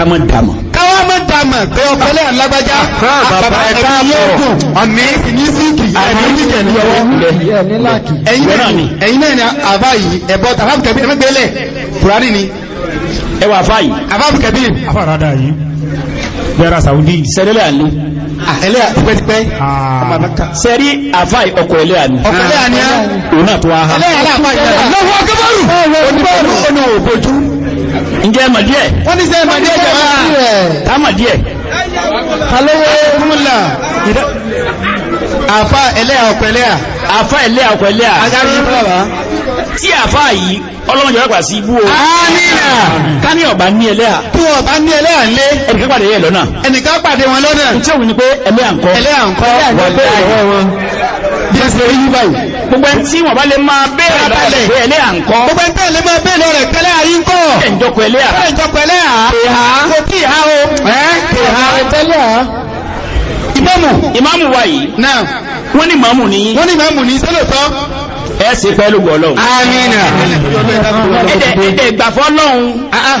ká mọ́ dàmọ̀. káwọ́ mọ́ dàmọ̀ pé ọkọlẹ́ alágbájá àbàbà ẹ̀ka àbọ̀rọ̀ àmì mísíkì àmì oníjẹ̀ ní ọwọ́. ẹ̀yin náà ni àbá yìí ẹ̀bọ́ tàbí kẹ́bí ẹ̀mẹ́gbẹ́lẹ̀ kùránì ni. ẹ wà fà yìí. àbá kẹ́bí. àfà rádà yìí bẹ́ẹ̀rà Saudi sẹ́lẹ̀ àní ẹlẹ́ àtipẹ́tipẹ́ sẹ́rí àfáì ọkọ̀ ẹlẹ́ àní ọkọ̀ ẹlẹ́ àní òun náà tó wá ha ẹlẹ́ àní àfáì ẹlẹ́ àní lọ́wọ́ akẹ́bọ̀rù onígbọ̀rù ọ̀nà ǹjẹ́ ẹmà díẹ̀ wọ́n ní sẹ́ ẹmà díẹ̀ jẹ́ àmà díẹ̀ alówó múlà àfá ẹlẹ́à ọ̀pẹ̀lẹ́à àfá ẹlẹ́à ọ̀pẹ̀lẹ́à tí àfá yìí ọlọ́run jọ́rọ̀pà sí ibú o àmìnà ká ní ọ̀bá ní ẹlẹ́à tó ọ̀bá ní ẹlẹ́à lé ẹnìkan pàdé yẹ lọ́nà ẹnìkan pàdé wọn lọ́nà tí òun ni pé ẹlẹ́à ńkọ́ ẹlẹ́à ńkọ́ wà lẹ́yìn bí ẹsẹ̀ rí báyìí. gbogbo ẹni tí wọ́n bá lè máa bẹ́ẹ̀ lọ́rẹ̀ pé ẹlẹ́ à ń kọ́. gbogbo ẹni wa yìí. náà wọ́n ní ìmáàmù ní. wọ́n ní ìmáàmù ní sẹ́lẹ̀tọ́. ẹ sì pẹ́ lóògùn ọlọ́run. amina. ẹ̀ẹ́dẹ̀ gbàfọ́ ọlọ́run. Ah, ah.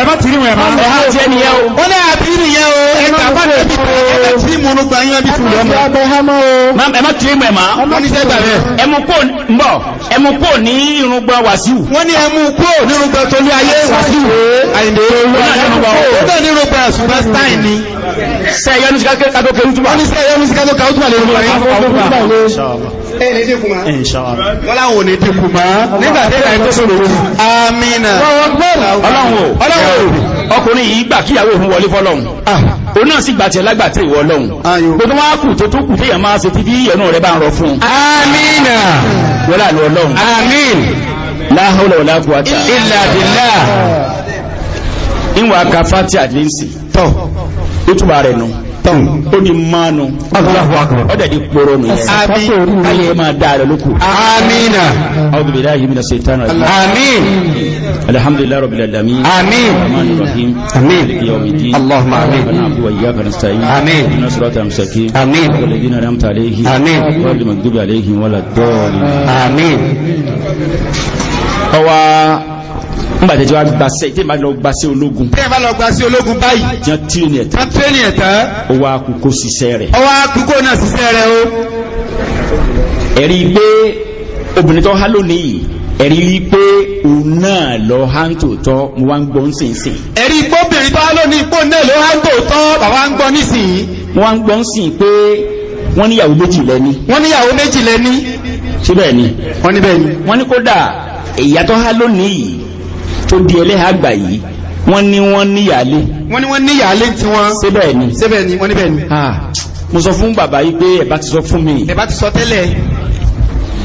ẹ̀bá tìrí wọn ẹ̀bá ẹ̀há tí ẹni yẹ́ o ó náà bí ní yẹ́ o ẹ̀ka bá tẹ̀bí ẹ̀ka tìrí mu ní gbanyọ́ ẹbí tìrí ọmọ ẹ̀má tìrí mu ẹ̀má wọ́n ní sẹ́gbà rẹ̀ ẹ̀mú kò mbọ̀ ẹ̀mú kò ní irungba wàsíù. wọ́n ni. ẹ̀mú kò ní irungba tó ní ayé wàsíù àyìndé ó ní irungba superstar ni. sẹ yọnu sí kátó kẹrù túbà. wọ́n ní sẹ yọnu sí kátó kẹrù túbà lè rú wọ́n láwọn ò nígbà tí ẹ̀ka ẹ̀ tó sọ̀rọ̀ òkú. amina ọlọ́run o ọkùnrin yìí gbà kíyàwó òun wọlé fọ́lọ́hun ah. òun náà sì gbàtẹ̀ lágbàtẹ̀ ìwọ ọlọ́hun gbogbo wọn kù tó tó kù téèyàn máa ṣe títí ìyọ̀nù rẹ̀ bá ń rọ fún un. amina tán ó mánu ọdẹ̀ di poro nù yẹn ayé máa dá lókù amina a'udhu billahi minash shaitani rajim amin alhamdulillahi rabbil alamin amin rahmanir rahim amin yawmiddin allahumma amin wa na'budu wa iyyaka nasta'in amin inna sirata mustaqim amin wal ladina an'amta alayhim amin wa bil maghdubi alayhim wa lad amin ọwọ́ nígbà tẹ́tí wá gbàṣẹ́ tí ma lọ gbàṣẹ́ ológun. tí a bá lọ gbàṣẹ́ ológun báyìí. jẹ́ tírénì ẹ̀tẹ́. jẹ́ tírénì ẹ̀tẹ́. ó wá kúkó ṣiṣẹ́ rẹ̀. ó wá kúkó náà ṣiṣẹ́ rẹ̀ o. ẹ̀rí pé obìnrin tó há lónìí ẹ̀rí pé òun náà lọ há ń tòótọ́ mo wá ń gbọ́ ń sìn sìn. ẹ̀rí pé obìnrin tó há lónìí pò náà ló há ń tòótọ́ bàbá ń gbọ́ nísìnyí. mo wá ń gbọ́ ń sìn pé wọ́n níyàwó méjì lẹ́ni. wọ́n níyàwó méjì lẹ́ni. síbẹ̀ ni. wọ́n níbẹ̀ ni. wọ́n ní kódà ìyàtọ̀ há lónìí tó di ẹlẹ́hà àgbà yìí wọ́n ní wọ́n níyàálé wọ́n ní wọ́n níyàálé tí wọ́n síbẹ̀ ni síbẹ̀ ni wọ́n níbẹ̀ ni ah, mo sọ fún bàbá yìí pé ẹ̀bá ti sọ fún mi ẹ̀bá ti sọ tẹ́lẹ̀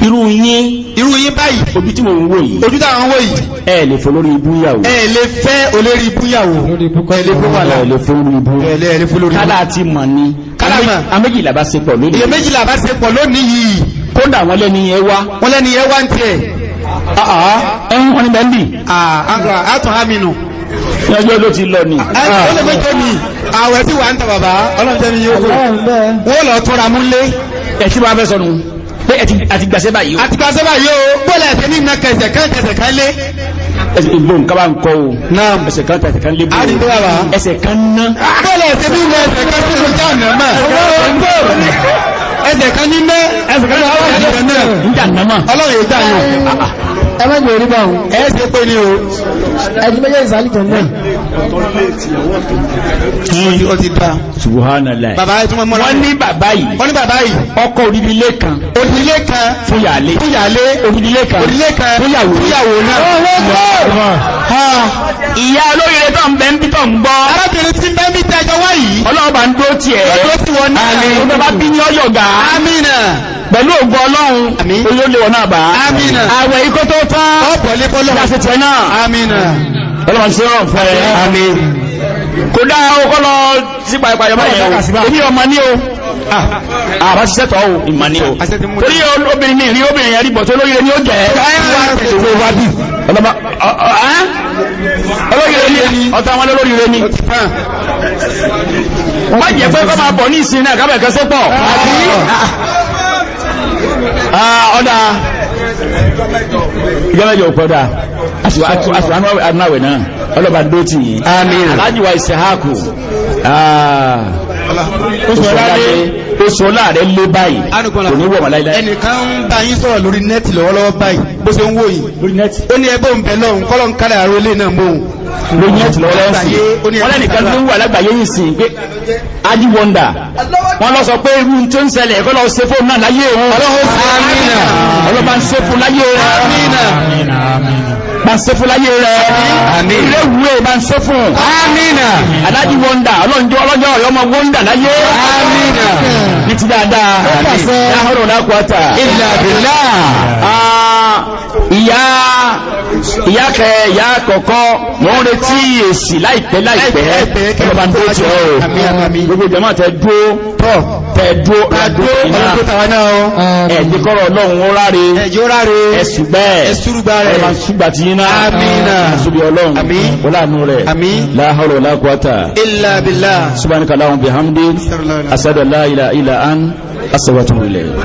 irú yín irú yín báyìí ojú tí mo ń wò yìí ojú táwọn wò yìí ẹ lè fọ lórí ibú yàwó ẹ lè fẹ́ olórí ibú yàwó ẹ lè fọ wàlà ẹ lè fọ lórí ibú ẹ lè fọ lórí ibú kálá ti mọ̀ ni kálá mọ̀ améjìlá bá ṣe pọ̀ lónìí Ah, ah. ẹ̀yìn wọn ni bẹ́ẹ̀lì àtún ah, àmìnù ẹjọ́ ló ti lọ ní àwẹ̀ tí wà ń tà bàbá ọlọ́pẹ́ni yóò kó wọ́n lọ tọ́ra múlé ẹ̀tí wà fẹ́ sọnù pé àti gbàṣẹ́ báyìí àti gbàṣẹ́ báyìí o bọ́lá ẹ̀tẹ́ ní kẹsẹ̀ kẹsẹ̀ kan lé ẹsẹ̀ ìbò nǹkan bá ń kọ́ o ẹsẹ̀ kan tàbí kan lé bó ẹsẹ̀ kan ná bọ́lá ẹ̀tẹ́ ní kẹsẹ̀ kan lé bó ẹ̀dẹ̀ kan ní mẹ́ ẹ̀sẹ̀ kan ní ọlọ́run ìjà náà ọlọ́run ìjà náà ẹmẹ́jì orí bá wọn ẹ́ ṣe pé ní o ẹjú méjì ìsàlìjọ náà ọ̀tọ́lẹ́tì ó ti dá Subhanallah bàbá ẹ̀tún mọ́ wọ́n ní bàbá yìí wọ́n ní bàbá yìí ọkọ orílẹ̀ kan orílẹ̀ kan fún yàlé fún yàlé orílẹ̀ kan orílẹ̀ kan fún yàwó fún yàwó náà ìyá olóyèrè tó ń bẹ ń bí tó ń gbọ́ arábìnrin tí pẹ̀lú ògbọ́ ọlọ́run olóòlèwọ̀ náà bá àwẹ̀ ikọ́ tó tán ìyàsìtẹ̀ náà ọlọ́run sí ọ̀rọ̀ fún ẹ kò dá ọkọ́ lọ sí pàyẹ̀pàyẹ̀ báyẹ̀ èmi ọmọ ní o àbá ah. ah, ṣiṣẹ́ tọ́ o ìmọ̀ ní o torí obìnrin ní rí obìnrin yẹn rí bọ̀ tó lóyè ní ó jẹ́ olóyè ní ọ̀tá wọn lóríire ní wọ́n jẹ́ pé kọ́ máa bọ̀ ní ìsinmi náà kábẹ̀kẹ́ sọ́pọ̀ Ah, ọ̀dá ìjọ́mẹ́jọ òpọ̀dá àṣìwánú àdúnáwẹ̀ náà ọlọ́bàá dótì yìí alájíwá ìṣẹ́hákù ah oṣù ọlá rẹ̀ lé báyìí kò ní wọ̀mà láìláì ẹnìkan ń bá yín sọ̀rọ̀ lórí nẹ́ẹ̀tì lọ́wọ́lọ́wọ́ báyìí bó ṣe ń wò yìí ó ní ẹgbẹ́ òǹbẹ̀ lọ́hùn kọ́lọ̀ ń kárẹ̀ àrò ilé náà mọ́ lórí nẹ́ẹ̀tì lọ́wọ́lọ́wọ́ sí wọ́n lẹ́nìkan ló ń wà lágbàáyé yìí sí pé adi wọ́ndà wọ́n lọ sọ pé irú tó ń ṣẹlẹ̀ ẹ̀kọ́ lọ ṣe fóun náà láyé òun ọlọ́run ṣe fún láyé òun bá ń ṣe fún láyé rẹ̀ ilé ìwé bá ń ṣe fún amina aláàjì wọ́ndà ọlọ́njọ́ ọlọ́jọ́ ọ̀yọ́ ọmọ wọ́ndà láyé amina ní ti dáadáa láhọ́rọ̀ lákwátà illa billah ìyá ìyákẹ́ ìyá kọ̀kọ́ mọ́ ń retí èsì láìpẹ́ láìpẹ́ ẹgbẹ́ bá ń dúró tí ọ gbogbo jẹ́mọ́ tẹ́ dúró tẹ̀dó ẹ̀dẹ́kọ́rọ̀ ọlọ́run ó ráre ẹ̀sùgbẹ́ ẹ̀sùgbà tí yína àṣùbí ọlọ́run ọlánú rẹ̀ láhọ́rọ̀ lákwátà subhanaka lahum bihamdi asadu la ilaha illa an